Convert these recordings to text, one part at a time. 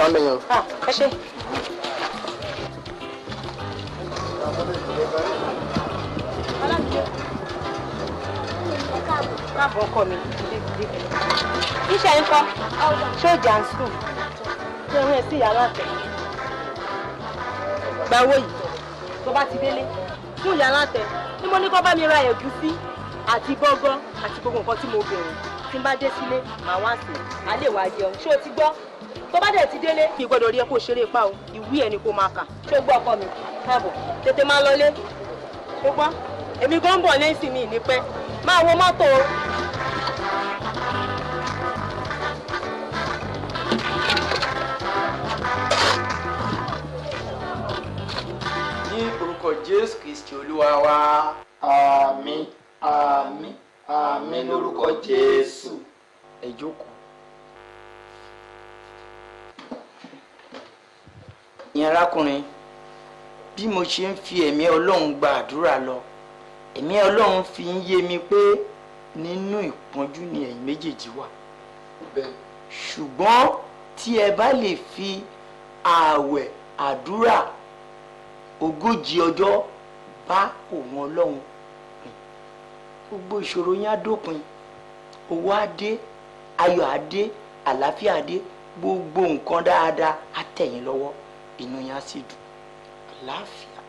gbà mẹ́yàn. ẹ ṣe. káàbọ̀ ọkọ mi iṣẹ́ ń kọ́ ṣóòjà ń sùn tí òun ẹ̀ sí yàrá àtẹ̀ gba owó yìí tó bá ti délé fún yàrá àtẹ̀ ni mo ní kó bá mi ra ẹ̀gúsí àti bọ́gọ́ àti gbogbo nǹkan tí mo bẹ̀rù tí n bá dé sílé màá wá sí i a lè jẹun ṣé o ti gbọ́ tó bá dẹ̀ ti délé kì í gbọ́dọ̀ rí ẹ kó ṣeré pa o ìwé ẹ ni kó máa kà ṣé gbọ́ ọkọ mi káàbọ̀ tètè máa lọlé ó gbọ́ èmi gan ń bọ̀ lẹ́sìn mi ní máa wo mọ́tò o. ní orúkọ Jésù Kristi Olúwa wa. àmín àmín àmín lórúkọ Jésù ẹ jókòó. ìyẹn arákùnrin bí mo ṣe ń fi ẹ̀mí ọlọ́run gba àdúrà lọ ẹ̀mí ọlọ́run fi ń yé mi pé nínú ìpọ́njú ni ẹ̀yin méjèèjì wà ṣùgbọ́n tí ẹ bá lè fi ààwẹ̀ àdúrà ogójì ọjọ́ bá òun ọlọ́run rìn gbogbo ìṣòro yín á dópin owó á dé ayọ̀ á dé àlàáfíà á dé gbogbo nǹkan dáadáa á tẹ̀yìn lọ́wọ́ inú yẹn á sì dùn àlàáfíà.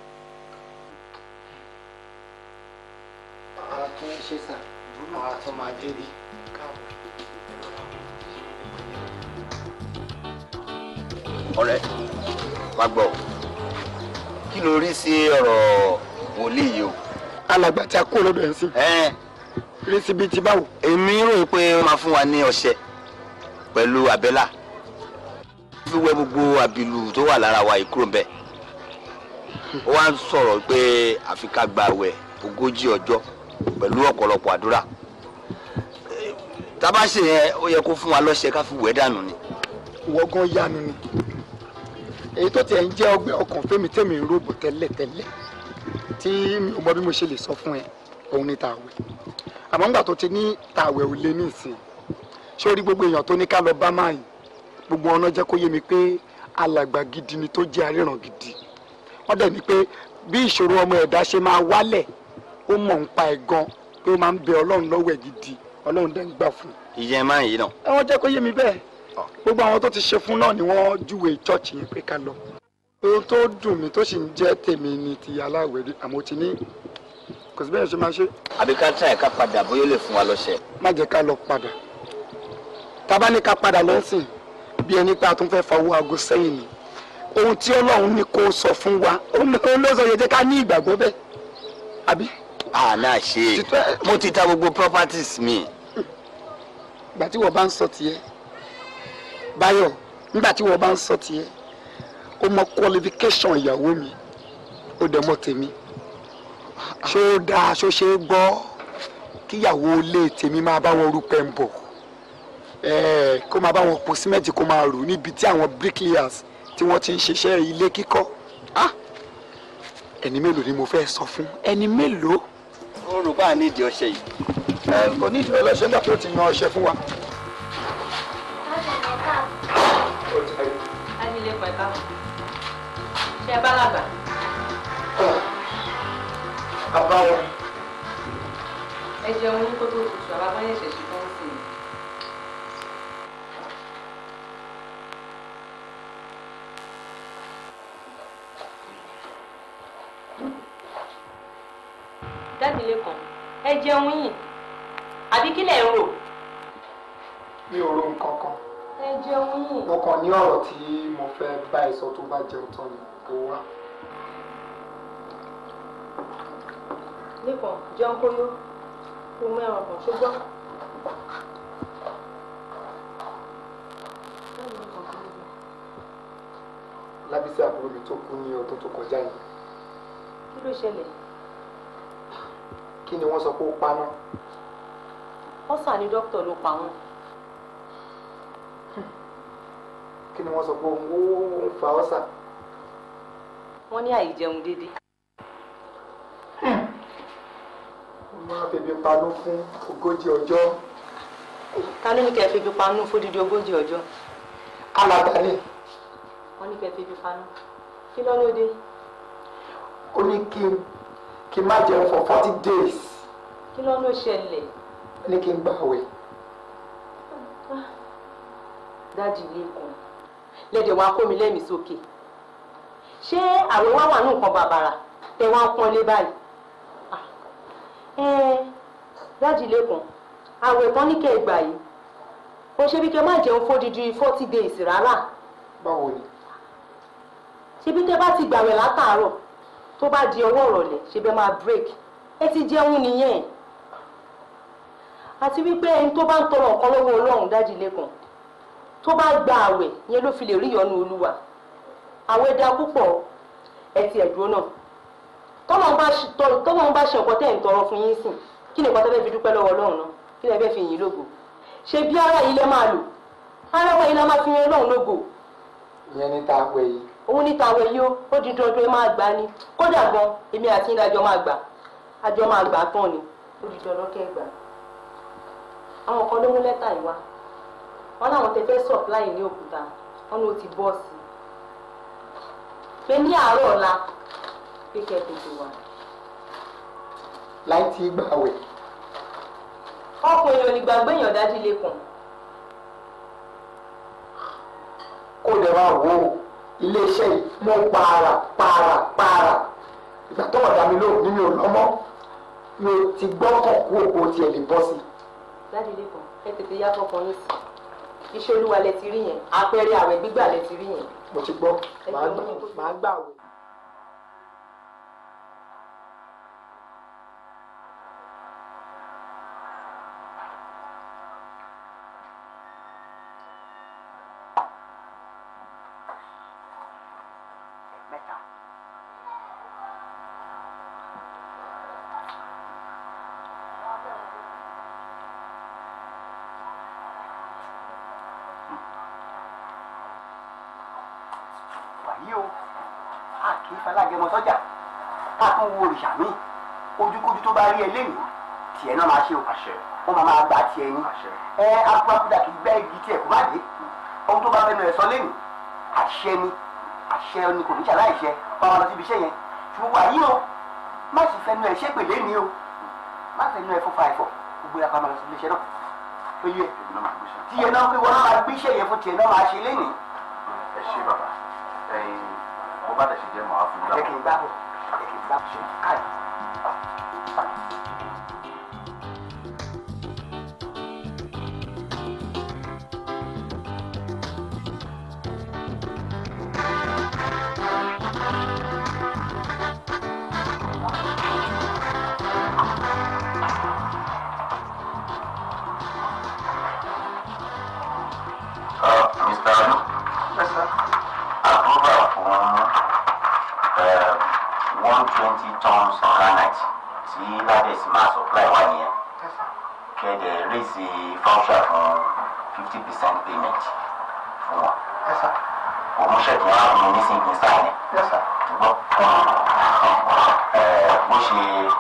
ara tó ń ṣe sà ara tó máa dé rí káàbọ̀. ọ̀rẹ́ wá gbọ́ kí ló rí sí ọ̀rọ̀ wòlíì yìí o. alàgbà tí a kó lọ́dọ̀ ẹ̀ sí. rí síbi tí báwo. èmi rò pé ó máa fún wa ní ọṣẹ pẹ̀lú àbẹ́là wíwẹ́ gbogbo àbìlù tó wà lára wa ìkúrò ń ó wá ń sọ̀rọ̀ pé àfi ogójì ọjọ́ pẹ̀lú ọ̀pọ̀lọpọ̀ àdúrà tábà yẹn ó yẹ kó fún wa lọ́ṣẹ ká fi wẹ̀ dànù ni. ìwọ gan yanu ni èyí tó tiẹ̀ ń jẹ́ ọgbẹ́ ọkàn fẹ́mi tẹ̀mí ń rògbò tẹ́lẹ̀tẹ́lẹ̀ tí mi ò mọ bí mo ṣe lè sọ fún ẹ òun ni tààwẹ̀ àmọ́ ńgbà tó ti ní tààwẹ̀ ò lé ní ìsìn ṣé orí gbogbo èèyàn tó ní ká lọ bá máa yìí gbogbo ọ̀nà jẹ́ kó yé mi pé alàgbà gidi ni tó jẹ́ aríran gidi wọ́n dẹ̀ ní pé bí ìṣòro ọmọ ẹ̀dá ṣe máa wálẹ̀ ó mọ̀ ń pa ẹ̀ gan pé ó máa ń bẹ ọlọ́run lọ́wọ́ ẹ̀ gidi ọlọ́run dẹ̀ ń gbà fún un. ìyẹn máa ń yí náà. ẹ wọ́n jẹ́ kó yé mi bẹ́ẹ̀ gbogbo àwọn tó ti ṣe fún náà ni wọ́n júwe chọ́ọ̀chì yẹn pé ká lọ. ohun tó dùn mí tó sì ń jẹ́ tèmi ni ti aláwẹ̀rí àmọ́ ti ní kò sí bẹ́ẹ̀ ṣe máa ṣe. àbí ká bí ẹni pé a tún fẹ́ fa owó aago sẹ́yìn ni ohun tí ọlọ́run ní kó sọ fún wa òun ló sọ yẹ jẹ́ ká ní ìgbàgbọ́ bẹ́ẹ̀ àbí. àmì àṣe mo ti ta gbogbo properties mi. ìgbà tí wọ́n bá ń sọ tiẹ̀ Báyọ̀ nígbà tí wọ́n bá ń sọ tiẹ̀ ó mọ qualification ìyàwó mi ó dẹ̀ mọ tèmi ṣó dáa ṣó ṣe é gbọ́ kíyàwó ilé tèmi máa bá wọn rú ń bọ̀. Eh, kó máa bá wọn pò símẹ́ǹtì kó máa rù níbi tí àwọn bricklayers tí wọ́n ti ń ṣiṣẹ́ ilé kíkọ́ ah! ẹni mélòó ni mo fẹ́ sọ fún ẹni mélòó. ó rò bá a ní ìdí ọṣẹ yìí. ẹ eh, kò ní ìdí ọlọṣẹ nígbà tó ti yan ọṣẹ fún wa. ṣe bá làgbà. ẹ jẹun ní kótó tutù àbá bá yẹn ṣẹ̀ṣẹ̀. jáde lẹ́kàn ẹ jẹun yìí àbí kí lẹ̀ ń rò. mi ò ro nǹkan kan. ẹ jẹun yìí. mo kàn ní ọ̀rọ̀ tí mo fẹ́ bá ẹ sọ tó bá jẹun tán ni kò wá. lẹ́kàn jẹun kó yó kó mẹ́ràn kan ṣùgbọ́n. lábísí àbúrò mi tó kú ní ọdún tó kọjá yìí. kí ló ṣẹlẹ̀? kí ni wọ́n sọ pé ó pa náà. wọ́n sà ní dókítà ló pa wọ́n. kí ni wọ́n sọ pé ó ń fa ọ́sà. wọ́n ní àìjẹun dédé. wọ́n máa febi panú fún ogójì ọjọ́. ta ló ní kẹ́ ẹ febi panú fún dídí ogójì ọjọ́. alábàálẹ̀. wọ́n ní kẹ́ ẹ febi panú kí lọ́lọ́dé. ó ní kí n kí n má jẹun for forty days. kí ló ń lọ ṣẹlẹ̀. ní kí n gbààwẹ̀. dáàdi ilé kan lẹ́dẹ̀ wá kó mi lẹ́mìí sókè ṣé àwọn wá wà ní nǹkan bàbàrà tẹ wá ń pọ́n lé báyìí. dáàdi ilé kan àwẹ̀ kan ní kẹ́ ẹ gbà yìí kò ṣe bí kẹ́ má jẹun fódìdí forty days rárá. báwo ni. ṣebí tẹ bá ti gbàwẹ̀ látàárọ̀ tó bá di ọwọ́ ìrọ̀lẹ́ ṣe bẹ́ẹ̀ máa break ẹ ti jẹun nìyẹn àti wípé ẹni tó bá ń tọrọ nǹkan lọ́wọ́ ọlọ́run dájú lẹ́kàn tó bá gba àwẹ̀ yẹn ló fi lè rí olúwa àwẹ̀ da púpọ̀ ẹ ti ẹ̀dúró náà bá ṣe tọrọ fún yín sìn kí ni nǹkan fi dúpẹ́ lọ́wọ́ ọlọ́run náà kí fi lógo ṣe bí ara yìí lẹ́ máa lò ara wa yìí la máa fi òun n'ita tàwọn èyí ó ó di dandan ẹ máa gbà ni kódà gan èmi àti yín ma máa gbà àjọ máa gbà tán ni ó di dandan kẹ́ àwọn kan ló mú lẹ́tà yìí wọn láwọn tẹ fẹ́ ní wọn ni ó ti bọ́ sí i pé ní àárọ̀ ọ̀la pé kẹ́ tètè wà. láì tí gbà wẹ̀. ọkùnrin èèyàn dájú iléeṣẹ́ yìí mo para para para ìgbà tó wọ̀dà mi lóhùn nínú ọlọ́mọ mi ò ti gbọ́ kàn kú òkú tiẹ̀ lè bọ́ sí. láti ilé kan ẹ tètè yá fọkàn ló sí iṣẹ́ olúwa lẹ ti rí yẹn àpẹẹrẹ àwẹ̀ gbígbà lẹ ti rí yẹn. mo ti gbọ́ màá gbà wẹ̀. alágẹmọ sọ́jà ká tún wo òrìṣà mi ojúkójú tó bá rí ẹ lẹ́yìn tiẹ̀ náà máa ṣe o wọ́n máa máa gbà tiẹ̀ yín ẹ akúrakúdà kì í gbẹ́ igi tiẹ̀ kó má dé ohun tó bá fẹ́ nu ẹ̀ sọ lẹ́yìn àṣẹ ni àṣẹ ni kò ní ṣàláìṣẹ ọmọ lọ síbi iṣẹ́ yẹn ṣùgbọ́n wàyí o má sì fẹ́ nu ẹ̀ ṣépè lẹ́ni o má fẹ́ nu ẹ̀ fún fàìfọ̀ gbogbo ẹ̀ pàmò lọ síbi iṣẹ́ náà péye tiẹ̀ náà pé wọ́n máa gbé iṣẹ́ yẹn fún tiẹ̀ náà máa ṣe lẹ́yìn Ekin Bahu, Ekin Bahu, Shin up. tán sàkánàt tí ládẹ́sì máa supply one wá nìyẹn kẹ́dẹ̀ raise function fún fifty percent payment fún wọn. òmùsẹ̀kì wọn fún mi nísìnyí sáà ni. ṣùgbọ́n mo ṣe.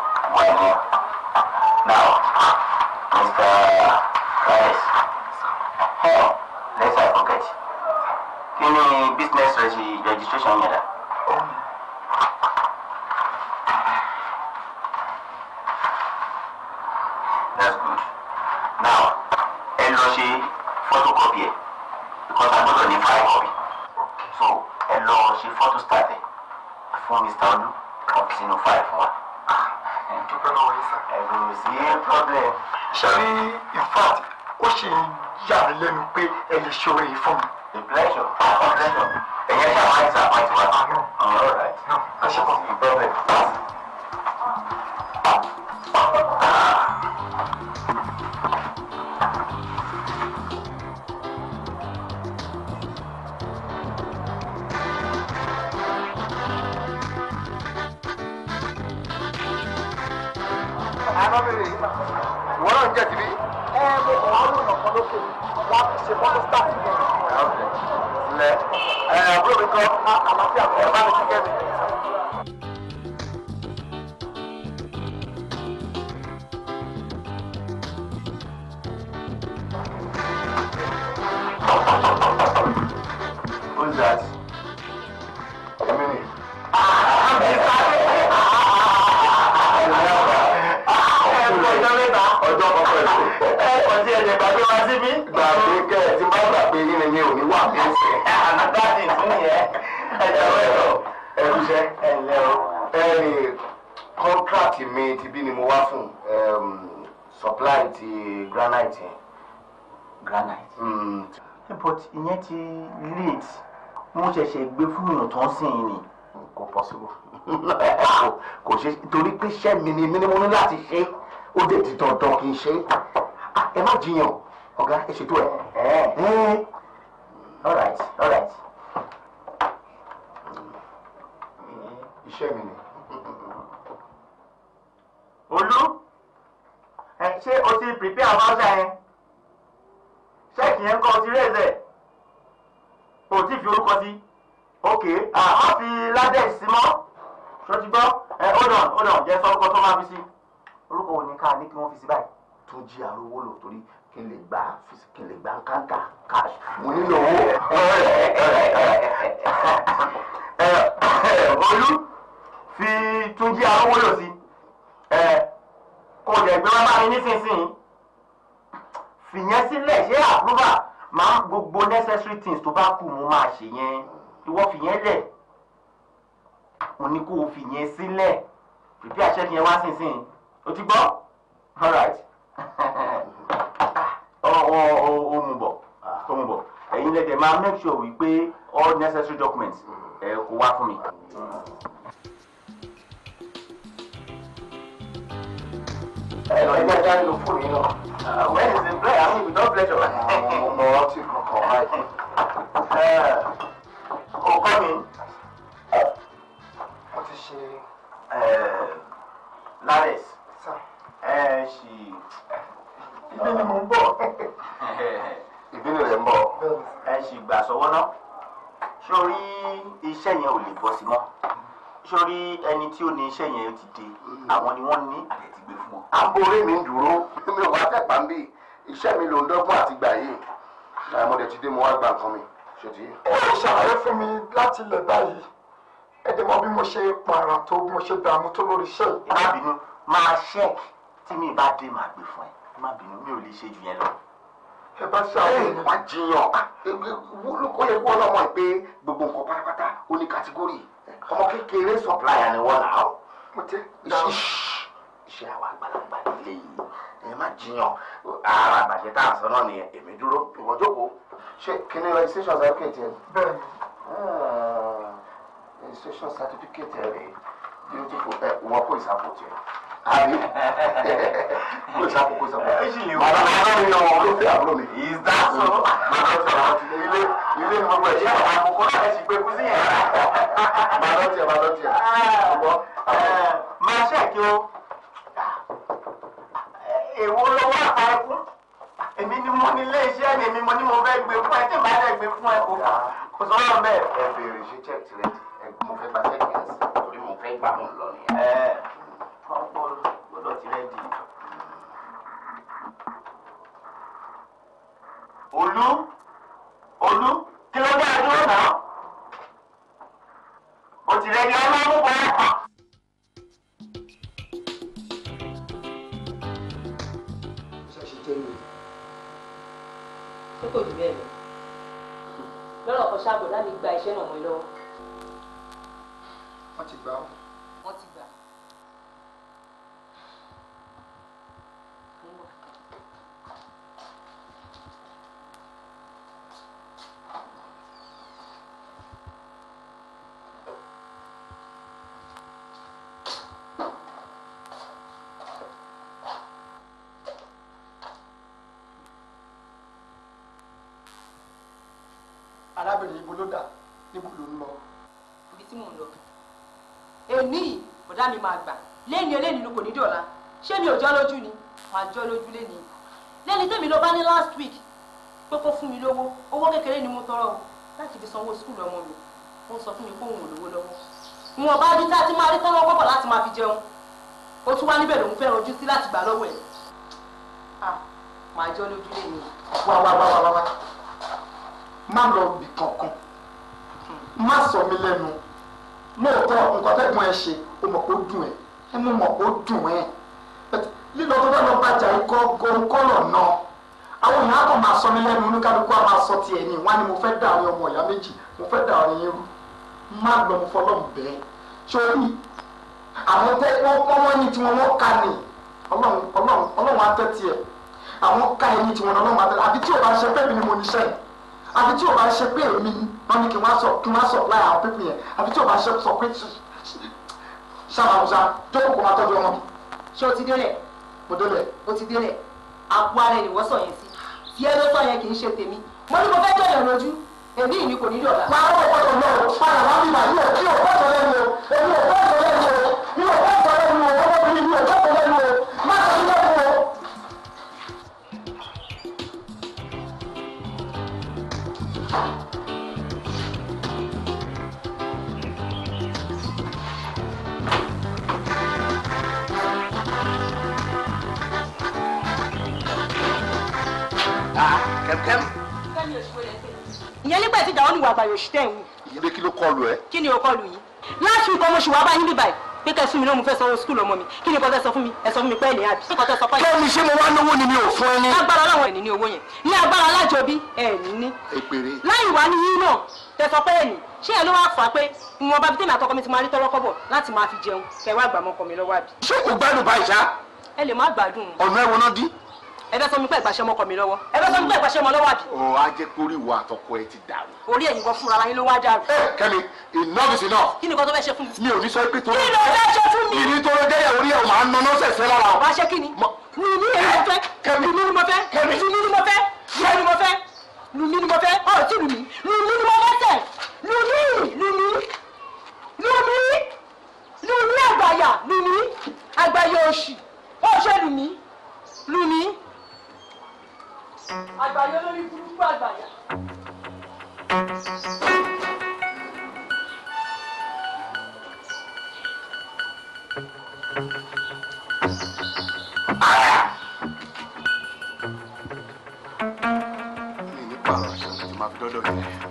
wọ́n ṣẹ̀ṣẹ̀ gbé fóònù tó ń sìn yín ni kò pọ́sibú kò ṣe torí pé iṣẹ́ mi ni mímú ní láti ṣe ó dẹ̀ di dandan kì í ṣe ah, ẹ má jiyàn ọ̀gá ẹ ṣètò ẹ̀. all right all right. iṣẹ́ mi ni. olú ṣé o ti prepare àwọn ọjà yẹn ṣẹ́ẹ̀kì yẹn kọ́ ọ ti rẹ́ẹ̀zẹ̀ o ti fi orúkọ sí ok má fi ládẹ́ ìsímọ́ ṣọtí gbọ́ ẹ hold on hold on jẹ́ sọ orúkọ tó máa fi sí orúkọ wo ni ká ní kí wọ́n fi sí báyìí tó jí àrówó lò torí kí n lè gbà kí n lè gbà káńkà cash mo nílò owó olú fi túnjí arówó lò sí kò dẹ̀ gbé wọn bá mi nísinsìnyí fìyẹn sílẹ̀ ṣé àpúrúbà máa ń gbogbo necessary things tó bá kù mo máa ṣe yẹn ìwọ fìyẹn lẹ̀ mo ní kó o fìyẹn sílẹ̀ prepare check yẹn wá sínsìn o ti gbọ́ alright ó mú bọ̀ ó mú bọ̀ ẹ̀yin lẹ́dẹ̀ máa make sure wípé all necessary documents ẹ̀ kó wá fún mi. ẹ̀rọ ẹgbẹ́ dá lò fún mi náà. Uh, when you dey play I mean with no pleasure. ọmọ oh, No, kankan báyìí. o kọ́ mi mo ti ṣe lares ṣì. ibi ni Uh, oh, uh eh, ń bọ̀. ìbínú rẹ̀ ń bọ̀ ẹ ṣì gbà sọ́wọ́ náà sórí iṣẹ́ yẹn ò lè bọ́ sí mọ́ sórí ẹni tí ó ní iṣẹ́ yẹn ti dé mm. àwọn ni wọ́n ní àtẹ̀tí aborí mi ń dúró mi ò wá tẹ̀pá ń bì iṣẹ́ mi ló ń dọ́gbọ́n àti gbà yìí àmọ́ dẹ̀ ti dé mo wá gbà nǹkan mi ṣètì. ó lè ṣàlàyé fún mi láti ilẹ̀ báyìí ẹ̀dẹ̀ mọ́ bí mo ṣe pààrà tó bí mo ṣe dààmú tó lórí iṣẹ́ yìí. má bínú máa ṣe tí mi bá dé màá gbé fún ẹ má bínú mi ò lè ṣe jù yẹn lọ. ẹ bá ṣàlàyé mi. wọ́n jiyàn ah, ó yẹ kó ọlọ́mọ ẹ pé gbogbo nǹkan pátápátá ó kàtígórì ọmọ kékeré supplier ni wọ́n là á. mo tẹ́ ìṣ àṣẹ àwọn àgbàlagbà nílé yìí ẹ má jiyàn ara àbàṣẹ tá à ń sọ náà ni èmi dúró ìwọ jókòó ṣé kí ni registration certificate yẹn. bẹ́ẹ̀ni. Ah, registration certificate rẹ beautiful ẹ wọ́n kó ìsàkóso yẹn àbí kó ìsàkó kó ìsàkó. ẹ ṣì lè wọ́n. ló fẹ́ àbúrò mi. is that so. màdàmú ti àwọn ti ilé ilé ní gbogbo ẹ̀ṣẹ̀ àwọn àkókò náà ti gbé kú sí yẹn. màdàmú ti màdàmú ti ọgbọ. máa ṣe kí o èwo ló wá parọ́ èmi ni mo ní iléeṣẹ́ ni èmi mo ní mo fẹ́ gbé fún ẹ tí n bá dẹ̀ gbé fún ẹ kò ah. kò sọ́nà bẹ́ẹ̀. ẹ béèrè ṣe check ti rẹ mo fẹ́ gba sẹ́kì ẹ̀sìn torí mo fẹ́ gbà mọ́ lọ nìyẹn. ẹ ọ̀pọ̀ gbọ́dọ̀ ti rẹ di. olú olú kí ló dé ẹjọ́ náà o ti rẹ di ọlọ́mú bọ́ọ̀. kò jù bẹ́ẹ̀ lọ lọ́rọ̀ kan ṣáàbò láti gba iṣẹ́ náà mọ́ ẹ lọ́wọ́. wọ́n ti gbà ọ́. àlá mi máa gbà lẹ́ni eléni kò ní dọ̀la ṣé mi ò jọ́ lójú ni màá jọ́ lójú lẹ́ni lẹ́ni tẹ́mi ló bá ní last week pé kó fún mi lówó owó kékeré ni mo tọrọ o láti fi sanwó skul ọmọ mi ó sọ fún mi pé òun ò lówó lọ́wọ́ wọn bá rí tá máa rí tọ́lọ́ gbọ́bọ̀ láti máa fi jẹun ó tún wá níbẹ̀ lòún fẹ́ rojú sí láti gbà lọ́wọ́ ẹ̀ màá jọ́ lójú lẹ́ni. wá wá wá wá wá má lọ bì kankan má sọ mi lẹ́nu lóòótọ́ nǹkan tẹ́gbọ́n ẹ ṣe ó mọ̀ kó dùn ẹ́ ẹ mú mọ̀ kó dùn ẹ́ lílọ tó bá lọ bàjá ikọ́ náà àwọn èèyàn máa sọ mí lẹ́nu oníkálukú àmà sọ ti ẹ̀ ní mo fẹ́ dà ọmọ ìyá méjì mo fẹ́ dà irú má lọ mo bẹ́ẹ̀ sórí àwọn ní tiwọn ka ní ọlọ́run ọlọ́run ọlọ́run tiẹ̀ àwọn àbí tí o bá ṣe pé èmi wọn ni kí wọn sọ kí wọn supply àwọn pípìn yẹn àbí tí o bá ṣe sọ pé ṣàmàmùsà jókòó kò máa tọ́jú ọmọ mi. ṣé o ti délẹ̀. mo délẹ̀. o ti délẹ̀ àpò ara ẹ̀ nìwọ́sọ̀ yẹn sí tí ẹ ló sọ yẹn kì í ṣe tèmi mo ní mo fẹ́ jọ yẹn lójú èmi ìní kò ní yọ̀ dá. máa wọ ọ̀pọ̀lọpọ̀ lọ padà wá bíbá yìí ò kí ò pọ̀ tọ́lẹ̀ mi ò èmi ò pọ̀ tọ́lẹ̀ mi ò mi ò pọ̀ tọ́lẹ̀ mi ò ọmọbìnrin mi ò jókòó lẹ́nu ò kẹ́mkẹ́m. ìyẹn nígbà tí ìjà wọn níwà àgbà yòòṣì tẹ̀ ń wù. ìyẹn kí ló kọlu ẹ. kí ni o kọlu yìí. láti ikọ̀ mo ṣì wá bá yín bíbáyìí pé kẹ́sùn mi náà mo fẹ́ sanwó skul ọmọ mi kí ni kò fẹ́ sọ fún mi ẹ sọ fún mi pé ẹ̀lẹ́ àbí. kẹ́mi ṣé mo wá náwó ni mi ò fún ẹ ní. agbára ọlọ́wọ́ ẹ̀ ní owó yẹn ní agbára alájọbí ẹ̀ ní. èpèrè. láì wá ní yín náà tẹ sọ pé ẹ̀ ní ṣé ẹ ló wá fà á pé ìwọ̀n bàbí tèmi àtọkọ mi ti máa rí tọ́lọ́kọ́ bọ̀ láti máa fi jẹun kẹ wá gbàmọ́kọ mi lọ́wọ́ àbí. ṣé kò gbádùn báyìí ṣá. ẹ lè má gbádùn. ọ̀nà ẹ sọ mi pé ìgbàṣẹ́ ọmọkọ mi lọ́wọ́ ẹ sọ mi pé ìgbàṣẹ́ ọmọ lọ́wọ́ àbí. ọ á jẹ pé orí ìwà àtọkọ ẹ ti dàrú. orí ẹ̀yin kan fúnra yín ló wá dàrú. ẹ Kẹ́mi enough is enough. kí ni nǹkan tó ṣe fún mi. mi ò ní sọ pé tó. kí ló fẹ́ ṣe fún mi. ìní tó ló jẹ́yẹ̀ orí ẹ̀ máa ń nọ́nọ́ sẹ̀sẹ̀ lára o. wàá ṣe kí ni. mi ní èyí mo fẹ́. Kẹ́mi mi ní mo fẹ́. Kẹ́mi mi ní mo fẹ́. Kẹ́mi mi ni mo fẹ́. Ọ̀ tí Lùmí. Lùmí ni mo lẹ́sẹ̀. Lùmí Lùmí Lùmí àgbàyé olórí burúkú àgbàyà. mi ní pààrọ̀ àṣà tí máa fi dọ́dọ̀ yẹn.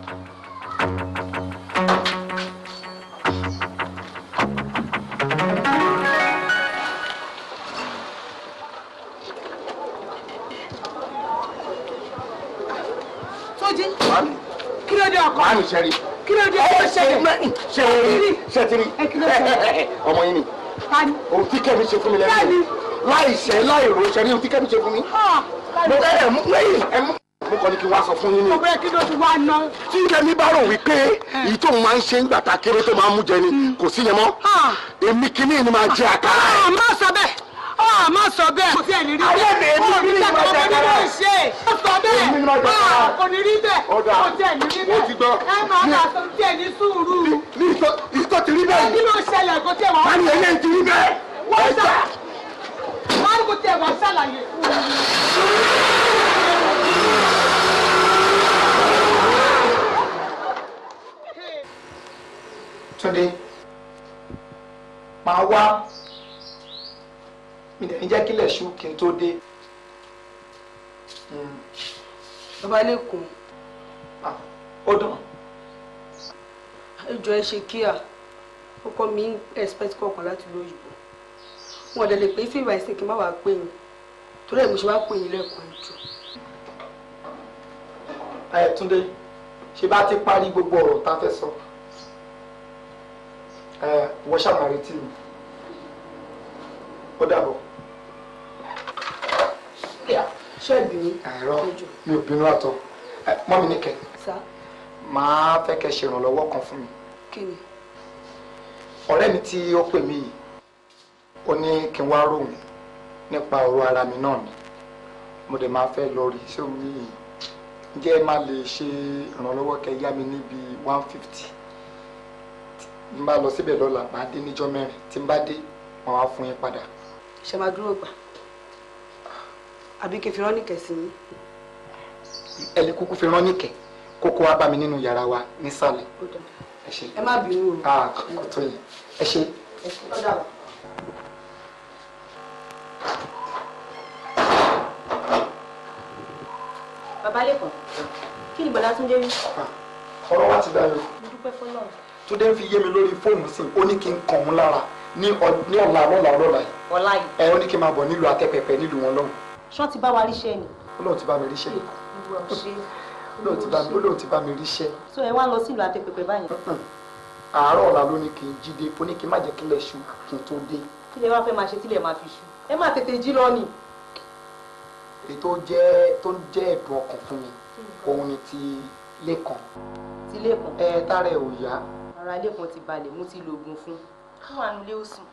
màámi sẹ́rí. kí ló dé ọwọ́ sẹ́rí. sẹ́rí sẹ́tìrì ọmọ yín ni. tani. ohun tí kẹ́mi ṣe fún mi lẹ́nu. tani. láì sẹ́ láì ro sẹ́rí ohun tí kẹ́mi ṣe fún mi. mo ẹ ẹ mú ẹ mo kàn ní kí n wá sọ fún yín ni. ọbẹ̀ kí ló ti wá ná. tí yẹmi bá rò wípé èyí tó máa ń ṣe ń gbàtà kéré tó máa ń mú jẹ ni hmm. kò sí yẹn mọ́. èmi kìíní ni máa jẹ àkàrà ẹ̀. Ah, má sọ bẹ́ẹ̀ ọ má sọ bẹ́ẹ̀. kò sí ẹni rí bẹ́ẹ̀ kò rí bẹ́ẹ̀ kò rí bẹ́ẹ̀ ṣe ó sọ bẹ́ẹ̀ ah, kò ní rí bẹ́ẹ̀ kò sí ẹni rí bẹ́ẹ̀ ẹ máa bá aṣọ tí ẹni sùúrù. ní ìtọ́ ti rí bẹ́ẹ̀. kí ló ṣẹlẹ̀ kó tẹ̀ wá. báyìí ẹyẹ ti rí bẹ́ẹ̀. wọ́n sà wọ́n kò tẹ̀ wá ṣàlàyé fún mi. Túndé, máa wá mi dẹ̀ ní jẹ́ kílẹ̀ ṣú kí n tó dé. Hmm. bàbá lẹ́kùn. ó dàn. ẹjọ́ ẹ ṣe kíá ọkọ mi ń expect kọ̀ọ̀kan láti lọ òyìnbó wọn dẹ̀ lè pé fíìmù àìsàn kí n má wàá pè é torí ẹ̀ mo ṣe wá pè yín lẹ́ẹ̀kan jù. ẹ ṣe bá ti parí gbogbo ọ̀rọ̀ tá a fẹ́ sọ ẹ wọ́n ṣàmàrètí mi ó dàbọ̀ ṣe ìbínú. àìrọ mi ò bínú àtọ mọ mi níkẹ. sá. màá fẹ́ kẹ́ ṣe ìrànlọ́wọ́ kan fún mi. kí ni. ọ̀rẹ́ mi tí ó pè mí yìí ó ní kí n wá ròhùn nípa ọ̀rọ̀ ara mi náà ni mo dẹ̀ máa fẹ́ lọ rí sí omi yìí ǹjẹ́ má lè ṣe ìrànlọ́wọ́ kẹ́ yá mi níbi one fifty n bá lọ síbẹ̀ lọ́la màá dé níjọ́ mẹ́rin tí n bá dé màá wá fún yín padà. ṣe máa dúró gbà àbí kí n fi ránìkẹ́ sí mi. ẹ lè kúkú fi ránìkẹ́ kókó wá bá mi nínú yàrá wa nísàlẹ̀ ẹ ṣe ẹ má bínú o ah, kò tó yẹn ẹ ṣe. ọ̀dà wa. babalẹ́kọ̀ọ́ kí ni bọ̀dá túnde rí. Ah, ọ̀rọ̀ wa ti dayọ̀. mo dúpẹ́ fọlọ́run. túnde ń fi yé mi lórí fóònù sí i ó ní kí n kàn ń lára ní ọ̀la lọ́la lọ́la yìí. ọ̀la yìí. ẹ ó ní kí n máa bọ̀ nílùú atẹ́pẹpẹ nílùú wọn lọ́hùn ṣọ́ ti bá wa ríṣẹ́ ni. ọlọ́run ti bá mi ríṣẹ́. ìwọ ṣe olóò ti bá mi ríṣẹ́. so ẹ wá lọ sílùú àtẹpẹpẹ báyìí. àárọ̀ ọ̀la ló ní kí n jíde ó ní kí n má jẹ́ kílẹ̀ ṣu kí n tó dé. kílẹ̀ wá fẹ́ máa ṣe tílẹ̀ máa fi ṣu ẹ má tètè jí lọ nì. ètò jẹ́ tó ń jẹ́ ẹ̀dùn ọkàn fún mi òun ni ti lẹ́kàn. ti lẹ́kàn. ẹ tára ẹ ò yá. ara lẹ́kàn ti balẹ̀ mo ti lo fún un. fún àánú lé ó sùn.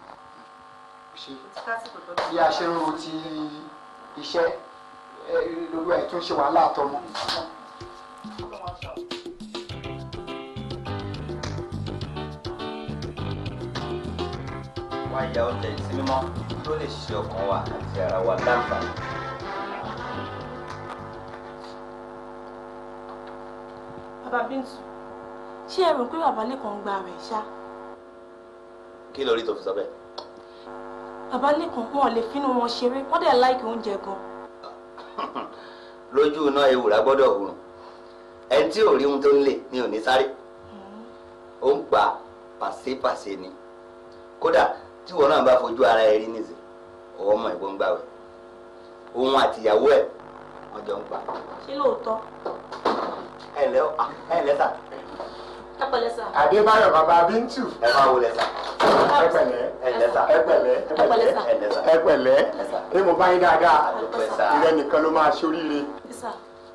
ṣe bí a ṣe ń ro ti iṣẹ́ lórí ẹ̀ tó ń ṣe wàhálà àtọmọ. wá ya ọjà ìsí mímọ́ tó lè ṣe ọkàn wa àti ara wa láǹfààní. bàbá bíntu ṣé ẹ rò pé bàbá lè kàn ń gba rẹ̀ ṣá. kí lórí tó fi sọ bẹ́ẹ̀ bàbá lẹ́kàn wọn ò lè fínú wọn ṣeré wọ́n dẹ̀ láìkì oúnjẹ gan. lójú iná ewùrà gbọ́dọ̀ hùrùn ẹni tí ò rí ohun tó ń lè ni ò ní sáré hmm. ó ń gbà pàṣípàṣẹ ni kódà tí wọn náà bá fojú ara ẹ rí nìyí ọwọ́ mọ̀ ìbọn gbà wẹ̀ òun àtìyàwó ẹ̀ wọ́n jọ ń pa. ṣé lóòótọ́. ẹ ǹlẹ́ ah, ẹ sà adébáyọ̀ bàbá bíntù. ẹ máa wọlé sá. ẹ pẹ̀lẹ́ ẹ pẹ̀lẹ́ ẹ pẹ̀lẹ́ ẹ pẹ̀lẹ́ ẹ mo bá yín dáadáa ìrẹ nìkan ló máa ṣoríire.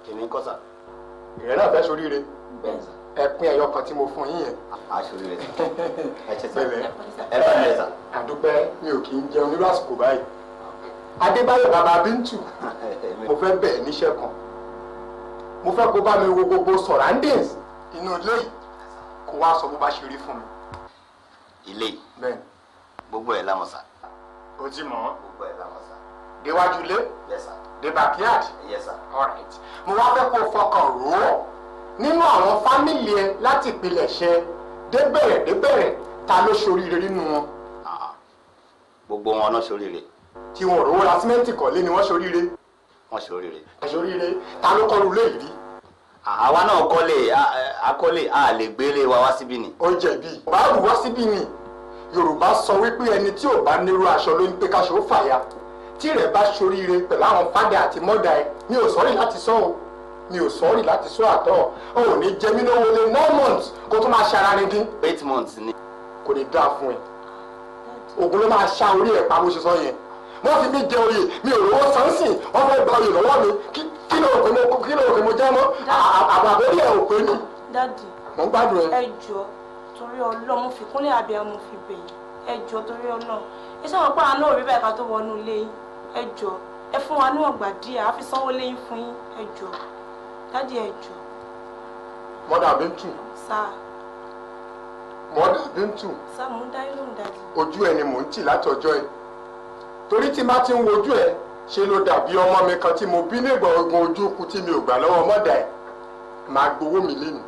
kìnìún kọ́ sá. ìrẹ náà fẹ́ ṣoríire ẹ pín ẹyọ kan tí mo fún yín yẹn. aṣoríire ẹ ṣe sá ẹ pẹ̀lẹ́ sá. àdúpẹ́ mi ò kì í jẹun nírú àsìkò báyìí adébáyọ̀ bàbá bíntù kó wá sọ bó bá ṣe rí fún mi. ilé bẹ́ẹ̀ gbogbo ẹ̀ lámọ̀sá. o ti mọ̀ gbogbo ẹ̀ lámọ̀sá. déwájú ilé. yes dé backyard. yes all right. mo wá fẹ́ kó o fọkàn rò ó nínú àwọn fámìlì ẹ láti ìpilẹ̀ṣẹ̀ débẹ̀rẹ̀ débẹ̀rẹ̀ ta ló ṣoríire nínú wọn. Ah, gbogbo wọn náà ṣoríire. tí wọn ò rówó kọ́lé ni wọ́n ṣoríire. wọ́n ṣoríire. ẹ ṣoríire ta ló kọ́ lu yìí rí àwa náà kọ́lé akọ́lé a lè gbélé wa wá síbí ni. ó jẹ̀bi báàrù wá síbí ni yorùbá sọ wípé ẹni tí ò bá nírú aṣọ ló ń pé káṣọ ó fàya tí rẹ̀ bá ṣoríire pẹ̀lú àwọn fádà àti mọ́dà ẹ̀ mi ò sọ́rí láti sọ o mi ò sọ́rí láti sọ àtọ́ o ò ní jẹ mí lówó lé nine months kó tó máa ṣara rin dín. eight months ni. kò ní dáa fún ẹ oògùn ló máa ṣá orí ẹ̀ pa bó ṣe sọ yẹn wọ́n fi mí jẹ oyè mi ò rówó sánsìn wọ́n fẹ́ gba oyè lọ́wọ́ mi kí kí ló kò mo kí ló kò mo já mọ́ àbàbọ̀ yẹ ò pé mi. dadi mo ń gbádùn ẹ. ẹ jọ torí Ọlọ́run fi kúnlẹ̀ àbí ẹ mo fi bẹ̀yìn ẹ jọ torí Ọlọ́run ẹ sábà pa àánú òrí báyìí ká tó wọnú ilé yín ẹ jọ ẹ fún wa ní ọgbà díẹ̀ àfi sanwó léyìn fún yín ẹ jọ dadi ẹ jọ. mọ́dà bíntu. sáà mọ́dà bíntu. sáà mo ń dá irun dadi. ojú ẹ ni mò ń tì láti ọjọ́ ẹ torí tí má ti ń wojú ẹ ṣe ló dàbí ọmọ mi kan tí mo bí nígbà ogun ojú kú tí mi ò gbà lọ́wọ́ mọ́dà ẹ̀ máa gbowó mi lẹ́nu.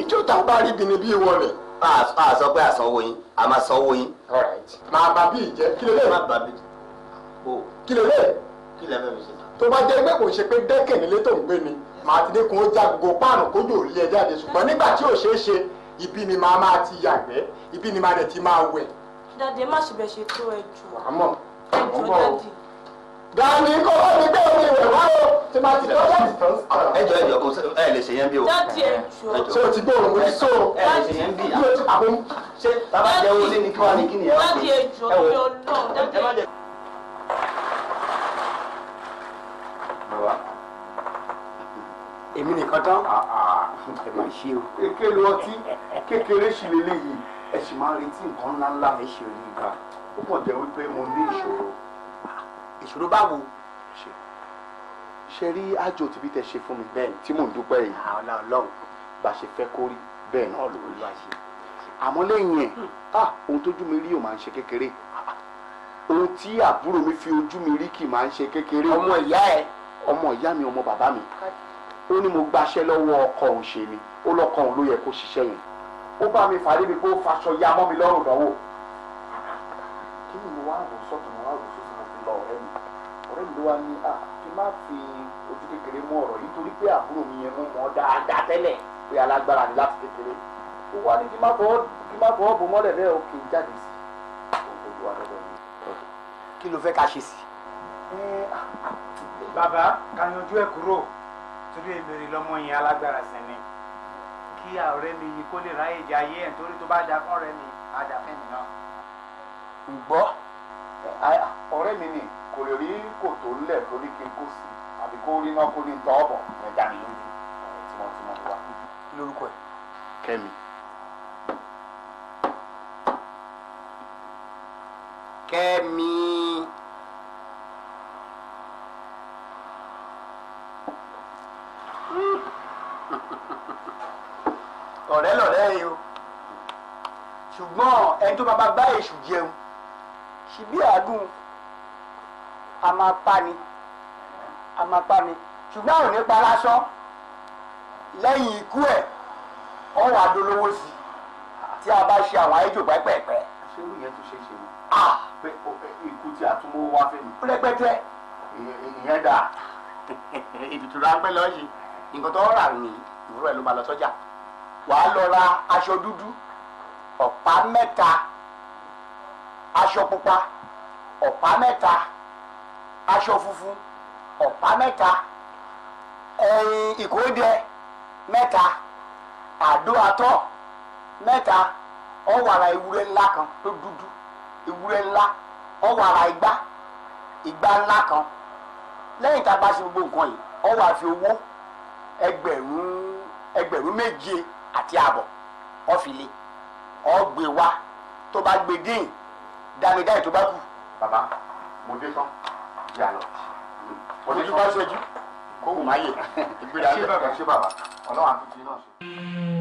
ìjọ tá a bá rí bi ni bí wọlé. a sọ pé a sanwó yín a máa sanwó yín. máa bá bí ìjẹ́ kí lè lè. kí lè lè. kí lè fẹ́ mi ṣe. tó bá jẹ́ pé kò ṣe pé dẹ́kẹ̀ nílé tó ń gbé ni màá ti dé kó já gbogbo páànù kójú ò lé ẹ jáde ṣùgbọ́n nígbà tí ò ṣeé ṣe ibi ni màá máa ti yàgbẹ́ ibi ni màá dẹ̀ ti máa wẹ̀. dàdé má ṣe bẹ̀ ṣe tó ẹjọ́ ẹjọ́ dàdé dàní kó o ní gbé omi ìwẹ̀ wá o tí ma ti tó yẹ. ẹjọ ẹjọ kò ẹ lè ṣe yẹn bí o. jáde ẹjọ ṣé o ti gbé òun rí so. ẹ lè ṣe yẹn bí i. yóò ti pàbó. ṣé bàbá jẹ owó ní kí wàá ní kí ni ẹ wò. jáde ẹjọ mi ò lọ jáde. bàbá èmi nìkan tán ah, ah. ẹ máa ṣe o. kékeré ọtí kékeré sì lélẹ́yìí ẹ sì máa retí nǹkan ńláńlá. ẹ ṣe orí ibà ó pọ̀ jẹ́ wípé mo ní ìṣòro ìṣòro báwo ṣe rí àjò tìbí tẹ ṣe fún mi bẹ́ẹ̀ tí mò ń dúpẹ́ yìí àwọn náà Ọlọ́run bá ṣe fẹ́ kó rí bẹ́ẹ̀ náà ló rí àmọ́ lẹ́yìn ẹ̀ ah, ohun tójú mi rí ò máa ń ṣe kékeré ohun tí àbúrò mi fi ojú mi rí kì máa ń ṣe kékeré ọmọ ìyá ẹ ọmọ ìyá mi ọmọ bàbá mi ó ní mo gbaṣẹ́ lọ́wọ́ ọkọ òun ṣe mi ó lọ́kọ òun ló yẹ kó ṣiṣẹ́ yẹn ó bá mi fàdé mi kó faṣọ ya mọ́ mi lọ́rùn dánwò kí ni mo wá rò ló wá ní à kí má fi ojú kékeré mú ọ̀rọ̀ yìí torí pé àbúrò mi yẹn mú mọ́ dáadáa tẹ́lẹ̀ pé alágbára ni láti kékeré ó wá ní kí má fọwọ́ bò mọ́lẹ̀ bẹ́ẹ̀ ó kì í jáde sí ojú wa lọ́dọ̀ mi. kí ló fẹ́ ká ṣe sí. bàbá ká yanjú ẹ kúrò torí èmèrè lọmọ yẹn alágbára sí ni kí ọ̀rẹ́ mi yìí kó lè ráyè jẹ ayé ẹ̀ nítorí tó bá da fún ọ̀rẹ́ mi àdàfẹ́ mi náà. ǹgbọ́ ọ̀rẹ́ mi ni kò lè rí kòtò ńlẹ̀ tó ní kí n kó sí àbí kó rí náà kó ní tọ́ ọ̀bọ̀ ìyẹn dá mi lójú ọ̀rọ̀ tí wọ́n ti mọ̀ wá. lórúkọ ẹ. Kẹ́mi. Kẹ́mi. ọ̀rẹ́ lọ̀rẹ́ yìí o ṣùgbọ́n ẹni tó bá bá gbá èṣù jẹun ṣì bí àádùn a máa pa ni a máa pa ni ṣùgbọ́n àwọn nípa lásán lẹ́yìn ikú ẹ̀ ọ̀wà dolówó sí tí a bá ṣe àwọn ayéjò pẹ́pẹ́pẹ́. ṣé irú yẹn tún ṣe é ṣe ni. ikú tí a tún mú wá fẹ́ mi. pẹ́pẹ́tẹ́. ìyẹn dà. ètùtù ráńpẹ́ lọ yìí nǹkan tó rà ní ìwúrọ̀ ẹ̀ ló máa lọ sọ́jà wàá lọ ra aṣọ dúdú ọ̀pá mẹ́ta aṣọ pupa ọ̀pá mẹ́ta aṣọ funfun ọ̀pá mẹ́ta ẹ̀yìn ìkódẹ mẹ́ta àdó atọ́ mẹ́ta ọ̀wàrà ewúrẹ́ ńlá kan tó dúdú ewúrẹ́ ńlá ọ̀wàrà igbá igbá ńlá kan lẹ́yìn tá a bá ṣe gbogbo nǹkan yìí ọ̀wà fi owó ẹgbẹ̀rún ẹgbẹ̀rún méje àti ààbọ̀ ọ̀fìlẹ̀ ọ̀gbẹ̀ wa tó bá gbé dín dámidáì tó bá kù bàbá mo dé tán yà lọ. ojú bá ṣojú kó wù má yè ìgbéra lẹ ẹ bàbá ọlọ́wà tuntun náà ṣe.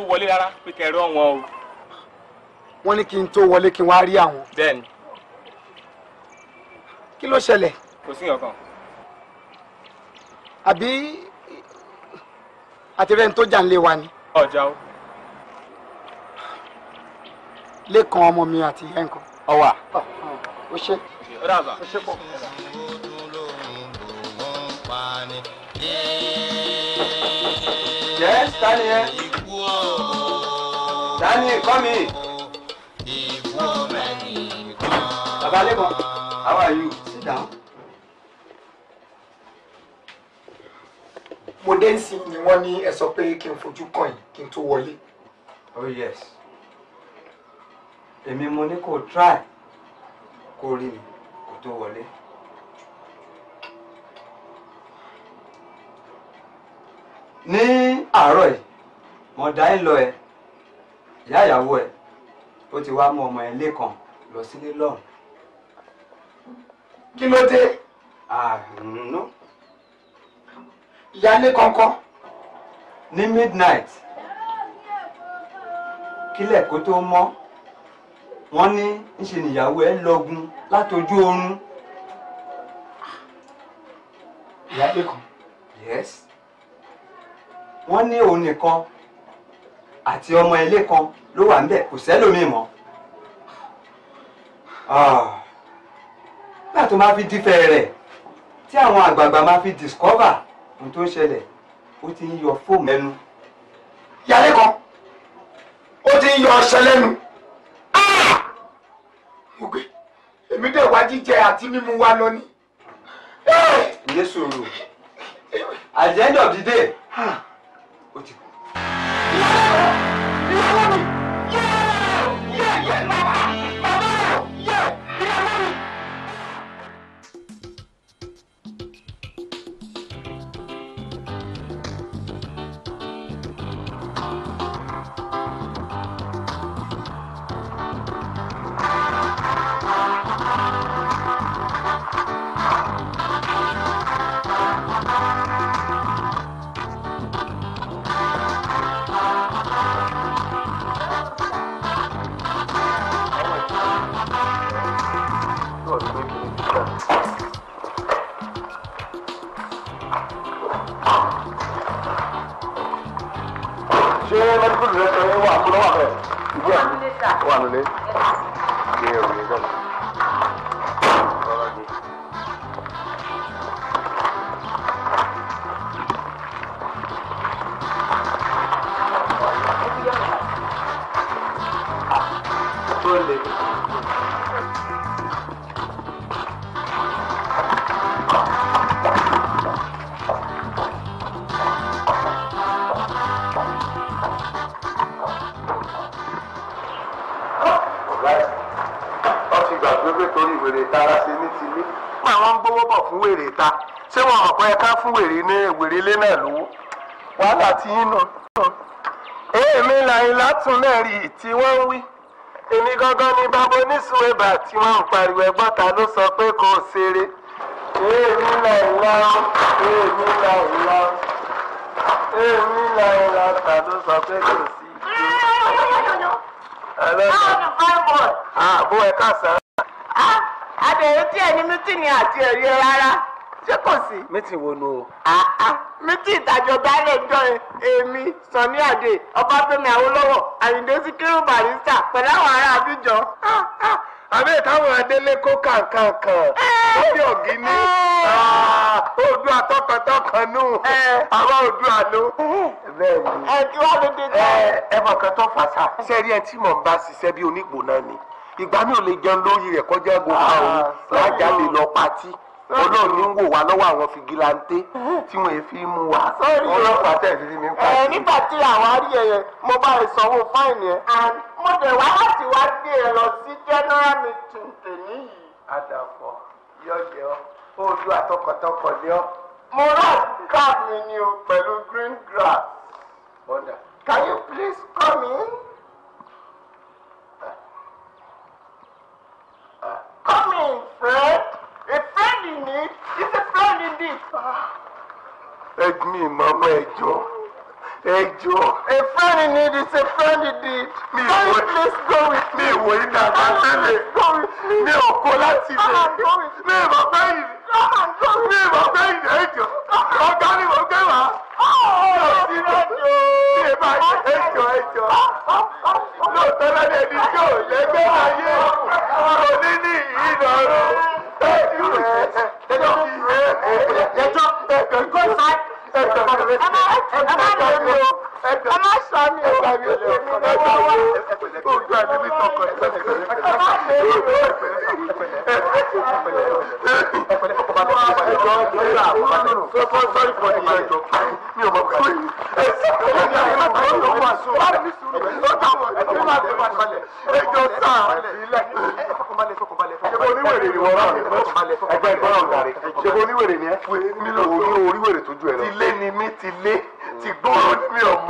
tó wọlé rárá pé kẹrẹ wọn o. wọ́n ní kí n tó wọlé kí n wá rí àwọn. bẹ́ẹ̀ni. kí ló ṣẹlẹ̀. kò sí ọkàn. àbí àtẹ̀fẹ́ni tó jà ń lé wa ni. ọjà o. lẹ́kàn ọmọ mi àti ìyá nǹkan. ọwà. ó ṣe. ó ṣe pọ̀. Yes, Daniel dání kọ́ mi. ìwọ rẹ how are you sit down. mo ni wọ́n ní ẹ sọ pé kí n fojú kàn yín kí n tó wọlé. oh yes èmi mo ní kó try kó rí mi kó tó wọlé. ní àárọ̀ yìí mọ̀dá ẹ̀ lọ ẹ̀ ìyá ìyàwó ẹ̀ ó ti wá mú ọmọ ẹ̀ lẹ́kàn lọ sílé lọ́hùn. kí ló dé àrùnú ìyálé kankan ní midnight kílẹ̀ kó tó mọ́ wọ́n ní ńṣe nìyàwó ẹ̀ lọ́gun látojú oorun. ìyálé kan. yes wọ́n ní òun nìkan àti ọmọ ilé kan ló wà níbẹ̀ kò sẹ́lòmíì mọ́ ah. nígbà tó máa fi dífẹ́ rẹ̀ tí àwọn àgbààgbà máa fi discover ohun tó ń ṣẹlẹ̀ ó ti ń yọ fóòmù ẹnu. yàrá kan ó ti ń yọ ọṣẹ lẹ́nu ah! mo gbé èmi dẹ̀ wá jíjẹ àti mímu wá lọ ni. ilé sòrò at the end of the day ah, ó ti kú. Reformer भगवान ने ये हो गया wèrè ta ara ṣe ní tilé pé àwọn ń gbowó bọ̀ fún wèrè ta ṣé wọn ọ̀pọ̀ ẹ̀ka fún wèrè ní wèrè ilé náà lówó wàhálà ti yín nù. èmi làyìn látún náà rí tí wọ́n wí èmi gangan ni bàbá oníṣùwébà tí wọ́n ń pariwo ẹgbọ́n ta ló sọ pé kò ṣeré. èmi làyìn láwọn èmi làyìn láwọn èmi làyìn láwọn ta ló sọ pé kò sí. Hello. Ah, boy, can't say béèrè díẹ̀ ní mítìnì àti ẹ̀rí rárá ṣé kò sí. mítìn wo nu o. àá mítìn ìtàjọ gbálẹ̀ jọ èmi Sunny Adé Ọbáfẹ́mi Awólọ́wọ̀ Àyìndé Síkírù Barrister pẹ̀lú àwọn ará Abíjọ. àbí ìtàwọn adélé kó kàǹkàǹkàn lórí ọ̀gíní oòdùn àtọkàntọkàn nù àwọn oòdùn àlọ. ẹ kí wàá lóde jẹ. ẹ ẹ mọ̀kàn tó fà sá sẹ́rí ẹ tí mò ń bá ṣiṣẹ́ bí onígbò náà ni ìgbà mi ò lè jẹun lórí rẹ̀ kọjá gbogbo ah, àwọn lájà lè lọ patí ah. ọlọ́run ń wò wá lọ́wọ́ àwọn fìgìláńtẹ́ tí wọ́n fi mú wa ọlọ́pàá tẹ̀ fi mi ẹ nígbà tí àwọn àríyẹ yẹn mo bá ẹ fáìní ẹ. mo dẹ̀ wá láti wá gbé ẹ lọ sí general meeting tèmi yìí. àdàpọ̀ yọjẹ ọ ojú àtọkọtọkọ ni ọ. mo rà cab mi ni o pẹ̀lú green grass. Can please come in? own friend. A friend in need is a friend indeed. Ẹ gbin Mama ọmọ ẹ̀jọ̀ ẹ jọ. a friend in need is a friend indeed. mi ò wọ please go with me. mi ò wọ yín náà bá tẹ́lẹ̀. mi ò kó láti ilé. mi ò mọ̀ pé yìí. mi ò mọ̀ pé yìí ẹ jọ. ọ̀gá ni mo gbé wá. ọ̀sìn náà jọ. mi ò bá yẹ ẹ jọ ẹ jọ. lóòótọ́ lọ́dẹ ẹni tí ò lẹ́gbẹ́ ayé òní ní ìlọrọ. ẹ jọ ẹ jọ ẹ jọ ẹ jọ ẹ jọ. Ama ama ama ẹ má sọ mi o èmi lè wá wá. ojú àti mi tọkọ ẹ ẹ má ṣe é lò. Ẹjọ́ sáà ṣe oníwèrè ni wọ́n rà mí ẹgbẹ́ ìgbọ́n ọ̀gá rẹ̀ ṣe oníwèrè ni ẹ orí wèrè tó ju ẹ lọ. tilé ni mí tilé ti gbóòrò ní mi ọ̀mọ́.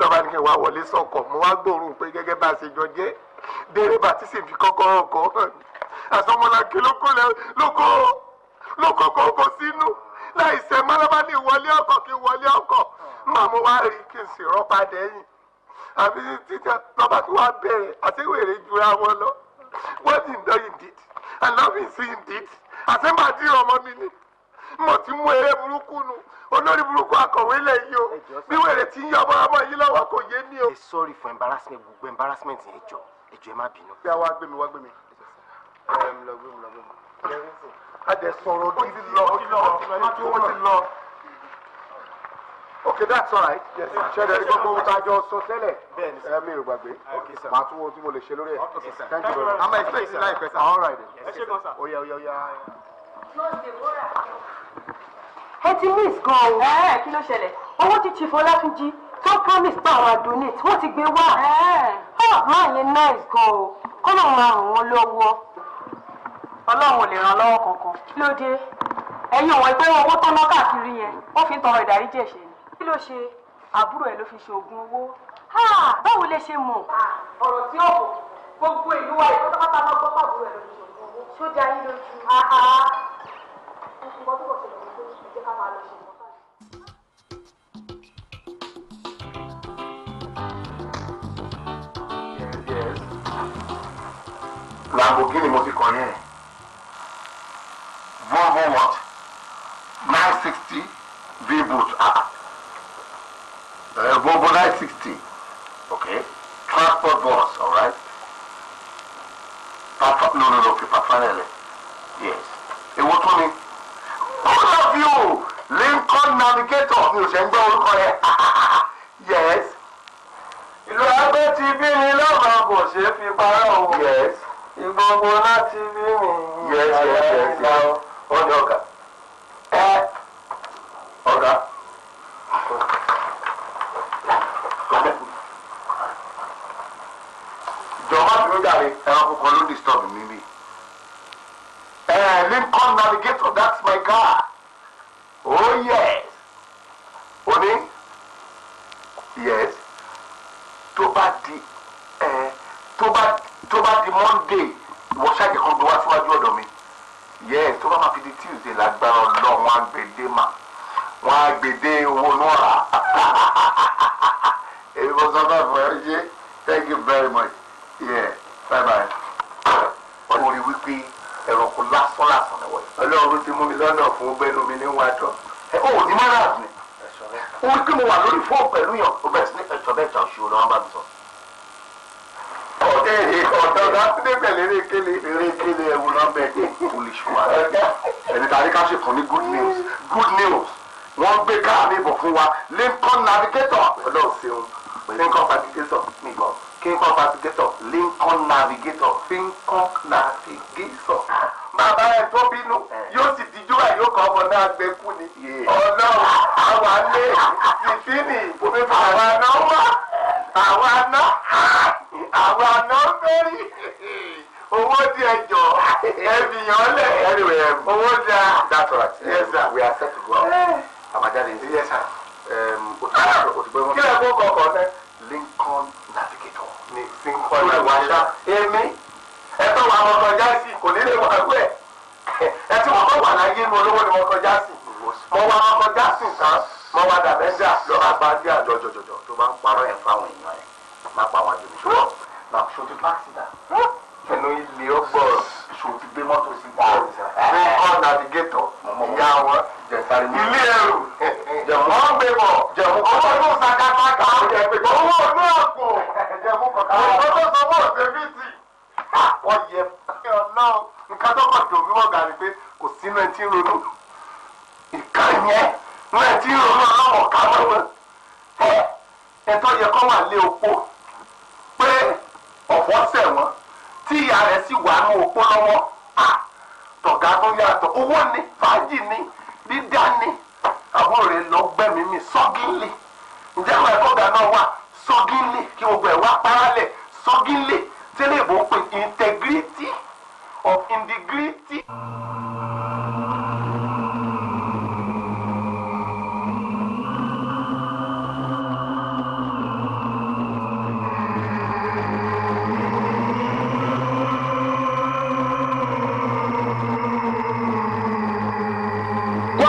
lọ́ba ní kí n wá wọlé sọ̀kọ̀ mo wá gbòòrùn pé gẹ́gẹ́ bá a ṣe jọ jẹ́ dẹ́rẹ́bà tí sì fi kọ́kọ́rọ́ kọ́ àsọmọlàkè lóko lóko kọ́kọ́ sínú láì sẹ́ mọ́lábá ní ìwọlé ọkọ̀ kí wọlé ọkọ̀ máa mo wá rí kí n sì rọ́pa dẹ́yìn àbí títà lọ́ba tí wàá bẹ̀rẹ̀ àtiwèrè jura wọn lọ what he do indeed and love him see indeed àti màdí ọmọ mi ni mo ti mú eré burúkú nu olórí burúkú akọ̀wé lẹ̀ yìí o bí wèrè ti ń yọ ọmọ ọmọ yìí lọ́wọ́ kò yé mi o. ẹ sọ́ọ̀rì fún embarrassment gbogbo embarrassment yẹn jọ ẹ jọ̀ọ́ ẹ má bínú. bí a wá gbé mi wá gbé mi lọ gbé mi lọ gbé mi a dẹ̀ sọ̀rọ̀ ó lọ ó ti Okay, that's all right. Yes, sir. Ṣẹ́dẹ̀ ní gbogbo ohun tá a jọ sọ tẹ́lẹ̀. Bẹ́ẹ̀ni sir. ò gbàgbé. Okay, sir. Màá tún wo ohun tí mo lè ṣe lórí ẹ̀. Okay, sir. Thank you very much. I'm expecting life, sir. All right. Ẹ ṣe kan, sir. Oya oya oya ẹ ti miss gan o. ẹ kí ló ṣẹlẹ̀. owó ti chief ọláfíjì tó promise pé àwọn adonate wọ́n ti gbé wá. ọ máa yẹn nice gan o kọ́nà máa ràn wọ́n lọ́wọ́. ọlọ́run ò lè ràn lọ́wọ́ kankan. kí ló dé ẹ̀yin ọ̀wọ́n ìpẹ́ owó tọ́nà káàkiri yẹn ó fi ń tọrọ ìdáríjì ẹ̀ṣẹ̀ ni. kí ló ṣe àbúrò ẹ̀ ló fi ṣe oògùn owó. báwo lẹ ṣe mọ̀. ọ̀rọ̀ tí ó kò gbogbo ìlú wa ìfọ́tọ́pátá náà jẹ́ Lamborghini mo ti kàn yẹn Volvo what nine sixty V-boot ah uh, Volvo nine sixty okay transport bus alright papa no no no papanele yes ewo tó ni navigator mi ò ṣe ń gbọ́ orúkọ yẹn yes. ìlú abẹ́ ti bí mi lọ́gàn kò ṣeé fi parọ́ o. yes. ìgbogbo láti bí mi. yes yes yes yes ọjọ́ ọ̀gá. ẹ ọ̀gá. jọ̀wọ́ mi dàrí ẹranko kan ló disturb mi ní. very much. Yeah. Bye bye. Orí wípé ẹ̀rọ̀kù lásán lásán ni wọ̀nyí. Ọlọ́run ti mú mi lọ́nà fún bẹ́ẹ̀ lómi ní wàá tọ̀. Ẹ ó ní mọ́nà ni. Ó wí pé mo wà lórí fóònù pẹ̀lú yàn. Ó bẹ̀rẹ̀ sí ní ẹ̀tọ́ bẹ́ẹ̀ tà ṣù lọ́wọ́ bá mi sọ. Ọ̀dẹ́ ọ̀dọ́ láti pẹ̀lú erékele. Erékele ẹ̀wù náà bẹ̀ foolish one. Ẹni tàbí ká ṣe fún ní good news. Good news. Wọ́n gbé káà mi bọ̀ fún wa. Lincoln navigator. Ọlọ́run ṣeun. Lincoln navigator. Fincon navigator Lincoln navigator Fincon navigator. bàbá ẹ tó bínú yóò sì díjú ẹ yóò kọ ọmọ náà gbé kú ni. ọlọ́run àwa lé ìfínì àwa náà wá àwa náà àwa náà mẹ́rin owó di ẹjọ́ ẹbìyàn lẹ um, owó da. that's right yes sir we are set to go out. Eh. àbájáde yes sir. Um, kí lè kó kọ̀ọ̀kan náà. Lincoln ni ti ń kọ́ ní wáṣá èmi ẹ tó wà mọ́ kọjá sí kò ní lè wá wẹ̀ ẹ tí wọ́n kọ́ wà láyé inú olówó ni wọ́n kọjá sí mọ́ wá wọ́n kọjá sí tán mọ́ wá dàbẹ́ dà lọ́ba bá dé àjọ jọjọjọ tó bá ń parọ́ ẹ̀ fáwọn èèyàn ẹ̀ má pa àwọn àjọ mi ṣùgbọ́n màá ṣojú bá sí dà ẹnu ilé ọgbọrọ ṣòfin gbé mọ́tò sí báyìí ṣe kọ navigator ìyá wọn ilé ẹrù jẹmọ gbé bọ jẹmọ ọmọ inú sakataka owó inú ọkọ jẹmọ kọkà ọmọ tó sọ fún ọ̀sẹ̀ bíìtì wọn yẹ Ọlọ́run nǹkan tó kọ tòun wọ gàrí pé kò sínú ẹtí ronú ìka yẹn ní ẹtí ronú ọlọmọ ká mọ ẹ ẹ tó yẹ kó wà lé opó pé ọ̀fọ̀ sẹ̀ wọ́n tí ìyá rẹ̀ sì wà ní òpó lọ́wọ́ tọ̀gá tó yàtọ̀ owó ni fàájì ni dídá ni àbúrò rẹ̀ lọ gbẹ̀mí mi sọ́gínlé ǹjẹ́ àwọn ẹ̀kọ́ ọ̀gá náà wà sọ́gínlé kí gbogbo ẹ̀ wá parálẹ̀ sọ́gínlé tẹ́lẹ̀ ìbò pé integrity of integrity.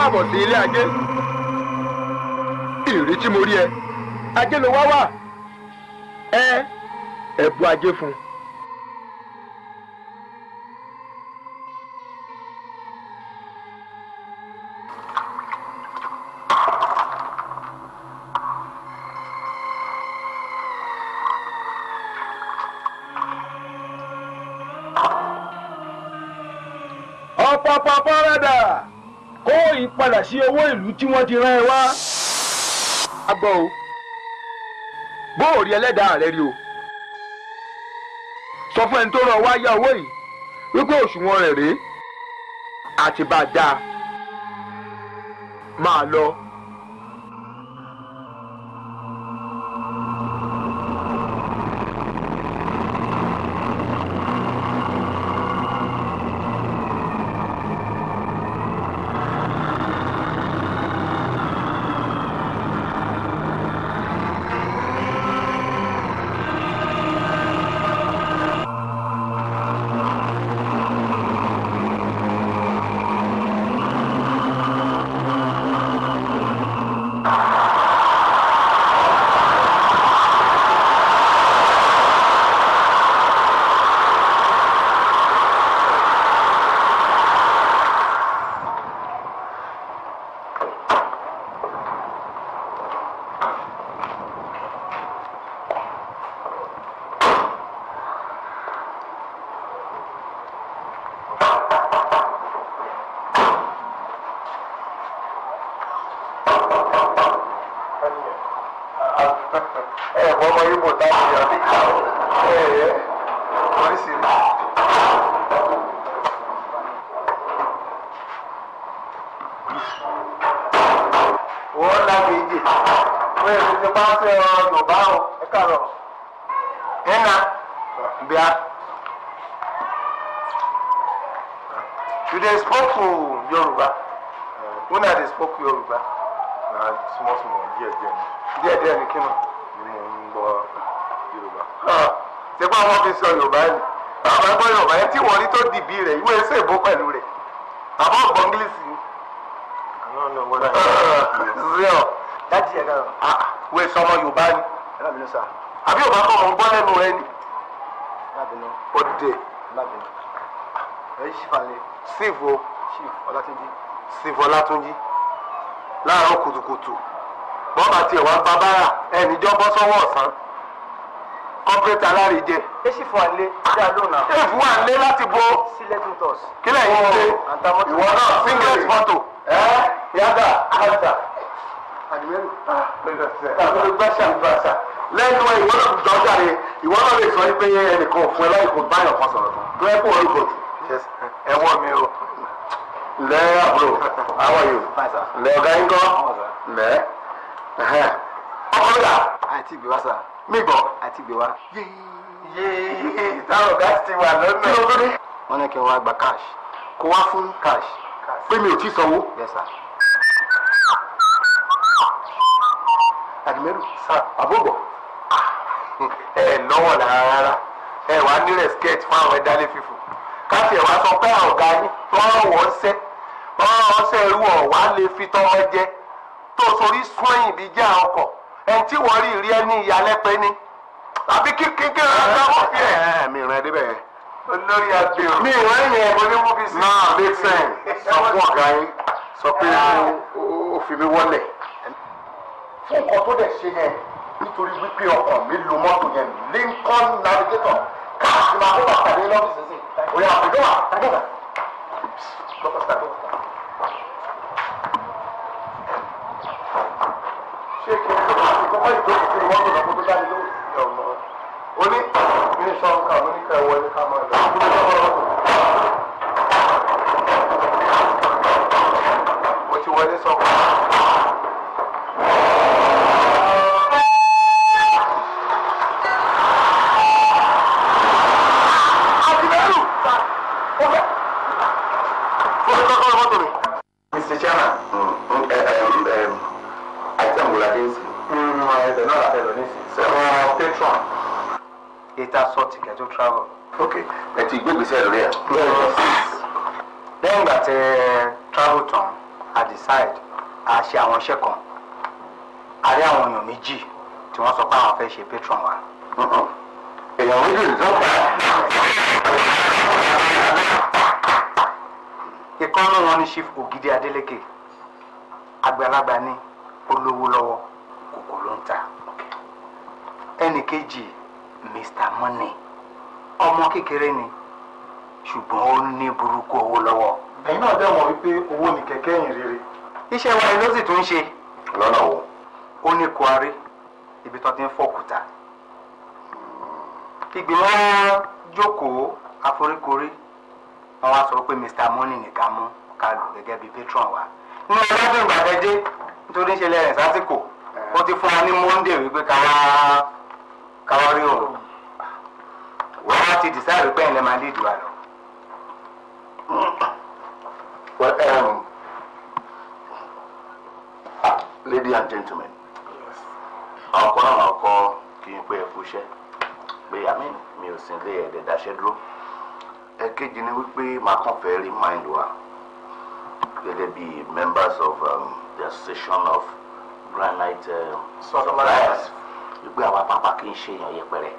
káàbọ̀ sí ilé ajé ìrírí tí mo rí ẹ ajé ló wá wà ẹ ẹ bu ajé fún un. padà sí owó ìlú tí wọ́n ti rán ẹ wá. a gbọ́ o bó o rí ẹlẹ́dàá rẹ rí o sọ fún ẹni tó rán ọ wá yá owó yìí wípé òṣùwọ̀n rẹ̀ rèé àti bá a dáa máa lọ. dìbí rẹ̀ ìwé ẹsẹ̀ ìbò pẹ̀lú rẹ̀ àbọ̀ ọ̀gbọ́n English ni. zero dájú ẹ̀ náà. Ah, wo èso ọmọ Yorùbá ni. àbí Yorùbá kọ́ mọ̀ ń gbọ́ lẹ́nu rẹ ni. ọ̀dẹ̀. chief o chief Ọlátúnjí láàárọ̀ kùtùkùtù wọ́n bá tiẹ̀ wá ń babára ẹnìjọ́ bọ́ sọ́wọ́ ọ̀sán kọ́pẹ́tà aláàrẹ̀ jẹ. ẹ sì fọ àlẹ́ ṣéèf wà lé láti bo kílẹ̀ yìí ṣe ìwọ náà singlet mọ́tò yàtà àjà lẹ́nu ẹ̀ ìwọ náà jọ jáde ìwọ náà lè sọ pé ẹnìkan ò fún ẹ láì kó báyọ̀ kan sọ̀rọ̀ tó ẹ kó orúkọ jù ẹ̀wọ̀n mi o lẹ àbúrò àwọn yìí lẹ ọ̀gá yín kọ́ lẹ ọkọ mi là. àti gbé wa sà. mi gbọ́. àti gbé wa. yéé yéèyé táwọn gáàsì ti wà lọ́nà. wọ́n ní kí wọ́n wá gba cash kó wá fún cash pé mi ò tí sanwó. yes sir. àdìmẹ́rù àbúgbọ̀ ẹ lọ́wọ́ rárá ẹ wà ní respect fún àwọn ẹ̀dálẹ́ fífò káfí ẹ̀ wá sọ pé ọ̀gá yín wọ́n wọ́n sẹ́ wọ́n wọ́n sẹ́ irú ọ̀wá lè fi tọ́wọ́ jẹ tó sorí sún ẹ̀yìn bí jẹ́ ọkọ̀ ẹ̀ tí wọ́n rí rí ẹ ní ìyálẹ́pẹ́ ni tàbí kí kíkẹ́ rẹ̀ ká wọ́n fi ẹ̀. mi ràn débẹ̀ yẹn. olórí àti o. mi ràn yẹn. mo ní mú bíi sí. náà make sense sọ fún ọ̀gá yín sọ pé ó fi mi wọlé. fún nǹkan tó dẹ̀ ṣe yẹn nítorí wípé ọkàn mi lu mọ́tò yẹn Lincoln navigator káàkiri máa bọ́ pàdé lọ́fíìsì sí i òyà àbùdọ́wà tàdébà. ṣé kí n kọ́kọ́ ìdókòtò ìwọ́n mi lọ́kọ́ tó dá mi lóhùn kẹ ọmọ oní mínísọ̀ ń kà mọ́ ní kẹ wọlé ká máa lọ. mo ti wọlé sọ́kùn. dá sọ́ọ̀tì kẹ́ tó travel. ok ẹ ti gbé gbèsè lórí ẹ. lẹ́yìn ìgbà tẹ travel tán I decide a ṣe àwọn iṣẹ́ kan a rí àwọn èèyàn méjì tí wọ́n sọ pé àwọn fẹ́ ṣe patron wa. Uh-huh. èèyàn méjì ló pa. ìkànnì wọn ni chief Ògidì Adélékè àgbàlagbà ni olówó lọ́wọ́ kòkó ló ń ta ẹnì kejì Mr. Money ọmọ kékeré ni ṣùgbọ́n ó ní burúkú owó lọ́wọ́. ẹ̀yin náà dẹ̀ ọmọ wípé owó ni kẹ̀kẹ́ yìí rere. iṣẹ́ wa ni ló sì tún ṣe. lọ́nà wo. ó ní kwari ibi tó ti ń fọkùtà. ìgbìmọ̀ jókòó àforíkorí wọn wá sọ pé Mr. Money nìkan mú ká gẹ́gẹ́ bíi patron wa. ní ọlọ́dún ìgbàdẹ́dẹ́ nítorí ń ṣe lẹ́rìn sásìkò ó ti fún wa ní Monday wípé ká wá. káwọ́ rí òun wá ti dìsáàbì pé ẹ̀lẹ́ máa léèdì wa lọ. Um, ladies and gentlemen ọkọ náà kọ kí n pé ẹkú iṣẹ́ pé àmì mi ò sí ilé ẹ̀ẹ́dẹ̀dáṣẹ́ dúró ẹ̀kejì ni wípé màá kàn fẹ́ remind wa gẹ́gẹ́ bí members of um, the association of granite uh, suppliers. suppliers wípé àwa pápá kì í ṣe èèyàn yẹpẹrẹ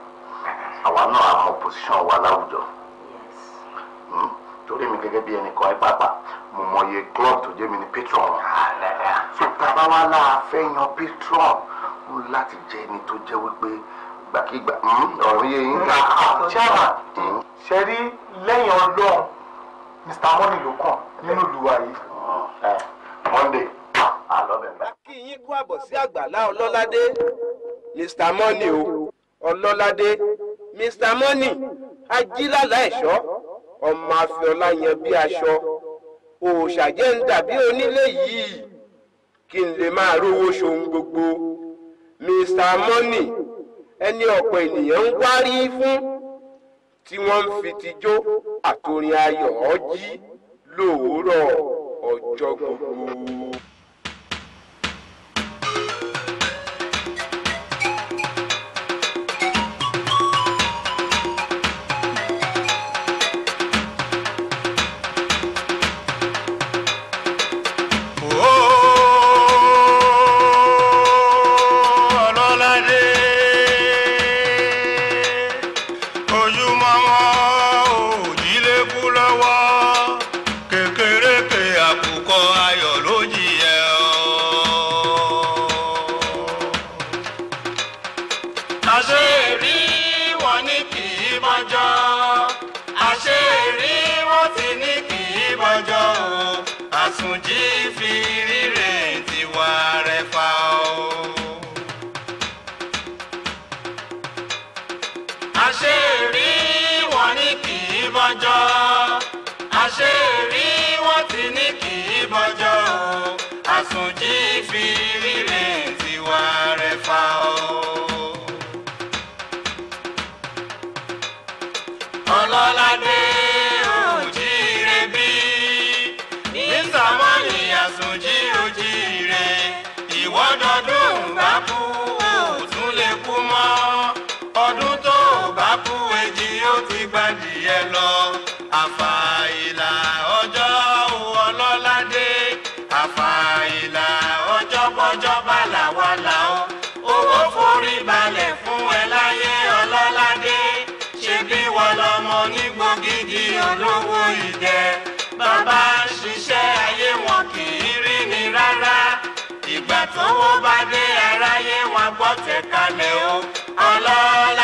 àwa náà àmọ́ pòsíṣàn wa láwùjọ hmm? torí mi gẹ́gẹ́ bí ẹnì kan ẹ pápá mo mọye club tó jẹ́ mi ní patron so tàbá wa láà fẹ́ yan patron láti jẹ́ ẹni tó jẹ́ wípé gbàkigbà hmm? ọ̀rọ̀ yẹ yín ká. chairman ṣe rí lẹ́yìn ọlọ́run mr money ló kàn nínú ìlúwa yìí. Eh, monday àlọ́ bẹ̀rẹ̀. kí yín kú àbọ̀ sí àgbàlá ọlọ́ládé mr money o ọlọ́ládé mr money ajílàlà ẹ̀ṣọ́ ọmọ afẹ́ọ́lá yẹn bí aṣọ òòṣà jẹ́ ń dàbí onílé yìí kí n lè máa rówó ṣohun gbogbo mr money ẹni ọ̀pọ̀ ènìyàn ń wárí fún tí wọ́n ń fi tijó àtòrin ayọ̀ ọ́ jí lóòórọ̀ ọjọ́ gbogbo. bá ń ṣiṣẹ́ ayé wọn kì í rí ni rárá ìgbà tówó bá dé aráyé wọn gbọ́ tẹ̀kalẹ̀ o ọlọ́ọ̀lọ́.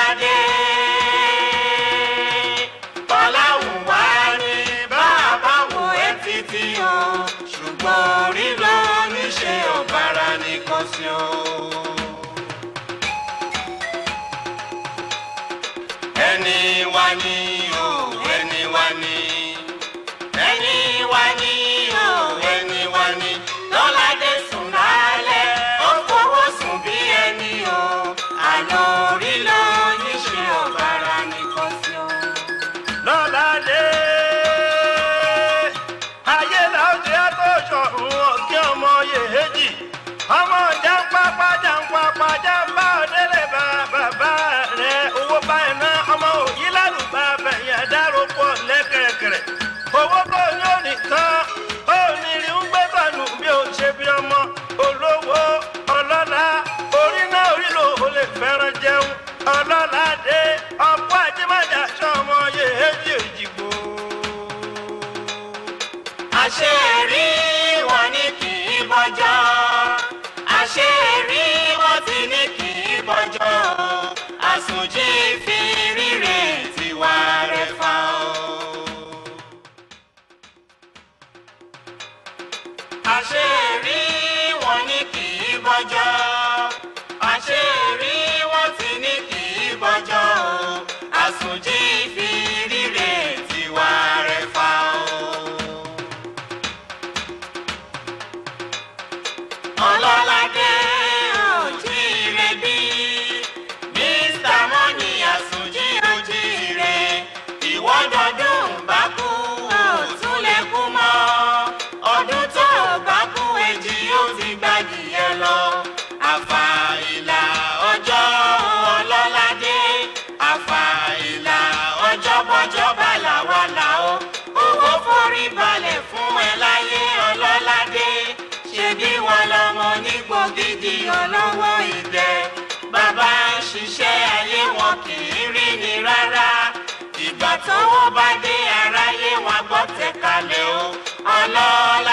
ìgbà tó wọ́n bá dé aráyé wàá gbọ́ tẹ̀kálẹ̀ o ọlọ́ọ̀la.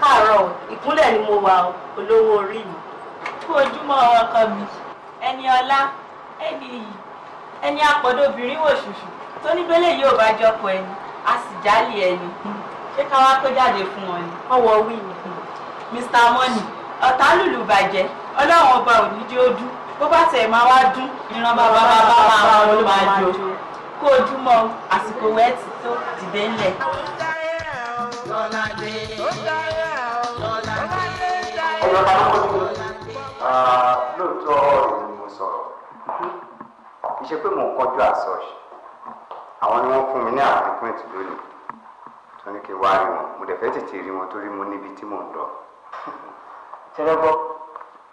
káàárọ̀ ìkúnlẹ̀ ni mo wà olówó orí mi kú ojúmọ́ ọkọ mi ẹni ọlá ẹni iyì ẹni apọ̀dọ̀bìnrin wò ṣùṣù tó ní bẹ́lẹ̀ yóò bá jọpọ̀ ẹni a sì jálè ẹni ṣé ká wá kó jáde fún wọn ni ọwọ́ wí ni Mr Money ọ̀tá lùlù bàjẹ́ ọlọ́run ọba ò ní dí ó dún bó bá tẹ̀ máa wá dún ìran bàbá bàbá máa wọn ló máa jó kó ojúmọ́ àsìkò wẹ́ẹ̀tì tó dìde ńlẹ̀ ẹ̀yọ́ ta ló kọ́ sí mi. lóòótọ́ èmi ni mo sọ̀rọ̀ kì í ṣe pé mò ń kọjú àsọ̀ṣ àwọn ni wọ́n fún mi ní àwọn ìpín ìtìlú ni tó ní kí n wá rí wọn mo dẹ̀ fẹ́ tètè rí wọn torí mo níbi tí mò ń lọ. tẹ́lẹ̀ gbọ́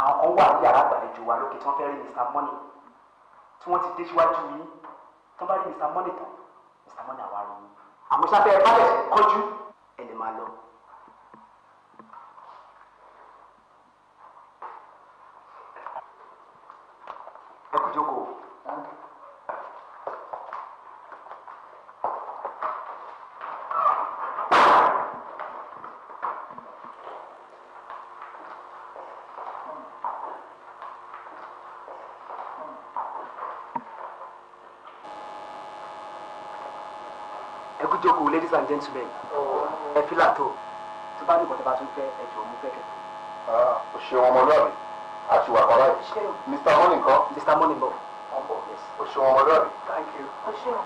àwọn kan wà ní yàrá àgbàlejò wa lókè tí wọ́n fẹ́ rí Mr Money tí wọ́n ti dé síwájú yín tí wọ́n bá rí Mr Money tán Mr Money àwa rí yín. àmọ́ sáfẹ́ ẹ bá lẹ̀ kọjú ẹ lè máa lọ. ẹ kú jókòó. ẹ kú jókòó ladies and gentlemen ẹ fi làtò tí bá ní ìkọ̀tẹ́ bá tún fẹ́ ẹ jọ̀ọ́ mú fẹ́ kẹ́kẹ́. Ah, o ọmọlúwàbí àṣùwà bàbá yìí Mr Money kan. Mr Money bọ̀. ọ̀bọ̀ o ṣeun ọmọdé rẹ̀. thank you. o ṣeun.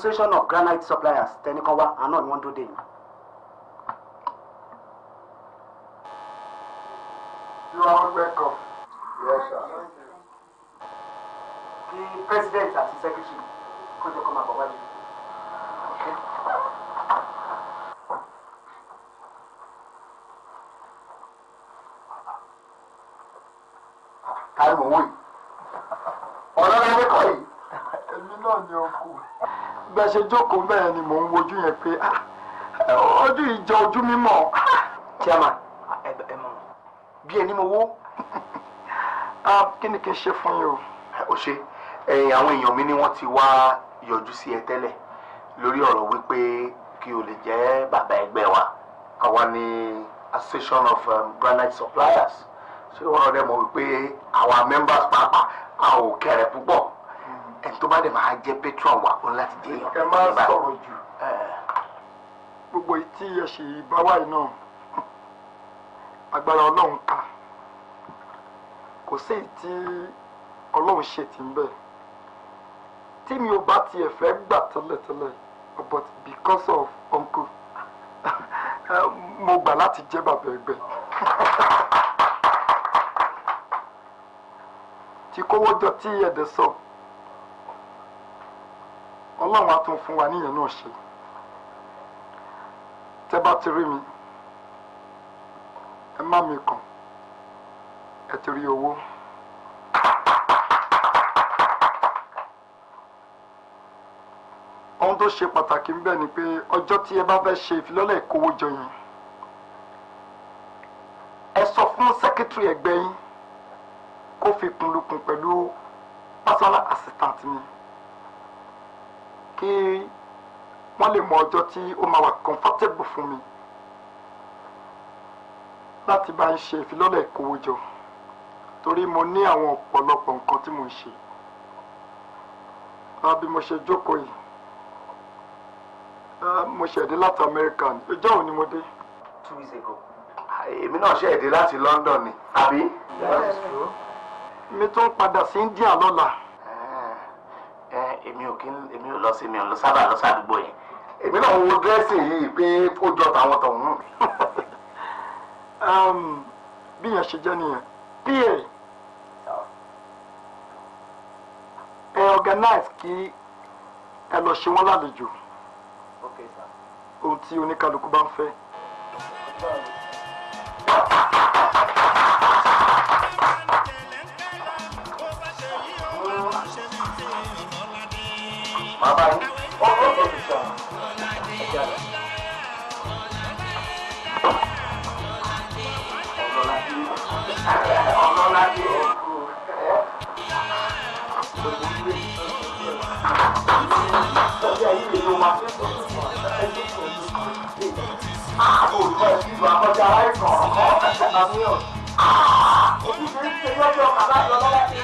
association of granite suppliers tẹnikan wa àná ni wọ́n dúró dé yìí. bẹ́ẹ̀ ṣe jókòó bẹ́ẹ̀ ni mò ń wojú yẹn pé ojú ah, ìjọ ojú mímọ́. tíama ẹ ẹ mọ bí ẹni mo wó. Ah, kí ni kí n ṣe fún yín o. ó ṣe àwọn èèyàn mi ni wọ́n ti wá yọjú sí ẹ tẹ́lẹ̀ lórí ọ̀rọ̀ wípé kí o lè jẹ́ bàbá ẹgbẹ́ wa àwa ni association of um, granite suppliers ṣé wọ́n rẹ̀ mọ̀ wípé àwa members pàápàá a ò kéré púpọ̀ ẹni tó bá dẹ̀ máa jẹ́ patron wa òun láti jẹ́ èèyàn. ẹ máa sọ̀rọ̀ jù gbogbo tí ẹ ṣe ìbáwá yìí náà agbára ọlọ́run kà kò sí tí ọlọ́run ṣe ti ń bẹ̀ tí mi ò bá tiẹ̀ fẹ́ gbà tẹ́lẹ̀tẹ́lẹ̀ but because of uncle mo gbà láti jẹ́ bàbá ẹgbẹ́. tí kówó jọ tí ẹ̀dẹ̀ sọ. So ọlọ́run á tún fún wa níyẹn náà ṣe tẹ́ bá ti rí mi ẹ má mi kàn ẹ ti rí owó. ohun tó ṣe pàtàkì ńbẹ ni pé ọjọ́ tí ẹ bá fẹ́ ṣe ìfilọ́lẹ̀ ìkówójọ yẹn ẹ sọ fún sẹ́kítírì ẹgbẹ́ yín kó fi kùnlùkùn pẹ̀lú personal assistant mi kí wọ́n lè mọ ọjọ́ tí ó máa wà comfortable fún mi láti bá ń ṣe ìfilọ́lẹ̀ ìkówó jọ torí mo ní àwọn ọ̀pọ̀lọpọ̀ nǹkan tí mo ń ṣe náà bí mo ṣe jókòó yìí mo ṣẹ̀dé láti Amẹ́ríkà ní ọjọ́ òní mo dé. two èmi náà ṣẹ̀dé láti London ni àbí. mi tún padà sí India lọ́la èmi ò kí ń èmi ò lọ sí mi ò lọ sábà lọ sádùúgbò yẹn. èmi náà wo dírẹ́sì yìí pé ó jọ tàwọn tọ̀hún. Um, bí yẹn ṣe jẹ́ nìyẹn pa ẹ organize kí ẹ lọ ṣe wọ́n lálejò ohun tí oníkálukú bá ń fẹ́. Thank you. Bàbá yìí, ó ń bọ̀ lórí ìṣàn. Ọlọ́ládé, ọlọ́ládé ẹ̀kú ẹ̀. Ọjọ́ yìí lè lo máa ṣe tó tó tó ẹ̀jú tó tó. Ààbò ìgbà ìlú àkọjá aláìsàn ọ̀kọ́ ẹ̀ṣẹ̀ náà ní ọ̀sán. Ojúṣe ń ṣe lọ́jọ́ kàdá ìlọ́lọ́lá ti.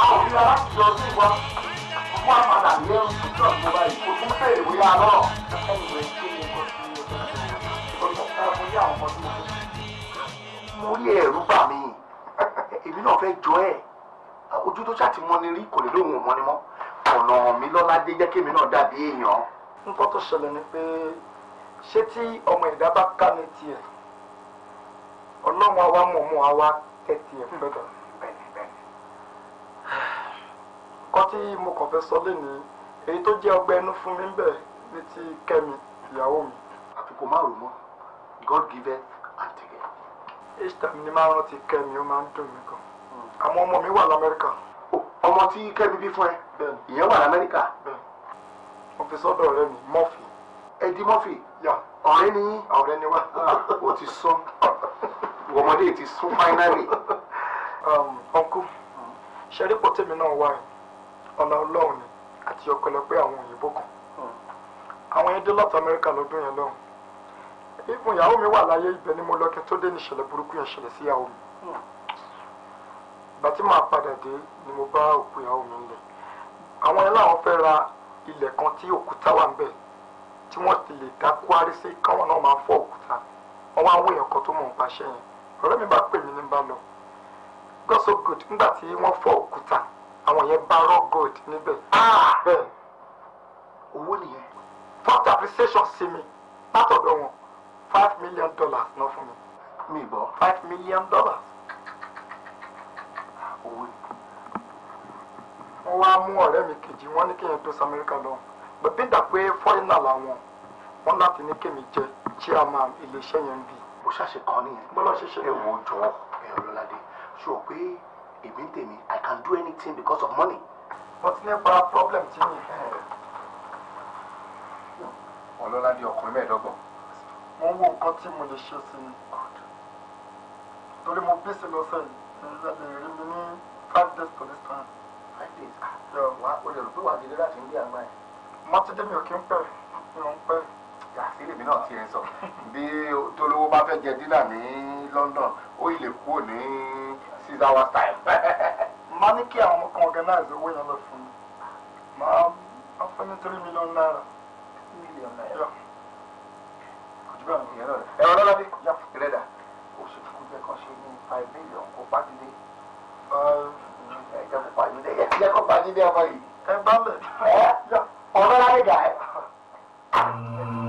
Àwọn òbí wa láti lọ sí ìwà wọ́n padà yẹ ìjọ ìjọba yìí kò tún bèrè bóyá lọ́rọ̀ ẹnìwé kí ni kò sí ọjọ́ mo yé àwọn ọmọ tó mo rí ẹ̀rú bà mí èmi náà fẹ́ jọ ẹ̀ ojú tó ṣàtìmọ́ ni rí kò lè lóhùn ọmọ ni mọ́ ọ̀nà mi lọ́ládé jẹ́ kémi náà dàbí èèyàn. nǹkan tó ṣẹlẹ̀ ni pé ṣé tí ọmọ ẹ̀dá bá ká ní tiẹ̀ ọlọ́run àwa mọ̀ọ́mọ́ àwa tẹ̀ tiẹ̀ fún bẹ́tẹ̀. nǹkan tí mo kàn fẹ́ sọ lénìí èyí tó jẹ́ ọgbẹ́ inú fún mi ń bẹ̀ ní ti kẹ́mi ìyàwó mi. àfi kò rò mọ́ god give and take. each time ni máa ń rántí kẹ́mi ó máa ń dùn mí gan. Hmm. àwọn ọmọ mi wà lamẹ́ríkà. Oh, ọmọ tí kẹ́mi bí fún ẹ ìyẹn wà lamẹ́ríkà. mo fi sọ́dọ̀ ọ̀rẹ́ mi mọ́fì. ẹdí mọ́fì ọ̀rẹ́ ni yín ọ̀rẹ́ ni wá o ah, ti sún ọmọdé ti sún fáínálì. ọkú um, ṣe rí pọ́tẹ́mi náà wáyé ọ̀nà ọlọ́run ni àti ọ̀pẹ̀lọpẹ̀ àwọn òyìnbó kan àwọn yẹn dé láti amẹ́ríkà lọ́dún yẹn lọ́hùn ìfún ìyàwó mi wà láyé ibẹ̀ ni mo lọ kí n tó dé ní ìṣẹ̀lẹ̀ burúkú yẹn ṣẹlẹ̀ sí ìyàwó mi ìgbà tí màá padà dé ni mo bá òkú ìyàwó mi ńlẹ̀ àwọn yẹn láwọn fẹ́ ra ilẹ̀ kan tí òkúta wà ńbẹ̀ tí wọ́n ti lè dá kwari sí káwọn náà máa fọ́ òkúta wọ́n wá wọ àwọn yẹn gba raw gold níbẹ̀. Ah! bẹ́ẹ̀ owó nìyẹn. first appreciation sí mi látọ̀dọ̀ wọn five million dollars ná fún mi. mi bọ̀. five million dollars. owó ni. wọ́n wá mú ọ̀rẹ́ mi kejì wọ́n ní kéèyàn tó sí amẹ́ríkà lọ. bẹ̀bí dà pé fọ́ínà làwọn wọ́n láti ní kémi jẹ́ chairman iléeṣẹ́ yẹn ń bì. bó ṣàṣe kan nìyẹn. bọ́lá ṣe ṣe. ẹ wo jọ ẹ ọlọ́ládé ṣùgbọ́n pé èmi tèmi i can do anything because of money. but nípa problem tí mi ọlọ́lá di ọkùnrin mẹ́ẹ̀ẹ́dọ́gbọ̀n mo ń wo nǹkan tí mo lè ṣe sí i torí mo bí sí lọ́sẹ̀ yìí lè rí mi ní five days to this time. five days ah. wà á olè rò pé wà á délé láti India gbà yẹn. mọ́tídé mi ò kí ń pẹ́ mi ò ń pẹ́. yàtìlẹ̀ mi náà ti ẹ̀ sọ bí tolówó bá fẹ́ jẹ dínà ní London ó ilè kúrò ní is our time. má ní kí àwọn kan organize owó yẹn lọ fún mi máa ń fún ní three million naira. three million naira. kò jù bẹ́ẹ̀ lọ. ẹ̀rọ lọ́la bí ìrẹ́dà ó ṣe fún jẹ́ kan ṣe ní five million kó pàdé. ẹ̀jẹ̀ kó pàdé ẹ̀jẹ̀ kó pàdé ọmọ yìí. ẹ bá mi. ọ̀rọ̀ ládìgà ẹ̀.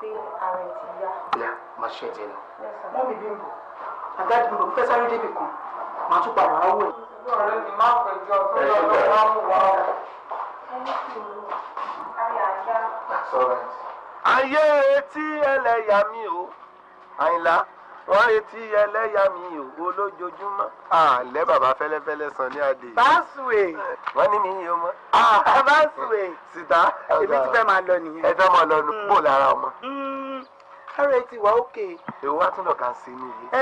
pé ara ẹ̀ ti yá. ìyá máa ṣe ẹ̀jẹ̀ lọ. wọ́n mi bímbo àgáàdì mi ò fẹ́ sáré débi kan màá tún padà wá wò ẹ̀. ọ̀rẹ́ mi máa pẹ̀jọ pé àyìnlá wọ́n retí ẹlẹ́yà mi ò olójoojúmọ́. àlẹ́ bàbá fẹ́lẹ́fẹ́lẹ́ san ní adé. báṣùwè. wọ́n ní mi yìí o mọ́. Ah, báṣùwè. sita. èmi ti fẹ́ máa lọ nìyẹn. ẹ fẹ́ máa lọ nù kó mm. lára ọmọ. ara mm. ẹ ti wà òkè. èwo wá tún lọ kà sí mi yìí. ẹ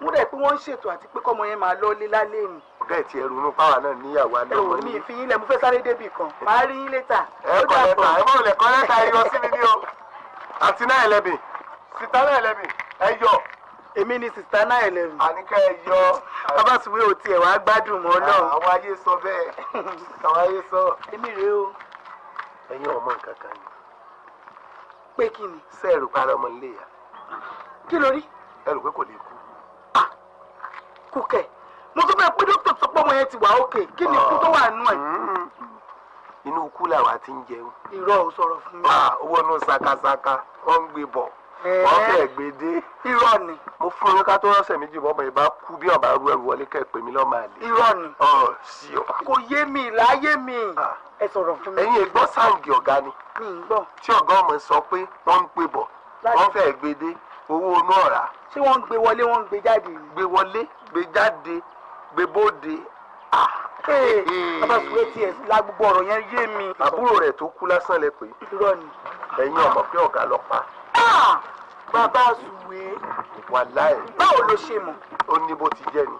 mú rẹ pé wọ́n ń ṣètò àti pé kọ́mọ yẹn máa lọ lé lálẹ́ mi. ọ̀gá ẹ̀ ti ẹrù inú páwa náà níyàwó alẹ́ wọn ni. èrò mi ìfi yín lẹ mo fẹ́ sáré débì èmi ni sista náà ẹlẹ́rù. àníkà ẹ yọ. babasuwe ò tiẹ̀ wá gbádùn mọ́ náà. àwọn ayé sọ bẹ́ẹ̀ àwọn ayé sọ. èmi o. ẹ̀yin ọmọ nǹkan kan ni. pé kí ni. ọmọ ilé yà. kí ló ẹ rò pé mo tún fẹ́ pé dókítà yẹn ti wà ókè kí ni to tó wà nù mm-hmm. inú ti ń jẹun. irọ́ ò sọ̀rọ̀ fún mi. sakasaka wọ́n wọ́n fẹ́ gbèdé. irọ́ ni. mo fún yín ká tó rọ́ṣẹ̀ méjì bọ́ bẹ́ẹ̀ bá kú bí ọ̀bá ru ẹrù wọlé kẹ́ pè mí lọ́mọ àlè. irọ́ ni. ọ sí o. kò yé mi láyé mi. ẹ sọ̀rọ̀ fún mi. ẹ̀yin ègbọ́ sáǹgì ọ̀gá ni. mi ń gbọ́. tí ọ̀gá ọmọ sọ pé wọ́n ń pè bọ̀ wọ́n fẹ́ gbèdé owó inú ọ̀rá. ṣé wọ́n gbé wọlé wọ́n gbé jáde. gbé wọlé gbé jáde gbé bóde. bàbá sùwé tiẹ̀ lágbègbè ọ̀rọ̀ yẹn yé mi bàbá àzùwé. wàláì. báwo ló ṣe mọ̀. ó ní bó ti jẹ́ ni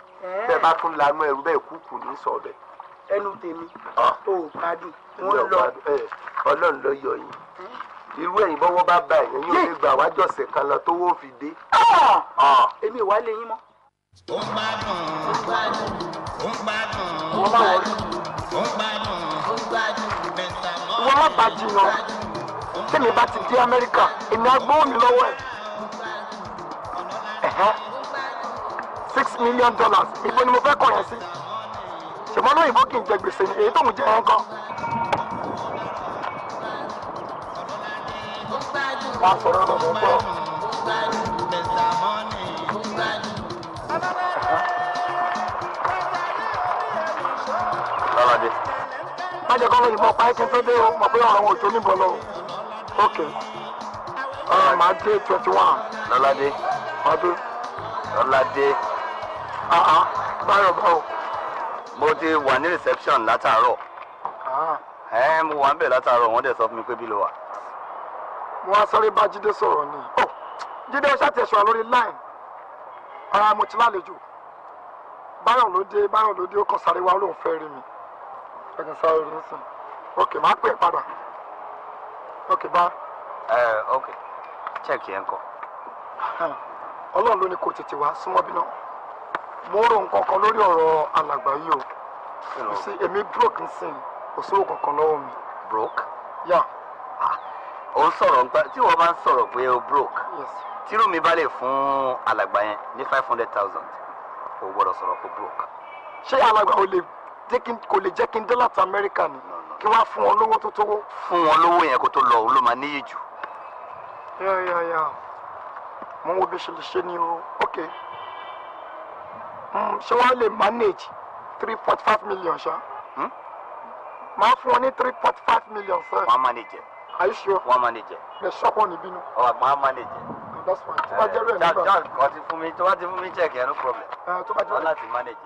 bẹ́ẹ̀ bá tún lanú ẹrú bẹ́ẹ̀ kúkú ní sọ̀bẹ̀. ẹnu tèmi ó ah. gbádùn wọn lọ. ọlọ́run ló yọ yín irú ẹ̀yìn bọ́wọ́ bá bá ẹ̀yìn yóò lè gbà wájọ̀sẹ̀ kan lọ tówó fi dé. Ah! Ah. èmi ò wá yín mọ́. ó ń gbádùn ó ń gbádùn ó ń gbádùn ó ń gbádùn ó ń gbádùn ó mọ́. wọ́n má bàjẹ́ náà tẹ́mi bá ti dé amẹ́ríkà èmi agbóhùn mi lọ́wọ́ ẹ̀ six million dollars ibo ni mo fẹ́ kọ̀ yẹn sí ṣùgbọ́n náà ìbò kì í jẹ gbèsè ni èyí tóun jẹ yẹn kọ́. wọ́n á sọ̀rọ̀ lọ́wọ́ gbọ́. Má jẹ́ kọ́ lóyún mọ́ pa ẹ́ kí n tó dé o, mọ̀ pé ọ̀rọ̀ òjò níbọ̀ lọ́wọ́ ok màá dé twenty one. lọ́ládé. màá dé. lọ́ládé. Ah, ah. báyọ̀ báwo. mo ti wà ní reception látàárọ̀. Ah. ẹ mo wà ń bẹ̀ látàárọ̀ wọ́n dẹ̀ sọ fún mi pé bí ló wà. mo wá sáré bá jíde sọ̀rọ̀ ni oh, jíde ó ṣàtẹ̀sọ̀ lórí line ara mo ti lálejò báyọ̀ ló dé báyọ̀ ló dé ó kàn sáré wá lóun fẹ́ rí mi ẹ̀gbọ́n sáré rí mi sìn ok màá pè é padà. Okay, bá. ẹ ok check yẹn kọ. ọlọ́run ló ní kó tètè wá súnmọ́ bí náà mo rò nǹkan kan lórí ọ̀rọ̀ alàgbà yìí o kò sí èmi broke nsìn kò sówó kankan lọ́wọ́ mi. broke. yà. ò ń sọ̀rọ̀ nípa tí wọ́n bá ń sọ̀rọ̀ pé o broke. yes. tírú mi bá lè fún alàgbà yẹn ní five hundred thousand o gbọ́dọ̀ sọ̀rọ̀ pé broke. ṣé alàgbà ò lè jẹ́ kí n dé láti amẹ́ríkà nìyẹn kí wàá fún wọn lówó tó tówó fún wọn lówó yẹn kó tó lọ òun ló máa níyì jù. yà mo ń wo bí ṣèlèṣe ni o ok hmm, ṣé wàá lè manage three point five million ṣá máa hmm? fún wọn ní three point five million sẹ́ẹ̀. wọ́n á manage. are you sure. wọ́n á manage. lè ṣọ́pọ̀ níbínú. ọ̀ máa manage that's fine. tó bá jẹ́ rẹ̀ eh, nígbà. jaa jaa kọ́ ti fún mi tó bá ti fún mi check yẹn no problem. Eh, tó bá jẹ́ rẹ̀. wọ́n láti manage.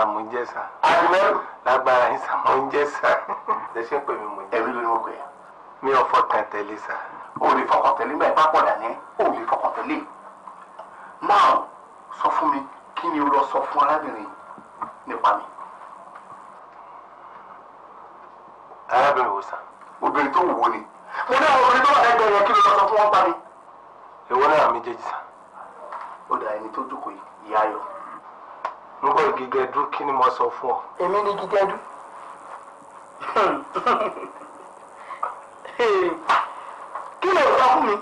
náà mú jẹ́sà. àdìmẹ́rù. lágbára yín sà mú jẹ́sà. ẹ ṣe ń pè mí mú jẹ́sà. ẹ̀mí ló ní mo pè é. mi ò fọkàn tẹ̀lé sà. o lè fọkàn tẹ̀lé bẹ́ẹ̀ bá pọ̀ dání o lè fọkàn tẹ̀lé. máa sọ fún mi kí ni o lọ sọ fún arábìnrin nípa mi. arábìnrin wò sàn. obìnrin tó wò ó ni. mo ní àwọn obìnrin tó wà lẹ́gbẹ̀ẹ́ yẹn kí ló lọ sọ fún wọn pa mi. èwo náà méjèèjì sàn. ó dà ẹni tó dúkòó yìí ìyá ayọ̀. ń gbọ́ ìgígẹ́dú kí ni mo fún ọ. èmi ni gígẹ́dú. kí ló sọ fún mi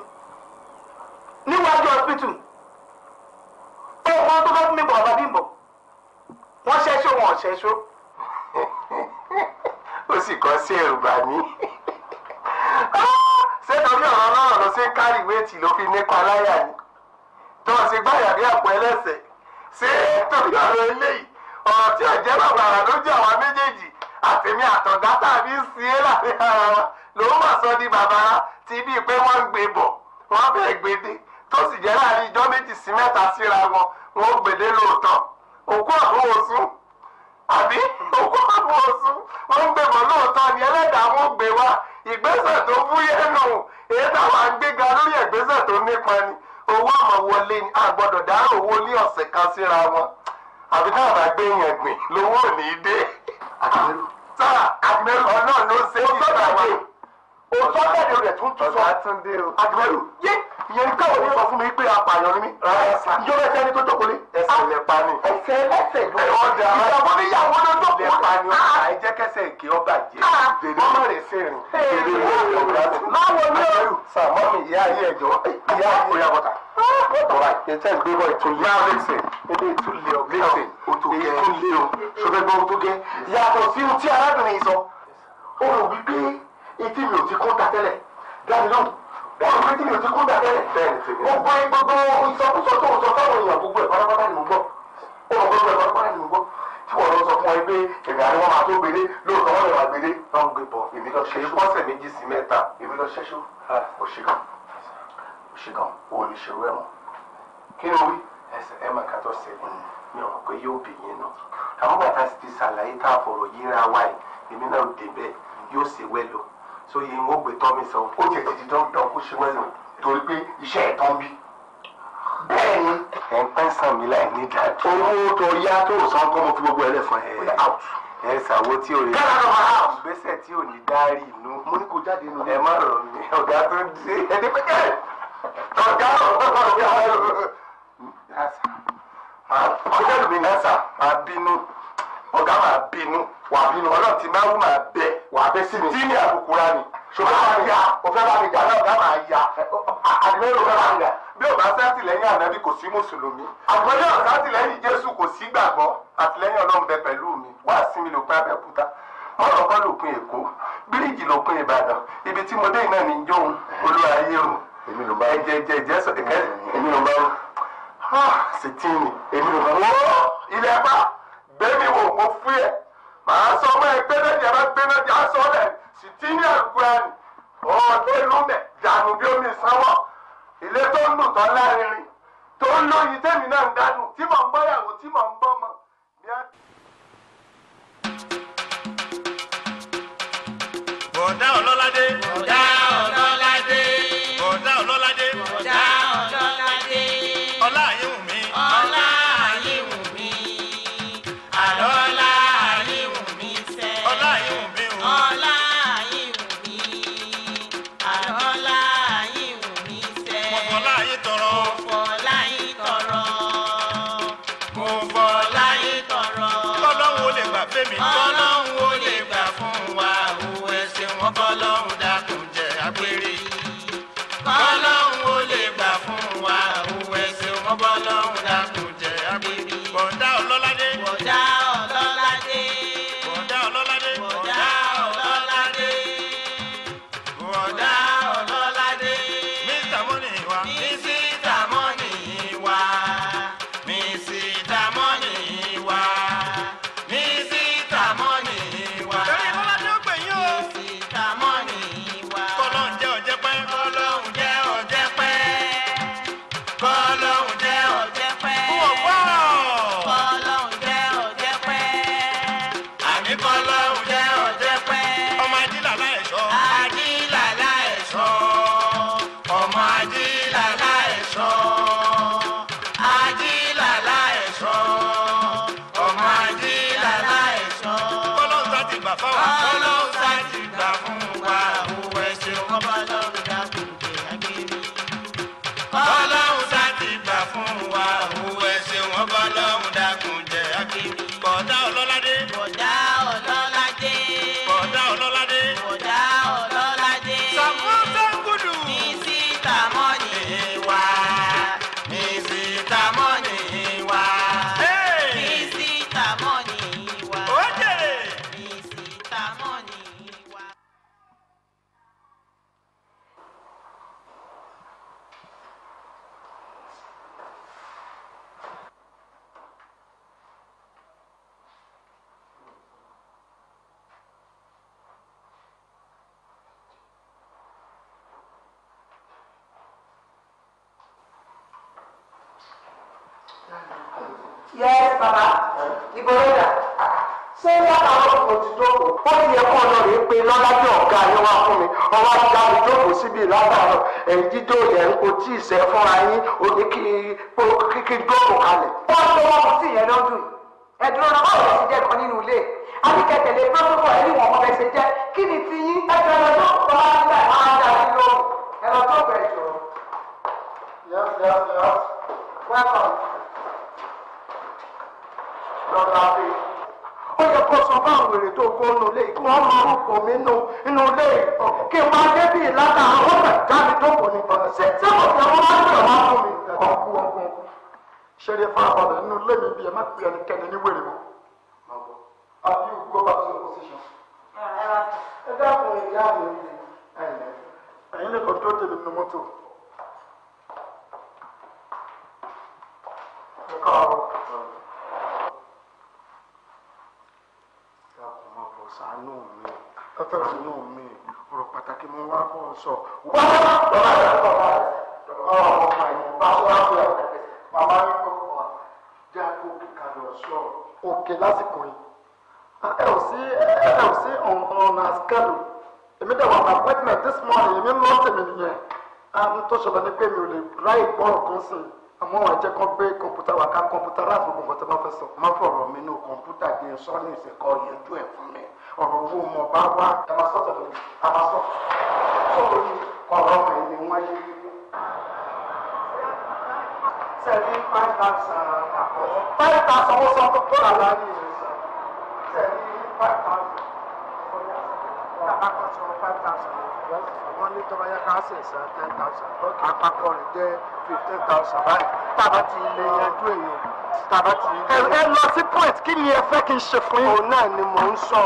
níwájú hospital ọgbọ́n tó fẹ́ fún mi bọ̀ ọ̀bá bímbọ̀ wọ́n ṣẹ́ṣọ́ wọn ṣẹ́ṣọ́. ó sì kọ́ sí ẹ̀rù bà mí. Ah, ṣé torí ọ̀rọ̀ náà ló ṣe ń kárìwé tì ló fi nípa láyà ni tó o sì gbáyà ní àpò ẹlẹ́sẹ̀. ṣé torí ọ̀rọ̀ eléyìí ọ̀rọ̀ tí ọ̀jẹ́ bàbá àrà ló jẹ́ àwa méjèèjì àtẹ̀mí àtọ̀dá tàbí sí é láàrin ara wa lòun mà sọ di bàbá ti bíi pé wọ́n ń gbé bọ̀ wọ́n bẹ̀ gbé tó ìjọ méjì sí mẹ́ta síra wọn gbèdé lóòótọ́ òkú àbí òkú ń lóòótọ́ wá ìgbésẹ̀ tó fúyẹ́ nù èyí táwọn àgbéga lórí ìgbésẹ̀ tó nípa ni owó ọmọ wọlé ni àgbọdọ dáhùn owó ní ọsẹ kan síra wọn àbí náà bá gbé yẹn gbìn lówó ò ní dé. àmì tá àmì ọlọ́run ló ṣe é ní ìjọba yìí. òótọ́ jáde rẹ̀ tún tún sọ àgbẹ̀rù yé ìyẹn ká òun sọ fún mi pé apààyàn ni mí ìjọba ẹsẹ̀ ni tó jókòó lé. ẹsẹ̀ lè ni. ẹsẹ̀ ẹsẹ̀ ló ń bọ̀ ìyàwó níyàwó ló jókòó. lè pa ni ọ̀sà ẹ jẹ́ èké ọba jẹ́ dèrè ah. ọmọ rẹ̀ sí rìn dèrè ìwé ọ̀gá sí. máwo ni o. sàmọ́ mi ìyá ayé ẹ̀jọ́ ìyá ayé ìyá bọ̀tà. bọ̀rọ̀ ìjẹ́ ìgbébọ̀ ìtúlẹ̀ ọ̀gbẹ́sẹ̀ ìtúlẹ̀ ọ̀gbẹ́sẹ̀ ìtúlẹ̀ ọ̀gbẹ́sẹ̀ etí mi ò ti kó ta tẹ́lẹ̀ dábì lóhùn bọ́ọ̀lù pé mi ò ti kó ta tẹ́lẹ̀ gbogbo ẹ gbogbo ìsọkúsọ tó sọ fáwọn èèyàn gbogbo ẹ̀ pátápátá ni mo gbọ́ ó mọ gbogbo ẹ̀ pátápátá ni mo gbọ́ tí wọ́n lọ sọ fún ẹ pé èmi àríwá máa tó gbélé lóòótọ́ wọ́n lè wá gbélé náà ń gbé bọ̀ èmi lọ ṣẹ́ṣú ọ̀sẹ̀ méjì sí mẹ́ta èmi lọ ṣẹ́ṣú òṣìkan òṣìkan wo ni ṣerú ẹ̀ mọ́ kí ni wí ẹsẹ̀ ẹ̀ máa kàtọ́ sí mm. mi ò mọ̀ pé yóò bì yín náà àwọn bàtà ti ṣàlàyé tá a fọ̀rọ̀ yíra wáyé so yìí ń gbé tọ́ mi sọ ó jẹ́ ti di dọ́ńdọ́ kó ṣe mẹ́lò torí pé iṣẹ́ ẹ̀ tán bí. bẹ́ẹ̀ ni ẹ̀ ń pẹ́ sàn mí láì ní dájú. owó tó yá tó san kọ́ mo fi gbogbo ẹ̀ lẹ́fọ̀ọ́ ẹ̀ out ẹ ṣàwo tí o lè ṣe gbèsè tí o ní dárí inú. mo ní kó jáde nù. ẹ má rọ mi ọ̀gá tó ń ṣe ẹni pé kẹ́ẹ̀ ọ̀gá ọ̀gá ọ̀gá ọ̀gá ọ̀gá ọ̀gá ọ̀gá ọ̀gá ọ̀gá ọ̀gá ọ̀gá máa bínú wà bínú ọlọ́run ti máa wú máa bẹ wà bẹ sí mi. tí ní àbùkù rà ni ṣùgbọ́n máa ya òfẹ́ bá mi jà náà ọ̀gá máa ya àdìmẹ́rò fẹ́ bá mi jà. Ah, bí ò bá sátìlẹ́yìn ànábì kò sí mùsùlùmí àgbọ̀dé ò sátìlẹ́yìn jésù kò sí gbàgbọ́ àtìlẹ́yìn ọlọ́run bẹ pẹ̀lú mi wá sí mi lópin abẹ́òkúta mọ́tò kọ́ lópin èkó bíríìjì lópin ìbàdàn ibi tí mo dé iná ní jóun olúwa ayé o ẹ̀jẹ̀ ẹ̀jẹ̀ ẹ̀jẹ̀ sọ̀tẹ̀kẹ́ èmi ló bá wọ́n ah, ṣètìlì èmi ló bá wọ́n ilẹ̀ ẹ̀pá gbẹmí wò mo fú yẹ màá sọ ọmọ ẹ gbẹmẹ ní ẹbá gbẹmẹ ní asọ lẹ sìtì ní àgùránì ọdẹ lúmẹ dànù bí omi sanwó ilé tó ń dùn tó lárinrin tó ń lóyin tèmi náà ń dánù tí mò ń bọ́ yàwó tí mò ń bọ́ mọ́ bí a. bọ̀dá ọlọ́ládé. sọ ní ìsìnkọ yẹjú ẹ fún mi ọ̀rọ̀ owó mọ bá wá amasọtọ mi amasọ sọ̀rọ̀ ní ọ̀rọ̀ mi ni wọn yé sẹbi five thousand àpò five thousand ó sọ tó tó làlá ní ìsìn sẹbi five thousand àpapọ̀ sọ five thousand wọ́n ní tọ́ba yẹ ká ṣe san ten thousand àpapọ̀ rẹ̀ jẹ́ fifteen thousand báyìí tábà ti lè yanjú èyí tàbá ti rí. ẹ lọ sí point kí ni ẹ fẹ́ kí n ṣe fún yín. òun náà ni mò ń sọ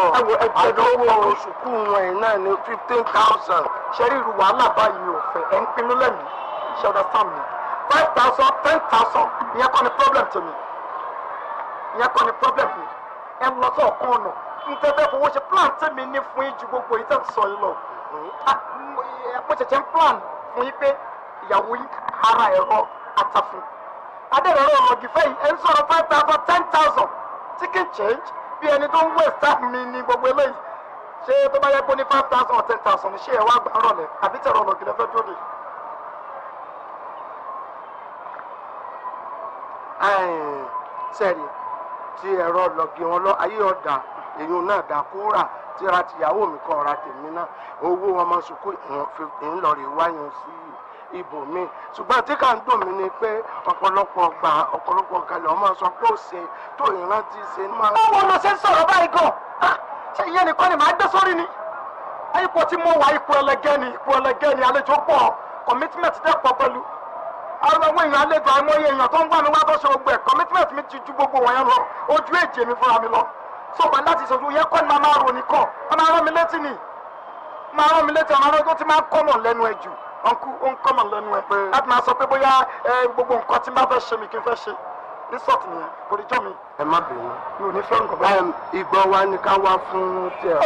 àdánwò oṣùkú wọn ẹ̀ náà ni fifteen thousand. ṣẹ́rí irú wàhálà báyìí ò fẹ́ ẹ̀ ń pinnu lẹ́mìí ṣe ọ̀dà sáàmì five thousand ten thousand ìyẹn kọ́ ni problem tèmi ìyẹn kọ́ ni problem mi ẹ lọ sí ọ̀kan ọ̀nà nítorí bẹ́ẹ̀ fowó ṣe plan tèmi ní fún yín ju gbogbo yìí tẹ̀ ń sọ yìí lọ. Ah, mo ṣẹ̀ṣẹ̀ ń plan fún yín pé ìyàwó yín ara ẹ̀rọ àtàfún adẹ́rọ̀rọ̀ ọmọgìfẹ́ yìí ẹ̀ ń sọ̀rọ̀ five thousand ten thousand chicken change bí ẹni tó ń waste time mi ní gbogbo eléyìí ṣé tó bá yẹ kó ní five thousand or ten thousand ṣé ẹ wá gbà rọlẹ̀ àbí tẹ̀rọ ọmọgìlẹ̀ fẹ́ dúró de. sẹ́ni tí ẹ̀rọ lọ́gì wọn lọ ayé ọ̀dà èyí náà dà kúrà tíra tìyàwó mi kọ́ ọ̀ra tèmi náà owó ọmọ sùkúl ń lọ rè wáyàn sí i ibòmíì ṣùgbọ́n tí kà ń dùn mí ni pé ọ̀pọ̀lọpọ̀ gbà ọ̀pọ̀lọpọ̀ kalẹ̀ ọmọ sọ pé ó ṣe tó ìrántí ṣe ní máa. báwo ló ṣe ń sọ̀rọ̀ báyìí gan ṣé ìyẹn nìkan ni màá gbé sórí ni ipò tí mo wà ipò ẹlẹgẹ́ ni ipò ẹlẹgẹ́ ni àlejò pọ̀ commitment dẹ̀ pọ̀ pẹ̀lú àwọn àwọn èèyàn àlejò àìmọye èèyàn tó ń wà mí wá tó ṣe gbogbo ẹ̀ commitment mi ti ju gbogbo wọn yẹn lọ ojú èjì mi fúnra mi lọ so wà láti ṣojú yẹn kọ́ ni màá máa rò nìkan màá máa mi létí nìyí máa rán mi létí ọ̀nà tó ti máa ń kọ́mọ̀ lẹ́nu ẹ̀ jù ọ̀nkú ó ń kọ́mọ̀ lẹ́nu ẹ̀ láti máa sọ pé bóyá gbogbo nǹkan tí n bá fẹ́ ṣe mi kí n fẹ́ ṣe resort nìyẹn kò lè jọ mi. ẹ má bínú mi ò ní fẹ́ nǹkan báyìí. ìgbọ́ wa ni ká wá fún tiẹ̀.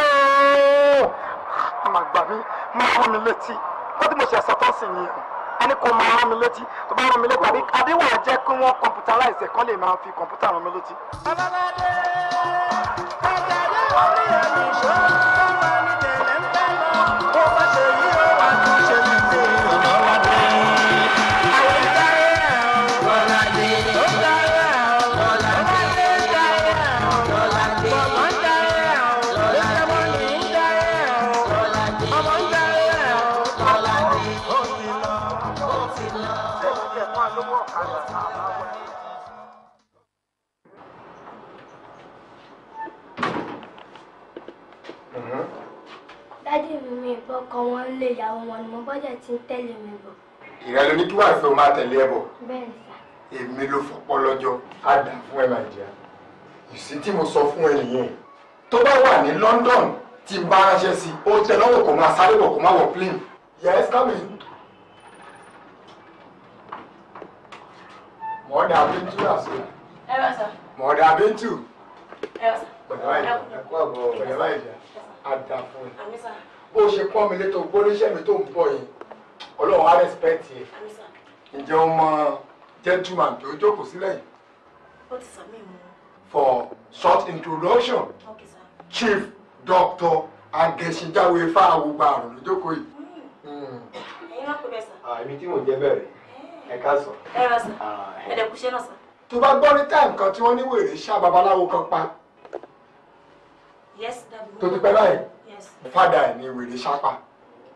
àmà gbà mí máa rán mi létí kó tí mo ṣe ṣàtọ́ sí yẹn ẹni kò máa rán mi létí tó bá rán mi létí àbí àdéhùn àjẹ́ kí wọ́n computerize ẹ̀ kán lè máa fi computer rán mi létí. ọlọ́dẹ ọjà ni wọ́n ẹ̀mí ṣọ́ọ́. ọkọ wọn lé ìyàwó wọn ni mo bọ́jà ti ń tẹ̀lé mi bọ̀. ìrẹ́ ní kí wàá fẹ́ o máa tẹ̀lé ẹ bọ̀. bẹ́ẹ̀ sà. èmi ló fọpọ́ lọ́jọ́ á dà fún ẹ máa jẹ́ ìsí tí mo sọ fún ẹ nìyẹn tó bá wà ní London tí n bá ránṣẹ́ sí i ó tẹ lọ́wọ́ kó máa sáré bọ̀ kó máa wọ̀ plane. yes come in. mọ̀ọ́dà bíntu àṣọ. ẹ bá sọ. mọ̀ọ́dà bíntu. ẹ bá sọ. pẹ̀lú àìjà ẹ̀kọ́ àbọ̀ pẹ̀lú àìjà á dà fún ẹ. àmì sáà bó ṣe pọ́n mi létò gbóríṣẹ́ mi tó ń bọ̀ yìí ọlọ́run á rẹ́spẹ́tì ẹ̀ ǹjẹ́ o mọ gentleman tó jókòó sílẹ̀ yìí. ó ti sàmì mu. for short introduction okay, chief doctor ageshinjawe fáwọgbà àrùn ló jókòó yìí. Hmm. Hmm. ẹ̀yin náà pè bẹ́ẹ̀ sà. Ah, èmi tí mò ń jẹ bẹ́ẹ̀ rẹ̀ eh. ẹ ká sọ. ẹ rà sà ah, eh. ẹ dẹ̀ kúṣẹ́ náà sà. tó bá gbọ́ ní táìmù kan tí wọ́n ní wèrè ṣá babaláwo kan pa. yes dábìlì. tó ti pẹ́ báyìí. Yes. Fada ẹ̀ ni wèrè ṣápá.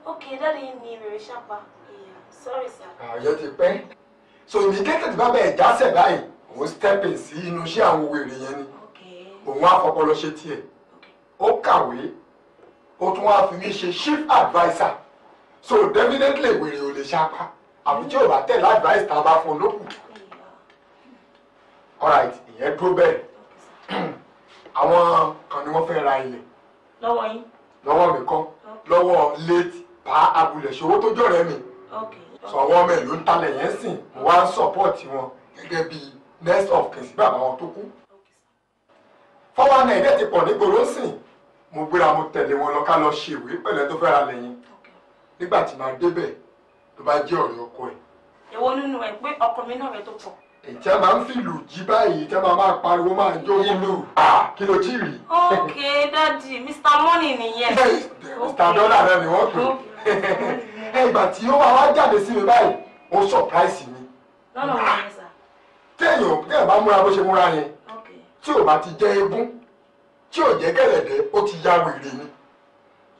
Okay, me. We wèrè ṣápá. Yeah, sorry sir. Ààyè ti pẹ́. So indicated bá bẹ̀ jásẹ̀ báyìí, òun step in sí inú iṣẹ́ àwọn wèrè yẹn ni. Òun á fọpọlọ ṣe Okay. Ó kàwé. Ó tún wá fi mí ṣe chief adviser. So definitely wèrè ò lè ṣápá. Àbí tí ò bá tẹ̀lé advice tá a bá fún un lókùn. Alright, ìyẹn dúró bẹ́ẹ̀. Àwọn kan ni wọ́n fẹ́ ra ilẹ̀. Lọ́wọ́ yín lọ́wọ́ mi kọ́ lọ́wọ́ late pa abulẹ̀ ṣòwò tó jọ̀rẹ́ mi sọ àwọn ọmọ ìlú ń talẹ̀ yẹn sìn mo wá ń sọ́pọ́ọ̀tì wọn gẹ́gẹ́ bí next of kin sí bàbá wọn tó kú fọwọ́ náà ẹ̀dẹ́ ti pọ̀ nígboro sìn mo gbéra mo tẹ̀lé wọn lọ ká lọ ṣe ìwé pẹ̀lẹ́ tó fẹ́ra lẹ́yìn nígbà tí màá débẹ̀ ló bá jẹ́ ọ̀rẹ́ ọkọ ẹ̀. èwo nínú ẹ pé ọkọ mi náà rẹ tó pọ̀ ìjà máa ń fìlù jí báyìí ìjà máa máa pariwo máa jó ìlú kí ló tí rí. ok dadi mr money nìyẹn. mr dollar rẹ ni wọ́n pè é ìgbà tí ó máa wá jáde sí mi báyìí ó surprise mi. lọ́nà wọn ni sà. téèyàn téèyàn bá múra bó ṣe múra yẹn tí ò bá ti jẹ́ eégún tí ò jẹ́ gẹ̀lẹ̀dẹ́ ó ti ya wèrè ni.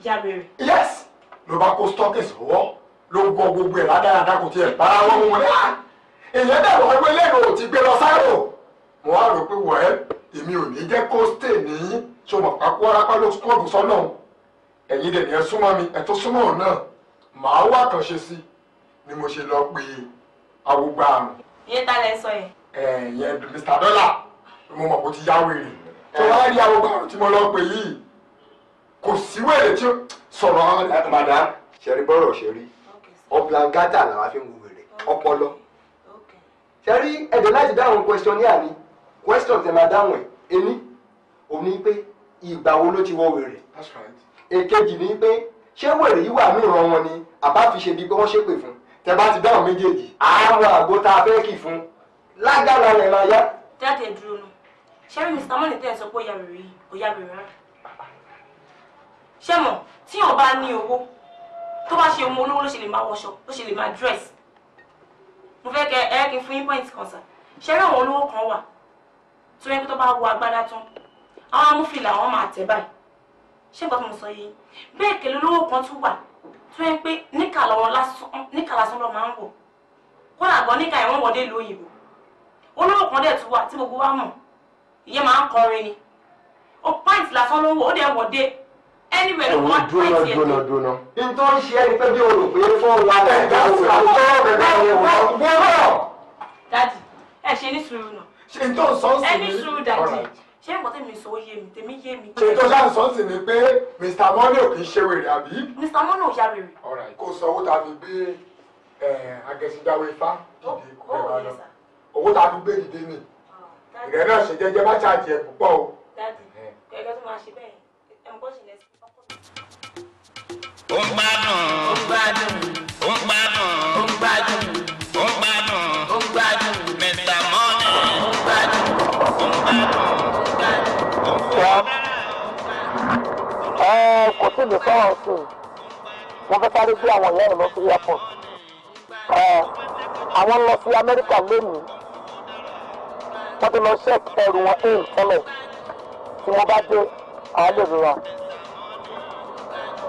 ya wèrè. yes ló bá kó stockings ọwọ́ ló gbọ́ gbogbo ẹ̀ ládàáradá kò tiẹ̀ bára wọn mú wọn ah! ní ìyẹn dàbọ̀ wípé lẹ́yìn ò ti gbé lọ sáírò mo wá rò pé wọ̀ ẹ́ èmi ò ní jẹ́ kó stay ní sọmọ̀pá kúárápá ló kọ́ọ̀dù sọ́nà ẹ̀yin dẹ̀ ni ẹ súnmọ́ mi ẹ tó súnmọ́ ọ̀ náà màá wá kàn ṣe sí ni mo ṣe lọ pé awúgbà àrùn. iye ta lẹ sọ yẹn. ẹ̀yẹn Mr Dollar mo mọ̀ kó ti yá wèrè tó wá rí awúgbà àrùn tí mo lọ pé yìí kò sí wèrè tí sọ̀rọ̀. madam ṣe rí bọ́rọ̀ ṣe rí ọ̀pọ̀lọpọ̀ gátà làwọn fi ń wèrè ọpọlọ ṣẹ́rí ẹ̀dẹ̀ láti dáhùn questionnaire ni question tẹ̀ máa dáhùn ẹ̀ ẹni òun ni pé ìgbà wo ló ti wọ wèrè èkejì ni pé ṣé wèrè yìí wà ní ìran wọn ni àbá fi ṣe bí pé wọ́n ṣépè fún tẹ bá ti dáhùn méjèèjì àwọn àgbo tá a fẹ́ kì fún lágbára rẹ̀ máa yá. jáde dúró nù ṣẹ́rí mr money tẹ́ ẹ sọ pé ó yà wèrè yìí ó yà wèrè rárá ṣé mọ̀ tí yóò bá ní owó tó bá ṣe ohun olówó ló ṣe lè máa wọṣọ ló ṣe lè máa dírẹ́sì mo fẹ́ kẹ ẹ kí n fún yín point kan sà ṣé rí àwọn olówó kan wà tó yẹ kó tó bá wọ agbádá tán àwọn amúfilà wọn máa tẹ̀ báyìí ṣé nǹkan tó mo sọ yìí bẹ́ẹ̀ kẹlẹ́ olówó kan tún wà tó yẹ pé níkà lọ́wọ́ lásán níkà lásán lọ́ máa ń wọ̀ kódà gan níkà ẹ̀wọ̀n wọlé ìlú òyìnbó olówó kan dẹ̀ tún wà tí gbogbo wa mọ̀ ìyẹn máa ń kọrin ni ó lásán ló ó dẹ̀ wọ̀ dé anywhere you want to fight here. n tó ń ṣe ẹni pé bí o rò pé fọ́ wa ẹ̀ dá sí àtọ́ bẹ̀rẹ̀ yẹn wọ́n wọ́n. dadi ẹ ṣe ní sùúrù náà. ṣe n tó ń sọ ń sìn mí. ẹni sùúrù dadi ṣé nǹkan tèmi sọ yé mi tèmi yé mi. ṣe tó ṣáà sọ ń sìn mí pé Mr. Money ò kì í ṣe wèrè àbí. Mr. Money ò ya wèrè. kò sọ owó ta fi gbé agẹ̀sìgbàwé fa oh, dìde kó oh, lè máa lọ owó ta fi gbé dìde nì ah, ìrẹ́ náà ṣe jẹ́jẹ́ má ṣàjẹ́ púpọ̀ o. dadi kẹ̀kẹ́ tó máa ṣe bẹ́ẹ̀ ẹ̀ ń kọ́ sí lẹ́sìn ó ń gbádùn ó ń gbádùn ó ń gbádùn ó ń gbádùn ó ń gbádùn ó ń gbádùn mẹ́ta mọ́ni ó ń gbádùn ó ń gbádùn ó ń gbádùn ó ń gbádùn. ẹ mo fẹ́ sáré gbé àwọn ìyá ẹ̀ lọ sí airport àwọn lọ sí amẹ́ríkà lónìí wọ́n ti lọ ṣẹ́ẹ̀kì ẹrù wọn ẹ̀yìn tẹ́lẹ̀ tí mo bá dé àwọn lè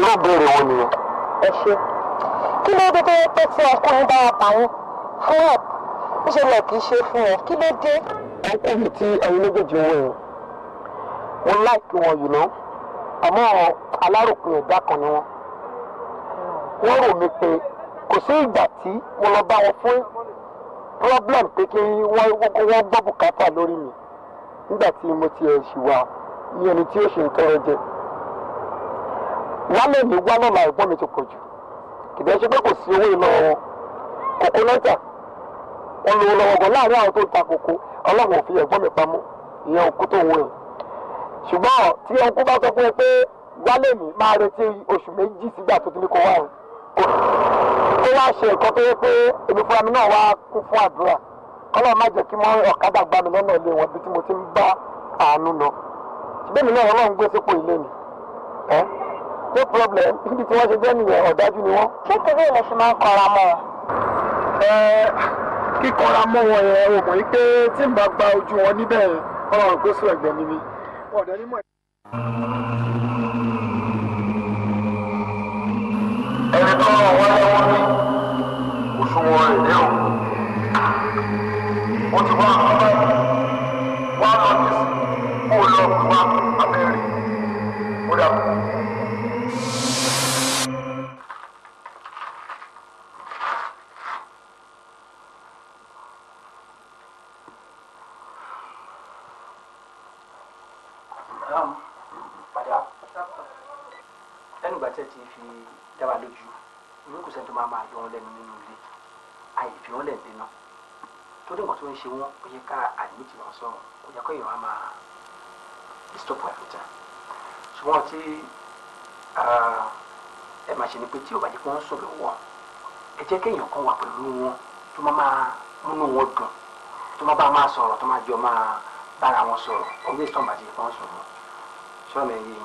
irú ìbéèrè wọn nìyẹn. ẹ ṣe kí ló dé pé tí ọkùnrin bá wa bàyìn fún help níṣẹ́ lẹ̀ kì í ṣe fún ẹ kí ló dé. ọkọ mi ti ẹyin méjèèjì ń wẹ̀yìn mo láìpẹ́ wọn yìí ná àmọ́ aláròpin ẹ̀dá kan ni wọ́n wọ́n rò mí pé kò sí ìgbà tí mo lọ bá wọn fún problem pé kí wọ́n gbọ́ bùkátà lórí mi nígbà tí mo ti ẹ̀ ṣì wà ní ẹni tí ó ṣe nǹkan rẹ jẹ. wọn lè ní wọn náà mi ti pọ̀ jù kìdí ẹṣẹ pé kò sí owó ịlọ wọn kòkó lọ́jà wọn lọ́wọ́ gan láàrin àwọn tó ń ta kòkó ọlọ́run ò fi ẹ̀gbọ́n mi pamọ́ ìyẹn òkú tó wọ ẹ̀ ṣùgbọ́n tí bá sọ fún ẹ pé máa retí oṣù méjì sígbà tó ti ní kó wá ṣe nǹkan tó yẹ pé èmi náà wá kú fún àdúrà no problem níbi tí wọ́n ṣe jẹ́ nìyẹn ọ̀dájú ni wọ́n. ṣé torí ilẹ̀ ṣe máa ń kọra mọ́ ọ. ẹ kíkọra mọ́ wọn yẹn o mọ̀ pé tí n bá gba ojú wọn níbẹ̀ ọ̀rọ̀ kó ẹ̀gbẹ́ mi ni ọ̀dọ́ ṣe wọ́n ó yẹ ká àdìmítì wọn sọ̀rọ̀ kò yẹ kó èèyàn á máa disturb wọn níta ṣùgbọ́n tí ẹ máa ṣe ni pé tí ò bá jẹ́ pé wọ́n sọ̀rọ̀ wọn ẹ jẹ́ kéèyàn kan wà pẹ̀lú wọn tó máa máa múnú wọn dùn tó máa bá máa sọ̀rọ̀ tó máa jọ máa bára wọn sọ̀rọ̀ omi ìtàn bàjẹ́ pé wọ́n sọ̀rọ̀ sọ́ọ̀mù ẹ̀yìn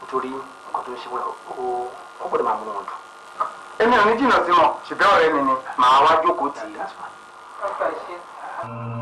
nítorí nǹkan tó ń ṣe wọ́n ó gbọ́dọ̀ máa múnú wọn dùn èmi ò ní wọn ṣùgbọ́n ọ̀rẹ́ mi ni màá wá jókòó tì í. Bye.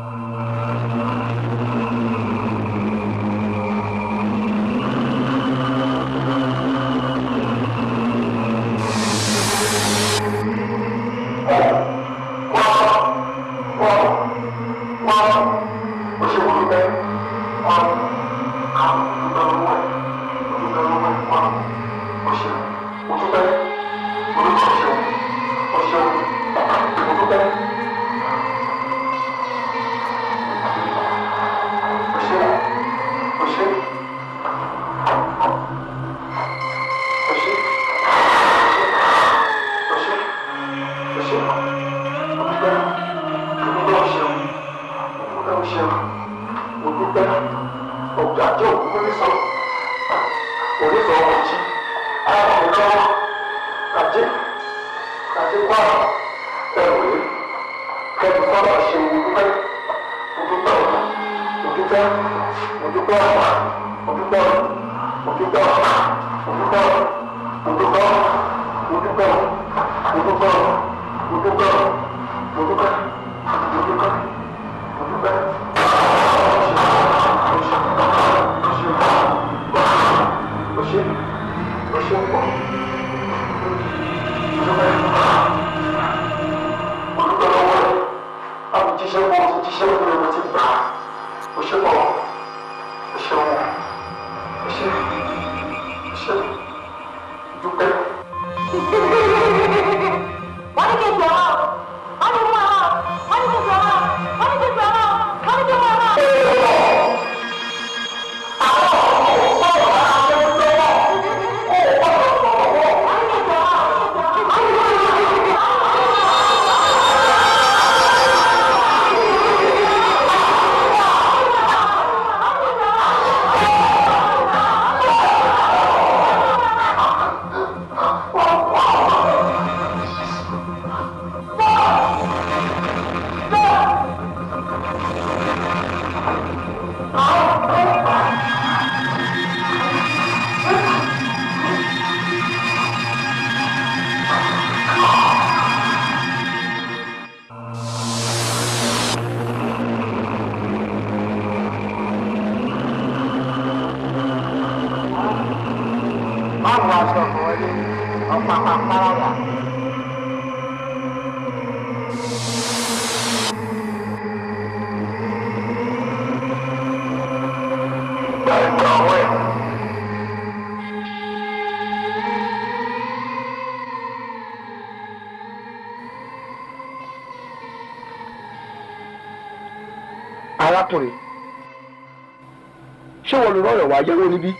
rọ̀yàn wá yẹ́wó níbí.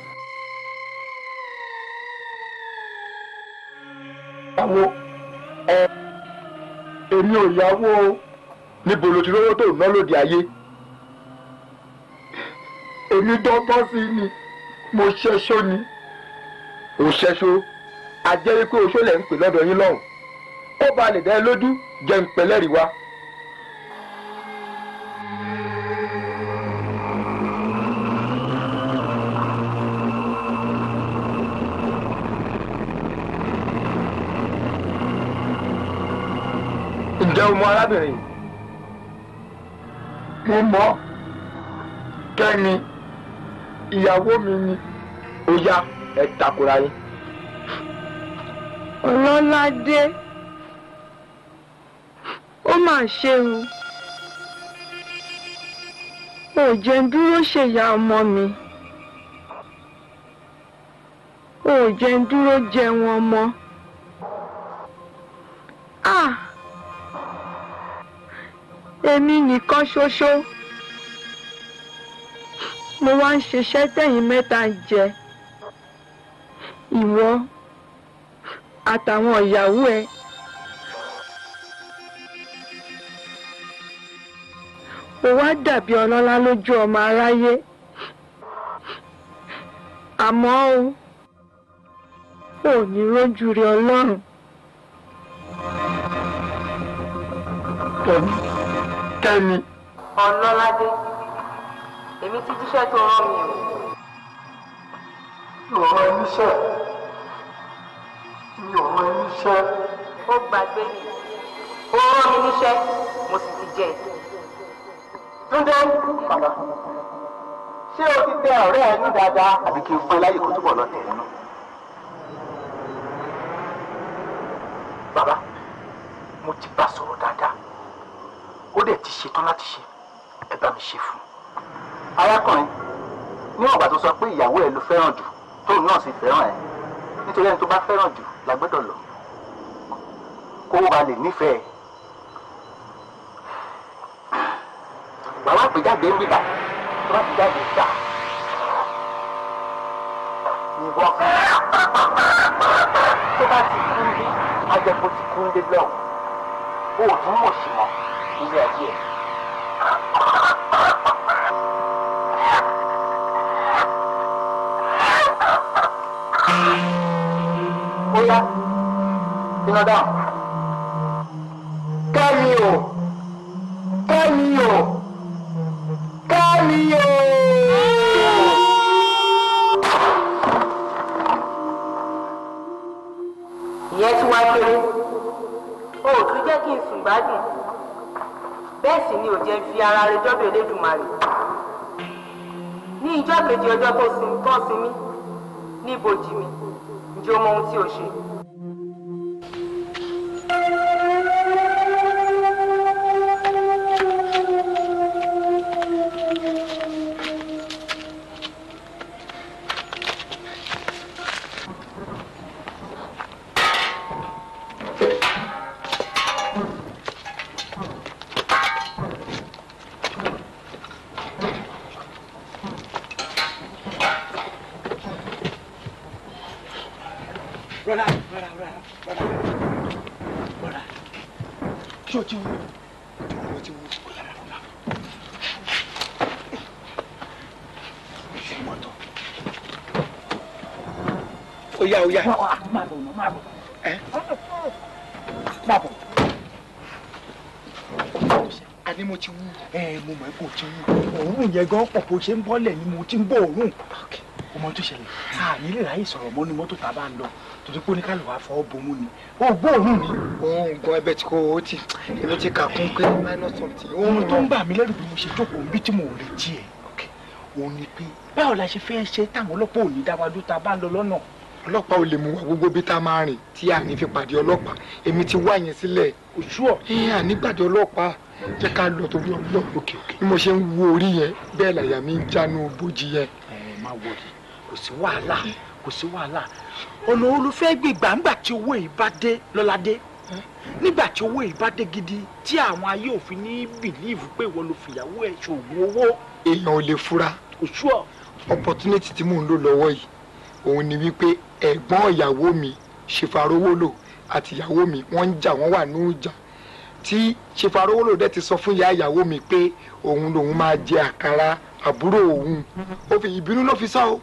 àwọn ẹ èmi ò yáwó níbo ló ti rówó tó ná lóde ayé èmi dọ́gbọ́n sí ni mo ṣẹṣọ ni ò ṣẹṣọ àjẹ́rí pé oṣó lẹ̀ ń pè lọ́dọ̀ yín lọ́hùn ó ba lè lójú jẹ́ ń wa. o mọ arábìnrin mo mọ kẹ́ni ìyàwó mi ni ó yá ẹ takora yín. ọlọ́ládé ó mà ṣe o ò jẹ́ ń dúró ṣèyá ọmọ mi ò jẹ́ ń dúró jẹun ọmọ. èmi nìkan ṣoṣo mo wá ń ṣiṣẹ́ tẹ̀yìn mẹ́ta jẹ ìwọ àtàwọn ìyàwó ẹ o wá dàbí ọlọ́lá lójú ọmọ aráyé àmọ́ o ò ní rójú rí ọlọ́run. kẹ́mi. ọ̀nàládé èmi ti jíṣẹ́ tó rán mi o. mi ò rán ẹni iṣẹ́ mi ò rán ẹni iṣẹ́. ó gbàgbé mi ó rán mi níṣẹ́ mo sì ti jẹ. túndé bàbá ṣé o ti tẹ ọ̀rẹ́ ẹ ní dáadáa àbí kí n fún ẹ láyè kó túbọ̀ lọ tẹ̀ náà. bàbá mo ti bá sọ̀rọ̀ dẹ̀ ti ṣetán láti ṣe ẹ bá mi ṣe fún un. arákùnrin níwọ̀n ìgbà tó sọ pé ìyàwó ẹ ló fẹ́ràn jù tóun náà sì fẹ́ràn ẹ nítorí ẹni tó bá fẹ́ràn jù la gbọ́dọ̀ lọ kó o ba lè nífẹ̀ẹ́. bàbá àpèjáde ń bìbà tó bá ti jáde gbà ìwọ tó bá ti kú ń dé ajẹ́pọ̀ ti kú ń dé lọ́wọ́ o ò tún mọ̀ sí mọ́. 李书记。啊，呀，领导。yẹ fi ara rẹ jọ́bẹ̀ Elédùmarè ní ìjọ́ kejì ọjọ́ tó sin mí ní ibojì mi ǹjẹ́ o mọ ohun tí o ṣe. ti wú. ẹ mo mọ̀ ẹ́ kò ti wú òórùn yẹn gan pọ̀ kó ṣe ń bọ́lẹ̀ ni mo ti ń bọ̀ òórùn ọmọ tó ṣẹlẹ̀ a ní lè ráyè sọ̀rọ̀ mọ́nú mọ́tò tá a bá ń lọ torí pé oníkàlù wa fọ́ bomú ni ó gbóòórùn ni. òun nǹkan ẹbẹ tí kò ó ti èmi ti kà kún pé minus something. ohun tó ń bà mí lẹ́rù bí mo ṣe jókòó níbi tí mo retí ẹ̀ òun ni pé báwo la ṣe fẹ́ ṣe táwọn ọlọ́pàá ò ní dá wa dúró tá a bá lọ lọ́nà ọlọ́pàá ò lè mú wa gbogbo bí tá a máa rìn tí a ní fi pàdé ọlọ́pàá èmi ti wá yẹn sílẹ̀. òṣùọ̀. ẹ ànígbàdé ọlọ́pàá jẹ́ ká lọ torí ọlọ́ bí mo ṣe ń wo orí yẹn bẹ́ẹ̀ làyà mi ń jánu bójì yẹn. ẹ má wọlé kò sí wàhálà kò sí wàhálà ọ̀nà olùfẹ́ gbègbà ńgbà tí owó yìí bá dé lọ́ládé nígbà tí owó yìí bá dé gidi tí àwọn ayé òfin ní bìlíìfù pé ìwọ ló fìyàwó ẹ ṣògùn owó. èèyàn ò lè fura opportunity tí mò ń lò lọ́wọ́ yìí òun ni wípé ẹ̀gbọ́n ìyàwó mi ṣèfàrówó lò àti ìyàwó mi wọ́n ń jà wọ́n wà ní ìjà tí ṣèfà arówólò dẹ̀ ti sọ fún ìyá ìyàwó mi pé òun lòun máa jẹ àkàrà àbúrò òun ó fi ìbínú ló fi sọ o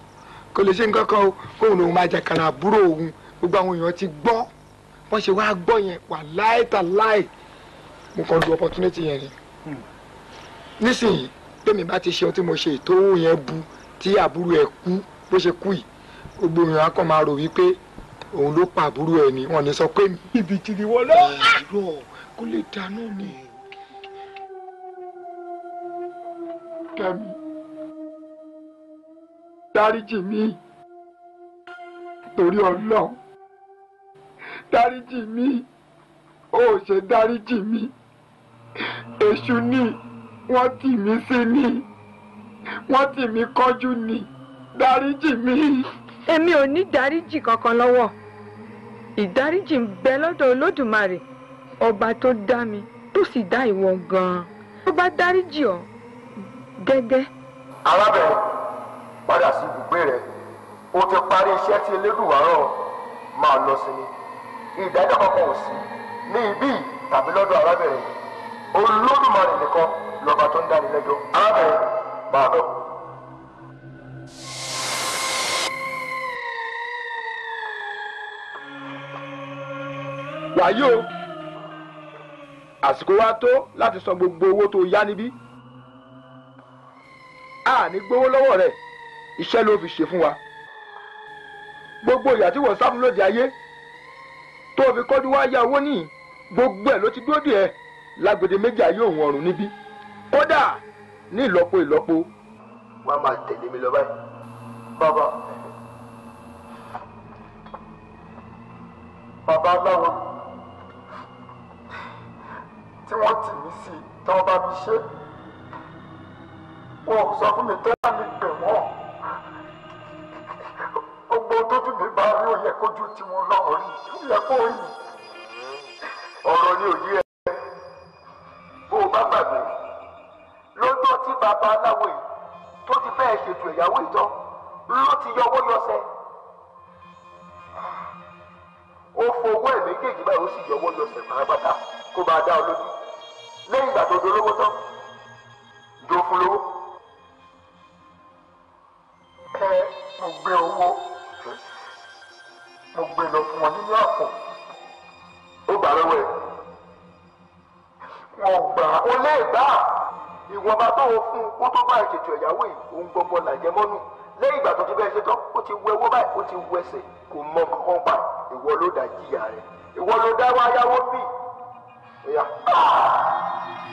kò lè ṣe nǹkan kan o kóun lòun máa jẹ àkàrà àbúrò òun gbogbo àwọn èèyàn ti gbọ́ wọ́n ṣe wáá gbọ́ yẹn wà láìta láì mo kàn lu opportunity yẹn ni hmm. nísìnyí bẹ́ẹ̀ mi bá ti ṣe ohun tí mo ṣe ìtòwò yẹn bu tí àbúrò ẹ̀ kú bó ṣe kú yìí gbogbo èèyàn á kàn máa rò wípé òun ló pa àbúrò ẹ̀ ni wọ́n ní sọ pé mi. ibi tí ni wọ́n kó lè dáná ni. Kẹ́mi, dáríjì mi torí Ọlọ́run, dáríjì mi, ó ṣe dáríjì mi, èṣù ni wọ́n tì mí sí ni, wọ́n tì mí kọjú ni, dáríjì mi. Èmi ò ní dáríjì kankan lọ́wọ́, ìdáríjì ń bẹ lọ́dọ̀ Olódùmarè ọba tó dá mi tó sì dá ìwọ gan-an tó bá dáríjì ọ́ gẹ́gẹ́. arábẹ̀rẹ̀ padà sí ibùgbé rẹ̀ o ti parí iṣẹ́ tí elédùnwárọ̀ máa lọ sí ni ìdájọ́ kankan ò sí ní ibí tàbí lọ́dọ̀ arábẹ̀rẹ̀ olódùmarè nìkan lọ́ba tó ń dáni lẹ́jọ́ arábẹ̀rẹ̀ máa lọ. wàyí o àsìkò wa tó láti san gbogbo owó tó yá níbí a ní gbowó lọ́wọ́ rẹ̀ iṣẹ́ ló fi ṣe fún wa gbogbo ìyà tí wọ́n sáfún lóde ayé tó fi kọ́jú wá yá owó nìyí gbogbo ẹ̀ ló ti dúró díẹ̀ lágbèdè méjì ayé òun ọ̀run níbí kódà ní ìlọ́po ìlọ́po. wọ́n á máa tẹ̀lé mi lọ báyìí bàbá bàbá báwo tí wọ́n tì mí sí tí wọ́n bá mi ṣe wọn ò sọ fún mi tó bá mi gbẹ̀ wọ́n gbogbo tójú mi bá rí òye kójú tí mo lọ rí òye kó rí ọ̀rọ̀ ni òye ẹ bó o bá gbàgbé lọ́jọ́ tí bàbá aláwo yìí tó ti fẹ́ ṣètò ìyàwó ìjọ ló ti yọwọ́ yọsẹ̀ ó fowó ẹ̀ méjèèjì báyìí ó sì yọwọ́ yọsẹ̀ pàápàá kó bá dá ọ ìgbà tó dolówó tán jó fún lówó. ẹ mo gbé owó mo gbé lọ fún wọn nínú àpò ó gbà lọ́wọ́ ẹ̀ wọ́n gbà ó lé ìgbà ìwọ̀nba tó o fún kó tó bá ìṣètò ẹ̀yáwó yìí òun gbọ́ngbọ́n làjẹmọ́nù lẹ́yìn ìgbà tó ti bẹ́ẹ̀ ṣe tán ó ti wọ ẹwọ́ báyìí ó ti wọ ẹsẹ̀ kò mọ kankan pa ìwọ ló dá jìyà rẹ̀ ìwọ ló dá wáyáwó bíi. 哎呀！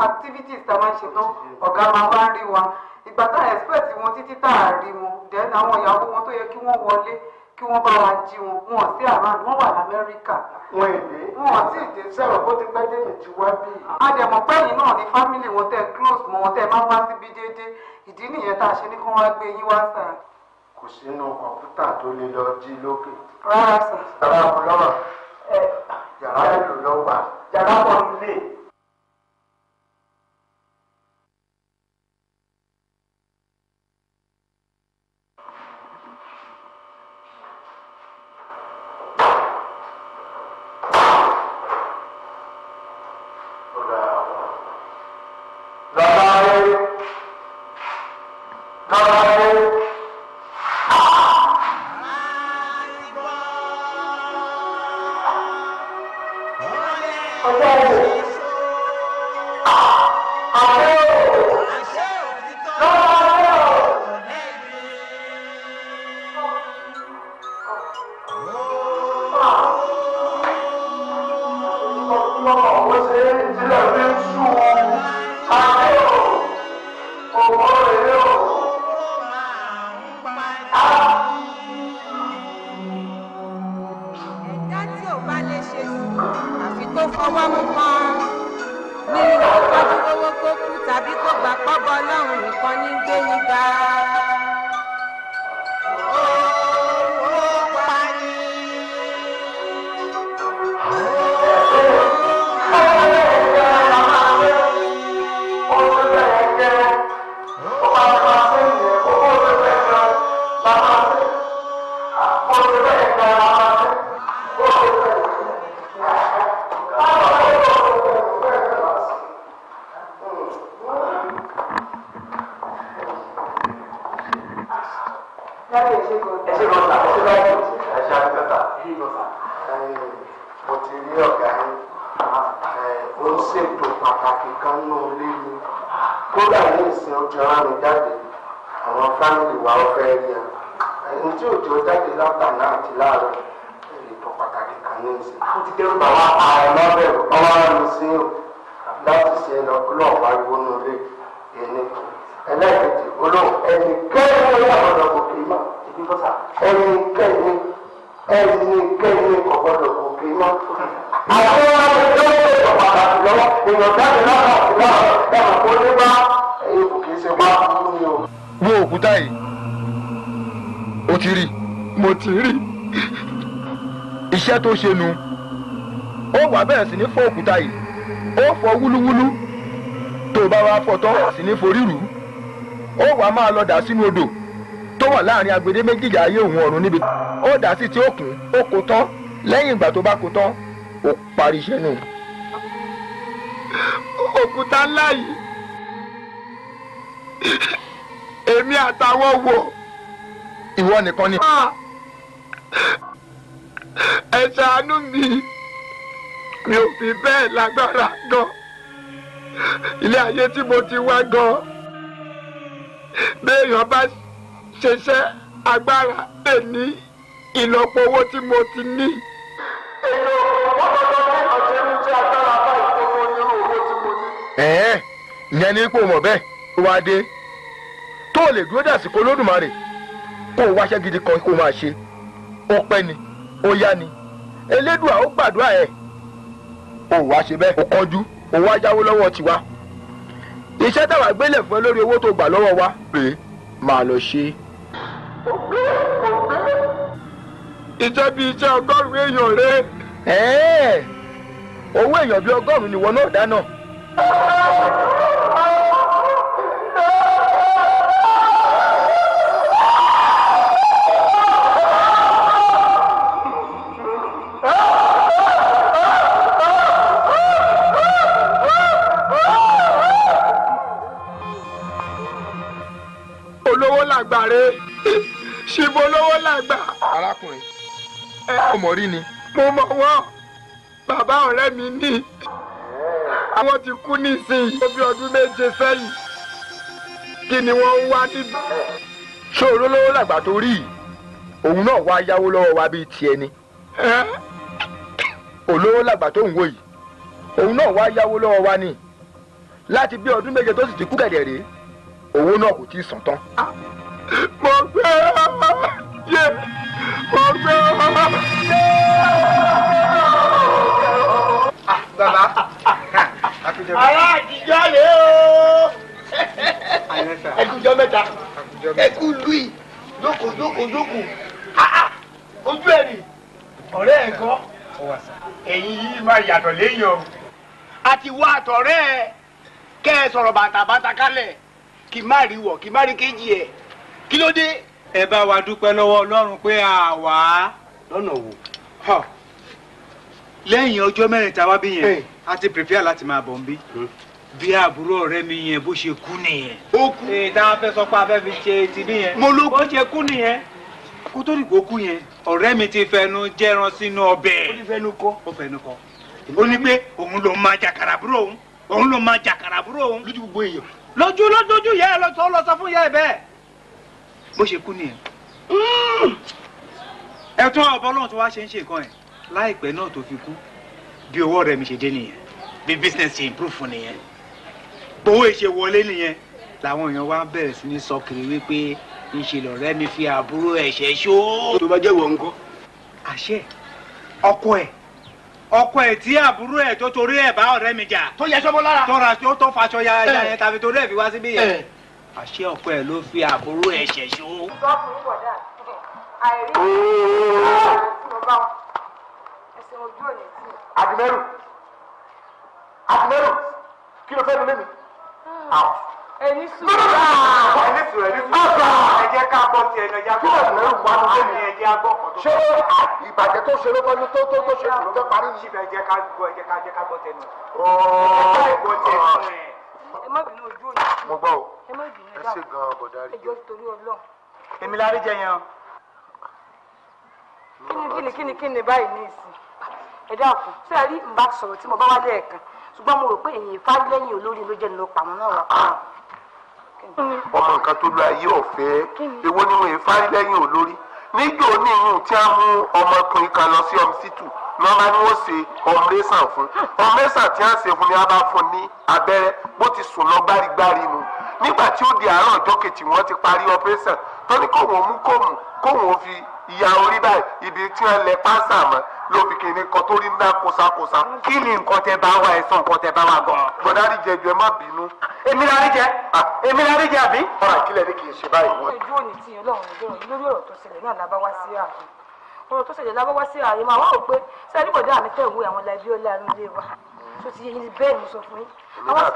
activities tá a máa ń ṣe tán ọ̀gá máa bá rí wa ìgbà tá expect wọn títí tá a rí wọn then àwọn ìyàwó wọn tó yẹ kí wọ́n wọlé kí wọ́n bá wa jí wọn wọn sí around wọn wà lamẹ́ríkà. wọn èdè wọn sì dé sẹ́wọ̀n bó ti pẹ́ déyìn tí wá bí. àdèmọ̀ pẹ́yìn náà ni family wọn tẹ́ close mọ́ wọn tẹ́ máa wá síbi déédéé ìdí nìyẹn tá a ṣe ní kí wọ́n wá gbé yín wá sàn kò sínú kọ̀ǹpútà tó lè lọ jí lókè. rárá sà. yàrá kò lọ́wọ́. yàrá èlò lọ́wọ́. yàrá kan lè. forí rù ó wàá máa lọ dà sínú odò tó wà láàrin agbede méjìlá ayé òun ọ̀run níbi ó dà sí tí ó kún ó kó tán lẹ́yìn ìgbà tó bá kó tán ó parí iṣẹ́ nù. òkúta ńlá yìí èmi àtàwọn wò. ìwọ nìkan ni. Ah! ẹ ṣàánú mi mi ò fi bẹ́ẹ̀ lágbára gan ilé ayé tí mo ti wá gan béèyàn bá ṣiṣẹ́ agbára lè ní ìlọ́po owó tí mo ti ní. èlò wọn lọ sọ pé ọ̀sẹ̀ ń jẹ́ agbára báyìí tó mọ onírú owó tí mo ní. ẹ̀ẹ́ ìyẹn ní ipò mọ̀ bẹ́ẹ̀ ló wáá dé tó o lè dúró dàsìkò Olódùmarè kó o wáṣẹ́ gidi kan kó o máa ṣe ó pẹ́ ni ó yá ni Elédùà ó gbàdúrà ẹ̀ o wá ṣe bẹ́ẹ̀ o kọjú o wá jáwó lọ́wọ́ tiwa iṣẹ́ táwa gbélé fún ẹ lórí owó tó gbà lọ́wọ́ wa rèé máa lọ ṣe. iṣẹ́ bí iṣẹ́ ọgọ́rùn-ún èèyàn rẹ. owó èèyàn bíi ọgọ́rùn-ún ni wọn náà dáná. làgbà rẹ ṣìbò lówó làgbà. arákùnrin ó mọ̀ rí ni. mo mọ̀ wọ́n bàbá ọ̀rẹ́ mi ní àwọn ti kú nísìnyí ó bí ọdún méje sẹ́yìn kí ni wọ́n ń wá níbi. ṣé olólówó làgbà tó rí yìí òun náà wá yáwó lọ́wọ́ wa bíi tiẹ̀ ni. olówó làgbà tó ń wò yìí òun náà wá yáwó lọ́wọ́ wa ni láti bí ọdún méje tó sì ti kú gẹ̀dẹ̀ rèé owó náà kò tí ì sàn tán. Ah, mo fẹ́ yé mo fẹ́ yé. Ah, bàbá ará àtijọ́ lè o ẹkùjọ mẹ́ta ẹkù lùi jókòó jókòó jókòó ah, ah. ojú ẹ̀ nì ọ̀rẹ́ ẹ̀ kọ́ ẹ̀yin yìí máa yàtọ̀ léyìn o àti wá àtọ̀rẹ́ ẹ kẹ́ ẹ sọ̀rọ̀ bàtàbàtà kálẹ̀ kì má rí wọ̀ kì má rí kéjì ẹ̀ kí ló dé. ẹ bá wa dúpẹ́ lọ́wọ́ ọlọ́run pé a wà. lọ́nà wo. lẹ́yìn ọjọ́ mẹ́rin tá a wá bí yẹn a ti prepare láti máa bọ̀ nbí hmm. bí àbúrò ọ̀rẹ́ mi yẹn bó ṣe kú nìyẹn. ó kú. èyí tá a fẹ́ sọ pé a fẹ́ fi ṣe ti bí yẹn. mo ló kú. bó ṣe kú nìyẹn. kó tó dìgbò kú yẹn ọ̀rẹ́ mi ti fẹnu jẹran sínú ọbẹ̀. ó fẹnu kọ́. ó ní pé òun ló máa jàkàrà àbúrò òun òun ló máa jàkàrà àbúrò òun. lójú gbogbo èèyàn. lójú lójú yẹ ẹ lọ sọ fún yẹ ẹ bẹ́ẹ̀ bó ṣe kú nìyẹn. Mm. ẹ̀tún ọ̀bọ lọ́hùn tó wá ṣe ń ṣe nǹkan ẹ̀ láìpẹ́ náà tó fi kú bí owó rẹ̀ mi ṣe dé nìyẹn bí business ṣe improve fún nìyẹn bówó ṣe wọlé nìyẹn làwọn èèyàn wá bẹ̀rẹ̀ sí ní sọ kiri wípé ńṣe lọ̀rẹ́ mi fi àbúrò ẹ̀ṣẹ̀ ṣó. tó bá jẹ́ wọ̀ ńkọ́. àṣẹ ọkọ ẹ̀ ọkọ ẹ tí àbúrò ẹ tó torí ẹ bá ọ̀rẹ́ mi jà. tó yẹ sọmọ lára. tọ́ra tó tó faṣọ ya ẹja eh. tàbí torí ẹ fi wá síbí yẹn. Eh àṣé ọ̀pẹ ló fi àbúrò ẹ̀ ṣẹ̀ṣọ́. ìjọkùnrin àdìmẹ́rù àdìmẹ́rù kí ló fẹ́ mi lémi. Ah, ah. ẹni sùúrù ah. ẹni sùúrù ẹni sùúrù ẹ jẹ́ ká gbọ́ ti ẹnu ẹja gbọ́ ọ̀rọ̀ ẹ̀rù wà lóde mi ẹjẹ́ agbọ́ ọ̀kọ̀tọ̀. ṣé ìbàjẹ́ tó ṣe ló kọ́ tó tó ṣe ló fẹ́ parí. ṣíbẹ̀ ẹ jẹ́ ká gbọ́ ẹ jẹ́ ká gbọ́ tẹnu. ọ̀ọ́ ẹ má bínú ojú òní. mo gbọ́ o ẹ má bínú ẹ ṣe gan-an bọ̀dá rí. ẹjọ́ torí ọlọ́run. èmi la rí jẹ yẹn o. kíni kíni kíni kíni báyìí ní ìsìn ẹ dákun ṣé ẹ rí nbà sọ̀rọ̀ tí mo bá wá lẹ́ẹ̀kan ṣùgbọ́n mo rò pé èyí fá lẹ́yìn olórí ló jẹ́ ní ló pa àwọn náà wà pa ọmọ nǹkan tó lu ayé ọ̀fẹ́ ewo ni mo yẹ fárí lẹ́yìn olórí nígbà oníyìn tí a mú ọmọkùnrin kan lọ sí ọmísítù lọ́ba ni wọ́n ṣe ọmọlẹ́sàn fún ọmọlẹ́sàn tí a ṣe fún ni a bá fún ní abẹ́rẹ́ bó ti sùn lọ gbárigbári nu nígbà tí ó di àárọ̀ ọjọ́ kejì wọ́n ti parí ọpẹ́sàn tó ní kóhùn mú kóhùn kóhùn fi ìyá orí báyìí ibi tí wọ́n lẹ pásá mọ́ ló fi kìíní kan tó rí ná kòsàkòsà. kí ni nǹkan tẹ bá wa ẹ sọ nǹkan tẹ bá wa gan. bọ̀dá rí jẹ ju ẹ má bínú. èmi la rí jẹ èmi la rí jẹ àbí. ọ̀rọ̀ ìkílẹ̀ ni kì í ṣe báyìí. ojú òní ti yàn lọ́rùn ìjọ lórí ọ̀rọ̀ tó ṣẹlẹ̀ náà lábá wá sí ààrẹ ọ̀rọ̀ tó ṣẹlẹ̀ lábá wá sí ààrẹ máa wá wò pé sẹ́ni bọ̀dá mi tẹ̀ wé àwọn lẹ́bí ó lẹ́nu lé wa tó ti yẹ bẹ́ẹ̀ ni sọ fún yín. àwọn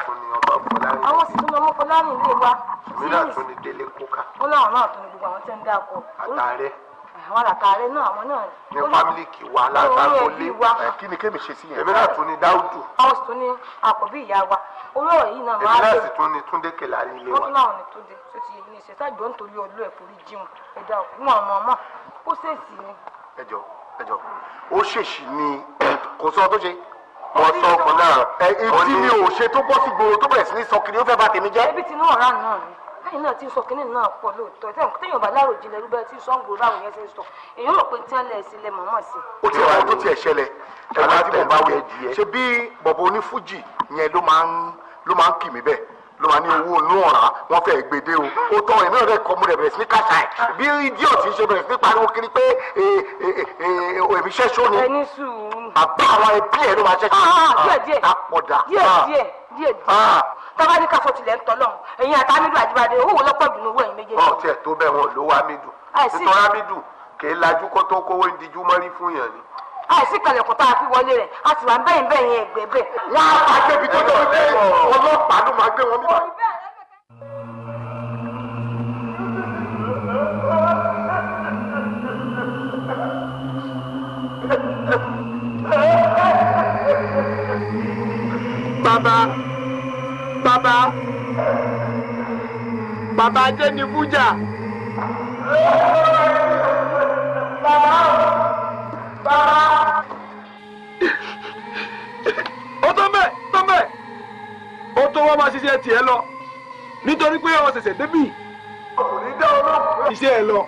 sì tún ni ọmọ fọlárin lé wa. èmi náà tún ni délé kóká. ó láwọn náà tún ni gbogbo àwọn tẹ́ ń dáko. àtàrẹ àwọn àtàrẹ náà àwọn náà. ní fámìlì kì wá látàkọlé kí ni kémi ṣe sí yẹn. èmi náà tún ni dáúdù. house tún ni àkọ́bí ìyá wa orí ọ̀rọ̀ yìí náà máa ń lè. èmi náà sì tún ni túndé kẹlà nílé wa. wọ́n tún láwọn ní túndé tó ti ní ìṣe sáàjọ́ nítorí ọlọ́ ẹ̀ forí jíun ẹ̀dá òkun ọmọ ọmọ ó ṣèṣì ni. ẹjọ ẹjọ ó ṣèṣì ni kò sọ tó ṣe wọ́n sọ ọkọ̀ náà. ẹ etí mi ò ṣe tó bọ́ sí gbòòrò tó bẹ̀rẹ̀ sí ní sọ kiri ó fẹ́ bá tèmi jẹ́. ebi tinú ọ̀rá náà ni lẹ́yìn náà tí sọ kínní náà pọ̀ lóòótọ́ téèyàn bá láàrò jinlẹ̀ rúbẹ́ tí sọ́ǹgò ráwọ̀ yẹn ti ń sọ èyí rò pé tí wọ́n lẹ̀ sílẹ̀ mọ̀mọ́ sí. ó ti wà tó tiẹ̀ ṣẹlẹ̀ ẹ̀rọ tí mo bá wẹ̀ ṣe bí bọ̀bọ̀ onífújì yẹn ló máa ń kì mí bẹ́ẹ̀ ló máa ní owó inú ọ̀rá wọn fẹ́ gbèdé o ó tọ́ ẹ̀mí ọ̀rẹ́ kọ́ mu rẹ̀ bẹ̀rẹ̀ sí ní kàṣà ẹ̀ ah. bí idiot ṣe bẹ̀rẹ̀ sí ní pariwo kiri pé èmi ṣẹ́ṣọ́ ni àbá àwọn ẹbí ẹ̀ ló máa ṣẹ́ṣọ́ àpọ̀dà ah, ah, díẹ̀ díẹ̀ díẹ̀ díẹ̀ tọ́ba ní káfọ́ tilẹ̀ ń tọ́lọ̀ ẹ̀yin àti amídùn àjíbádé owó lọ́pọ̀ dùn owó ẹ̀yin méjèèjì. ọ̀ tiẹ̀ tó bẹ́ẹ̀ wọn ló wá amídùn nítorí amídùn kì í lajú kó tó kówó ń mọ́rí fún yàn ni. àìsí kẹlẹ̀kùn tá a fi wọlé rẹ̀ a sì wá bẹ́yìn bẹ́yìn ẹgbẹ́ bẹ́ẹ̀. wọ́n á máa gbé ibi tó adẹnifújà. bàbá bàbá. ó tó bẹ́ẹ̀ tó bẹ́ẹ̀ ó tó wọ́n máa ṣiṣẹ́ tiẹ̀ lọ nítorí pé ó débì. kò dá olóògùn. iṣẹ́ ẹ lọ.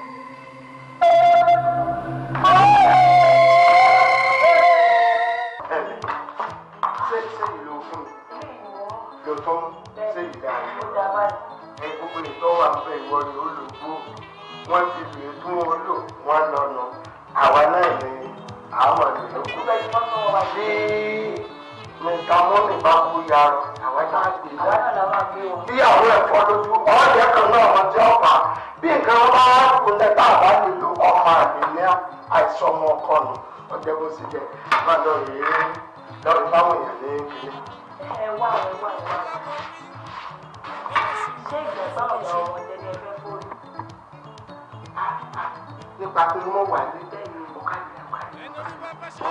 wà níbẹ̀ pas àgbà.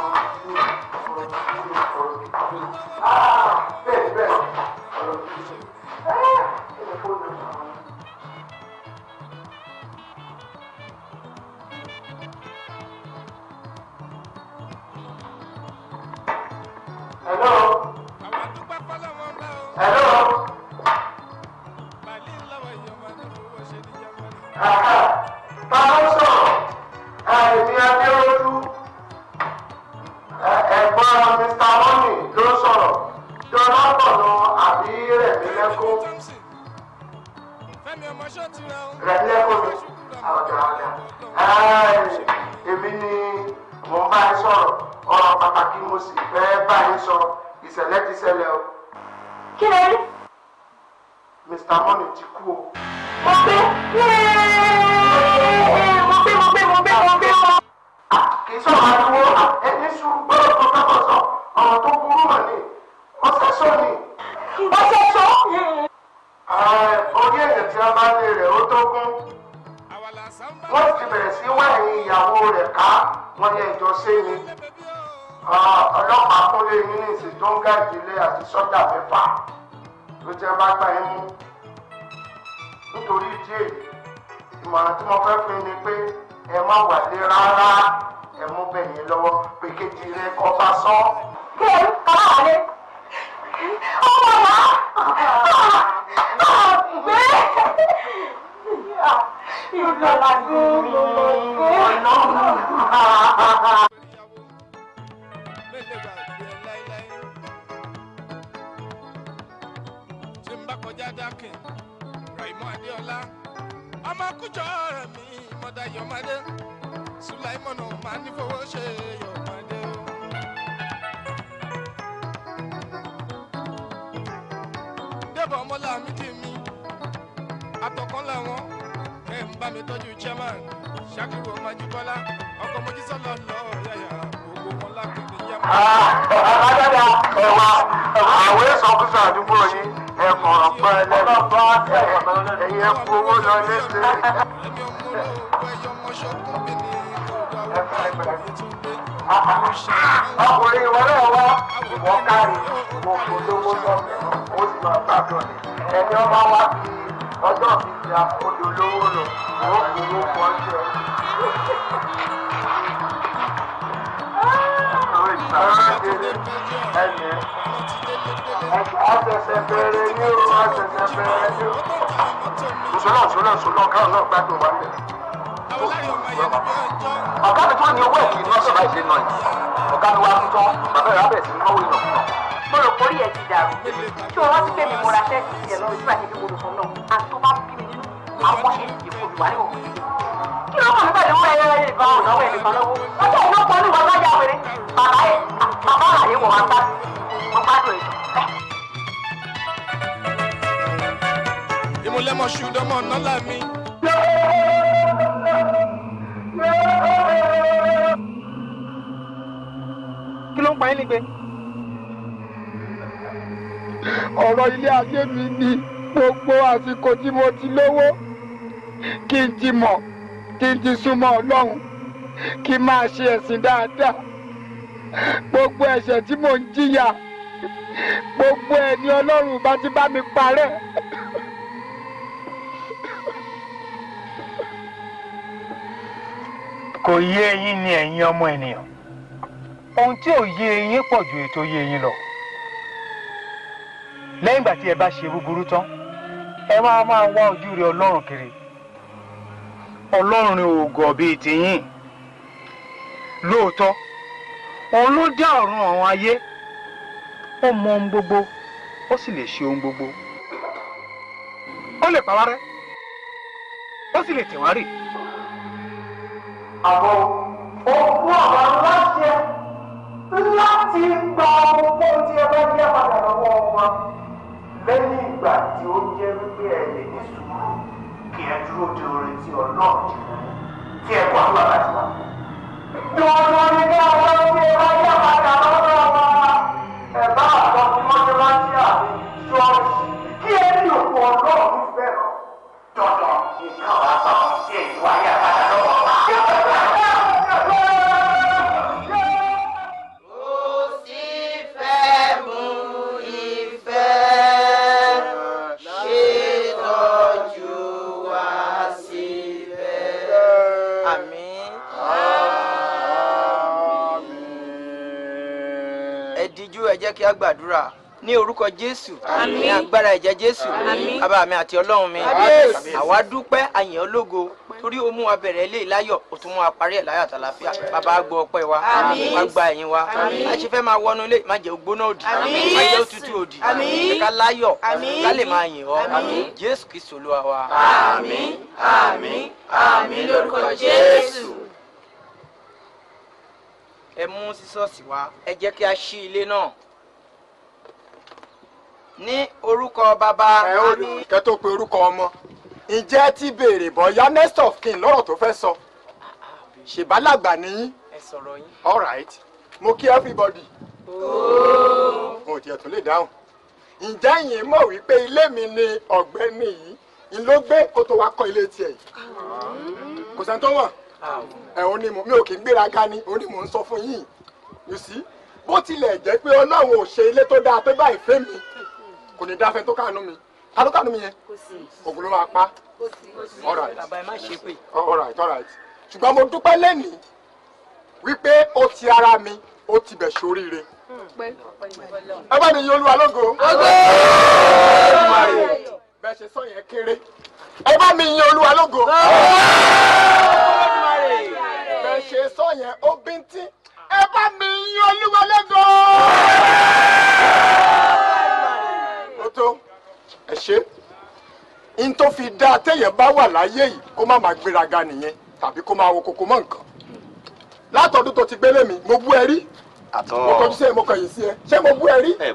ọkùnrin ìwọ náà wá ìwọ kárí gbogbo lówó lọ́mọ ó sì máa gbàdọ̀ ni ẹni ọba wá fi ọjọ́ mi ya olólówó lọ ó kúrò pọ̀ jẹ́. Ẹni ọ̀sẹ̀sẹ̀ bẹ̀rẹ̀ ní o, ọ̀sẹ̀sẹ̀ bẹ̀rẹ̀ ní o. Sọlá sọlá sọlá ọ̀ká náà gbádùn wa lẹ̀ ọ̀gá mi tó ní owó ẹ̀kí ní ọ̀sẹ̀ báyìí ṣe ń nà yìí ọ̀gá mi wá ń tọ́ bàbá rẹ̀ abẹ̀ sí náwó ìnà fún náà. mo rò pórí ẹ̀ ti dàrú tí o rántí pé mi mo ra ṣẹ́ẹ̀tì ìjẹ̀ lọ sí àṣẹ ìwòrò kan náà àti tó bá bí mi nínú àwọn ẹ̀sìn ìfò ìwà ní òkè. kí ló kàn pẹ̀lú owó ẹyẹ ẹyẹ ìbọn ọ̀nà owó ẹnìkan lọ́wọ́ ọjọ́ ìlú pọ̀lú ìwà lọ́jà wẹ̀rẹ̀ bàbá ẹ̀ bàbá àlàyé wọ̀ wá ń bá mo gbádùn ẹ̀ ìmúlẹ́mọ̀ṣù dọ́mọ̀ nọ́lá mi. ń pa yín nígbe. ọ̀rọ̀ ilé ayé mi ni gbogbo àsìkò tí mo ti lówó kí n ti mọ̀ kí n ti súnmọ́ ọlọ́run kí n máa ṣe ẹ̀sìn dáadáa gbogbo ẹ̀ṣẹ̀ tí mò ń jìyà gbogbo ẹ̀ ọlọ́run bá ti bá mi parẹ́. kò yé eyín ni ẹ̀yin ọmọ ènìyàn ohun tí ò yé eyín pọ̀ ju ètò yé eyín lọ lẹ́yìn ìgbà tí ẹ bá ṣe búburú tán ẹ máa máa wá ojú rẹ ọlọ́run kiri ọlọ́run òògùn ọ̀bẹ tìyìn lóòótọ́ òun ló dá ọ̀run àwọn ayé ó mọ ohun gbogbo ó sì lè ṣe ohun gbogbo ó lè pa wá rẹ́ ó sì lè tẹ̀wárì. Àwọn rì. àwọn òkú àwọn aláṣẹ. láti gba owó tí ẹ bá yá padà lọ́wọ́ wọn lẹ́yìn ìgbà tí ó jẹ́ wípé ẹ lè ní sùúrù kí ẹ dúró de orin tí ọ̀nà tí ẹ kọ́ àgbà láti wá. Dòdò ni kí a sọ pé ẹ bá yá padà lọ́wọ́ wọn ẹ bá àlọ́ fún mọ́ṣáláṣí àbí ṣọ́ọ̀ṣì kí ẹ ní òkú ọlọ́run fẹ́ràn. Dọ̀dọ̀ nìkan wàá sọ̀rọ̀ sí èyí wáyà padà lọ́wọ́ wọn. kí a gbàdúrà ní orúkọ jésù ní agbára ẹ̀jẹ̀ jésù bàbá mi àti ọlọ́run mi àwa dúpẹ́ àyàn ológo torí o mú wa bẹ̀rẹ̀ ilé ìláyọ̀ o tún mú wa parí ẹ̀ láyọ̀ àtàlàfíà bàbá gbọ́ ọpẹ́ wa wá gba ẹ̀yìn wa a ṣe fẹ́ máa wọnú ilé má jẹ́ ògbóná òdì má jẹ́ òtútù òdì ká láyọ̀ ká lè máa yìn ọ́ jésù kìí sòlúwa wa. àmín àmín àmín lórúkọ jésù ẹ mú sísọ́ọ̀sì wa ẹ jẹ́ kí a ṣí ilé náà ní orúkọ bàbá àmì. kẹ́ tó pe orúkọ ọmọ ǹjẹ́ ti béèrè bọ́yá next of kin lọ́rọ̀ tó fẹ́ sọ ṣèbálàgbà nìyí. ẹ sọ̀rọ̀ yín. all right mo kí everybody. mo tiẹ̀ tún lè dáhùn. ǹjẹ́ yìí mọ̀ wípé ilé mi ni ọ̀gbẹ́ni yìí ń ló gbé kó tó wá kọ́ ilé tiẹ̀ yìí. kò sẹ́ni tó wọ̀n. ẹ̀hún ni mi ò kì í gbéraga ni òun ni mò ń sọ fún yín. you see bó tilẹ̀ jẹ́ pé ọlọ́run ò ṣe ilé tó dáa tó báyìí fẹ́ mi kò ní dáfẹ́ tó kànú mi ta ló kànú mi yẹn ògùn ló máa pa all right all right ṣùgbọ́n mo dúpẹ́ lẹ́nìí wípé ó ti ara mi ó ti bẹ̀ sóríire. ẹ bá mi yin olúwa lógo. bẹ́ẹ̀ ṣe sọ yẹn kéré. ẹ bá mi yin olúwa lógo. bẹ́ẹ̀ ṣe sọ yẹn ó bíntín. ẹ bá mi yin olúwa lógo. ẹ ṣe n tó fi dá téèyàn bá wà láyé yìí kó má máa gbéraga nìyẹn tàbí kó máa wo kókó mọ́ nǹkan látọ̀dún tó ti gbélé mi mo bú ẹ rí mo kọjú sí ẹ mo kọ̀yìn sí ẹ ṣé mo bú ẹ rí. ẹ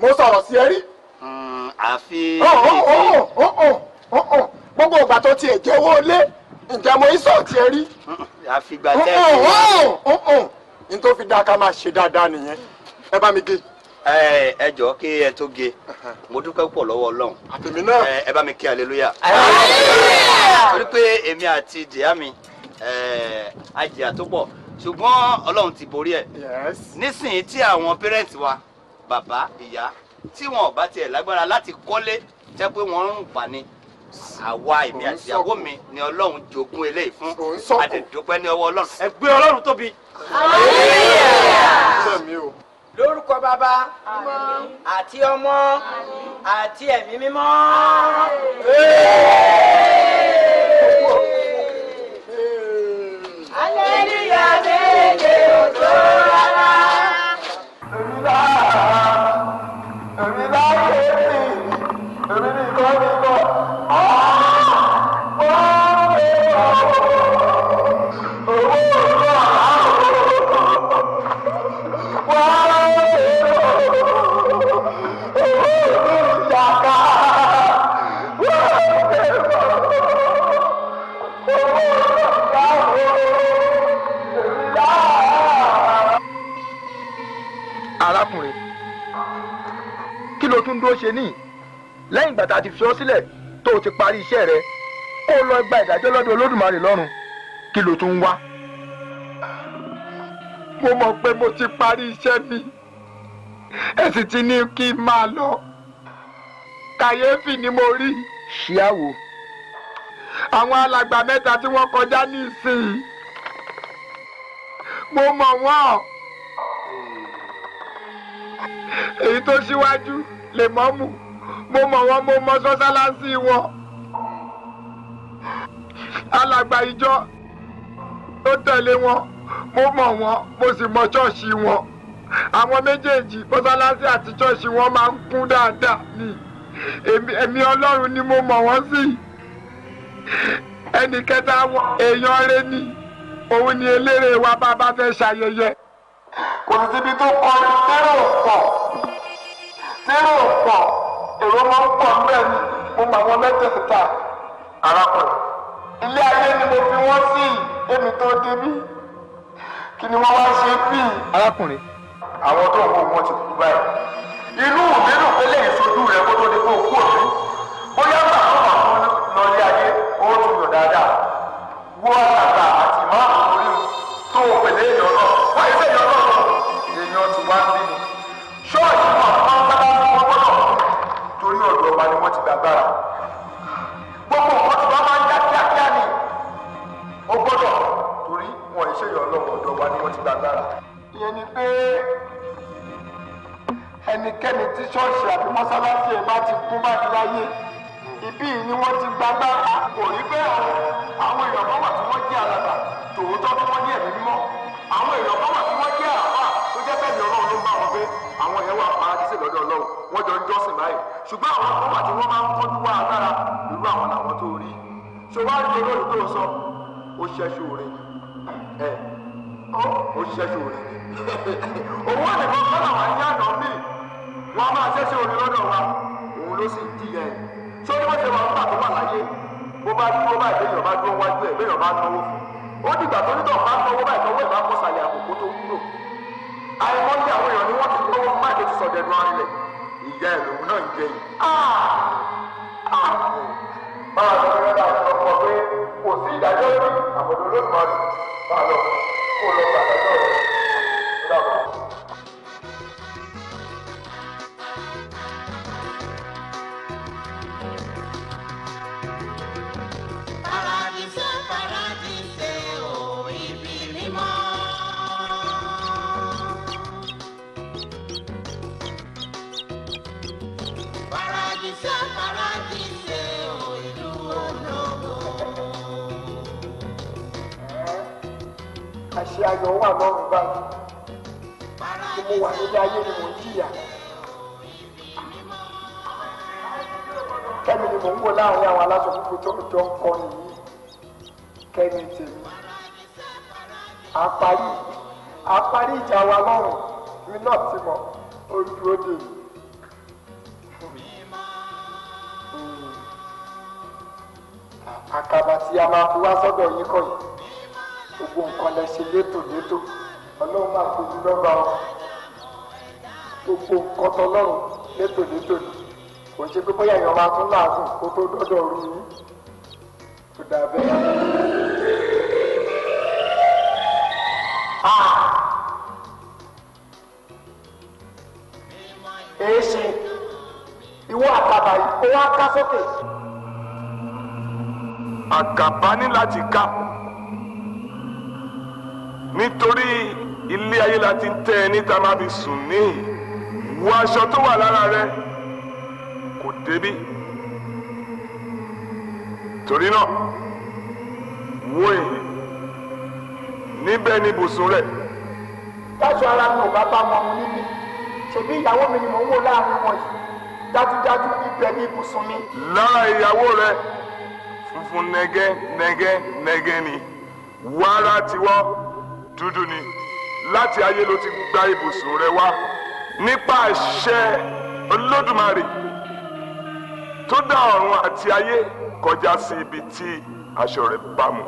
mo sọ̀rọ̀ sí ẹ rí. àfi. gbogbo ìgbà tó tiẹ̀ jẹ́wọ́ lé ǹjẹ́ mo iṣẹ́ ọ̀tí ẹ rí. Hmm, àfi gbàtẹ́ ẹ. n tó fi dá ká máa ṣe dáadáa nìyẹn ẹ bá mi gé ẹ ẹ jọ kí ẹ tó ge mo dúpẹ́ pọ̀ lọ́wọ́ ọlọ́run àtẹ̀mí náà ẹ bá mi kí aleluya torí pé èmi àti dìá mi ajìyà tó pọ̀ ṣùgbọ́n ọlọ́run ti borí ẹ̀ nísìnyí tí àwọn pẹ́rẹ́ǹtì wa bàbá ìyá tí wọn ò bá tiẹ̀ lágbára láti kọ́lé jẹ́ pé wọ́n ń pa ni àwa èmi àti ìyàwó mi ni ọlọ́run jogún eléyìí fún àdẹ̀dọ́pẹ́ ní ọwọ́ ọlọ́run ẹ gbé ọlọ́run tóbi lórúkọ bàbá àti ọmọ àti ẹ̀mí mímọ́. Hallelujah, hallelujah, oh, ń dúró ṣe níyì lẹ́yìn ìgbà tá a ti fi ọ́ sílẹ̀ tó o ti parí iṣẹ́ rẹ kó o lọ gba ìdájọ́ lọ́dọ̀ olódùmarè lọ́run kí ló tún wá. mo mọ̀ pé mo ti parí iṣẹ́ mi ẹ sì ti ní kí n máa lọ kàyéfì ni mo rí. ṣíàwó. àwọn alàgbà mẹ́ta tí wọ́n kọjá nísìnyí mo mọ̀ wọ́n èyí tó ṣíwájú. Si lèmọ́mù mo mọ̀ wọ́n mo mọ sọ́sálásí wọn alàgbà ìjọ tó tẹ̀lé wọn mo mọ̀ wọ́n mo sì mọ ṣọ́ọ̀ṣì wọn àwọn méjèèjì mọ́sálásí àti ṣọ́ọ̀ṣì wọn máa ń kún dáadáa ni èmi ọlọ́run ni mo mọ̀ wọ́n sí ẹnì kẹta wọn èèyàn rẹ ni òun ni eléré wa bá bá fẹ́ ṣayẹyẹ kò síbi tó kọrin tẹ́rọ̀ pọ̀ tẹ́rọ pọ̀ èrò máa ń pọ̀ mbẹ́ ni mo mọ àwọn mẹ́tẹ̀ẹ̀ta arákùnrin ilé ayé ni mo fi wọ́n sí èmi tó débí kí ni wọ́n wá ṣe bí. arákùnrin. àwọn tó ń kó wọn ti kú báyìí inú òmìnú pélé ìṣojú rẹ kó tó di kó kú òfin bóyá gbà tó wà fún lọ ilé ayé ó tún yọ dáadáa wọ àgbà àti máàmù orí tó pèlè èèyàn náà wọ́n ìfẹ́ èèyàn náà lọ èèyàn ti wá nílùú ṣọ́ọ̀ṣì wà wọ́n ti gbàgbára gbogbo nǹkan tí wọ́n máa ń já kíákíá ni ó gbọ́dọ̀ torí wọn ì ṣèyàn ọlọ́wọ́ ọ̀dọ̀ wa ni wọ́n ti gbàgbára. ìyẹn ni pé ẹnikẹ́ni tí ṣọ́ọ̀ṣì àbí mọ́sálásí ẹ̀ bá ti kú bá ti láyé ibí ni wọ́n ti gbàgbára kò rí bẹ́ẹ̀ àwọn èèyàn kan tí wọ́n jẹ́ alàgbà tòótọ́ tí wọ́n ní ẹ̀mí jọ ń jọ́sìn báyìí ṣùgbọ́n àwọn àwọn àti wọ́n máa ń kọ́jú wá agbára irú àwọn làwọn tó rí ṣé wàá rí olóòlù tó sọ ó ṣẹ́ṣu òre ẹ ó ṣẹ́ṣu òre owó nìkan kọ́ làwọn ayé àná míì wọ́n máa ṣẹ́ṣu òre lọ́dọ̀ wa òun ló sì di ẹ̀ ṣé ó ní wọ́n ṣe wà nígbà tó wà láyé bó bá dúró báyìí béèyàn bá dúró wájú ẹ̀ béèyàn bá náwó fún ó dìgbà tó nígbà bá náwó báyìí tọwọ́ ìbá kọ́sàlẹ̀ àkókò tó wúlò àìmọye àwọn èèyàn ni wọ́n ti náwó máàkì ti sọ̀dẹ̀ nù arinlẹ̀ ìjà ẹ̀ lòun náà ń jẹ yìí. máa ah! ah! lọ bẹ́ẹ̀ bá sọ fún ọ pé kò sí ìdájọ́ rí àbọ̀dọ̀ lónìí máa lọ kó lọ gbàdájọ́ rẹ̀ lọ́dọ̀ ayọ̀ wà lọ́rùn báyìí tí mo wà nílé ayé ni mò ń jìyà kẹ́mi ni mò ń wò láàrin àwọn aláṣọ púpọ̀ tó ń jọ ń kọ́ nìyí kẹ́mi tèmi àparí àparí ìjà wa lọ́rùn mi náà ti mọ̀ ó dè mí. Hmm. àkàbà tí a máa fi wá sọ́dọ̀ yín kọ́ yìí gbogbo nǹkan lẹ ṣe létòlétò ọlọ́run máa fojú lọ́ba ọ gbogbo nǹkan tọlọ́run létòlétò ni kò ṣe pé bóyá èèyàn máa tún láàgùn kó tó dọ́dọ̀ rú yín kò dà bẹ́ẹ̀. Ah! èé ṣe ìwọ àkàbà yìí ó wá ká sókè. àkàbà ní láti ká nítorí ilé ayé la ti tẹ́ ẹ níta máa fi sùn níhìn wo aṣọ tó wà lára rẹ kò débí torí náà wo èyí níbẹ̀ ni ibùsùn rẹ. dájú ara mi ò bá bá ọmọ mi níbí ṣèbí ìyàwó mi ni mò ń wò láàrin wọn yìí dájúdájú ibẹ̀ ni ibùsùn mi. lára ìyàwó rẹ funfun nẹgẹ nẹgẹ nẹgẹ ni wàrà tiwọ́ dúdú ni láti ayé ló ti gba ibùsùn rẹ wá nípa àṣẹ olódùmarè tó dá ọ̀run àti ayé kọjá sí ibi tí aṣọ rẹ bá mu.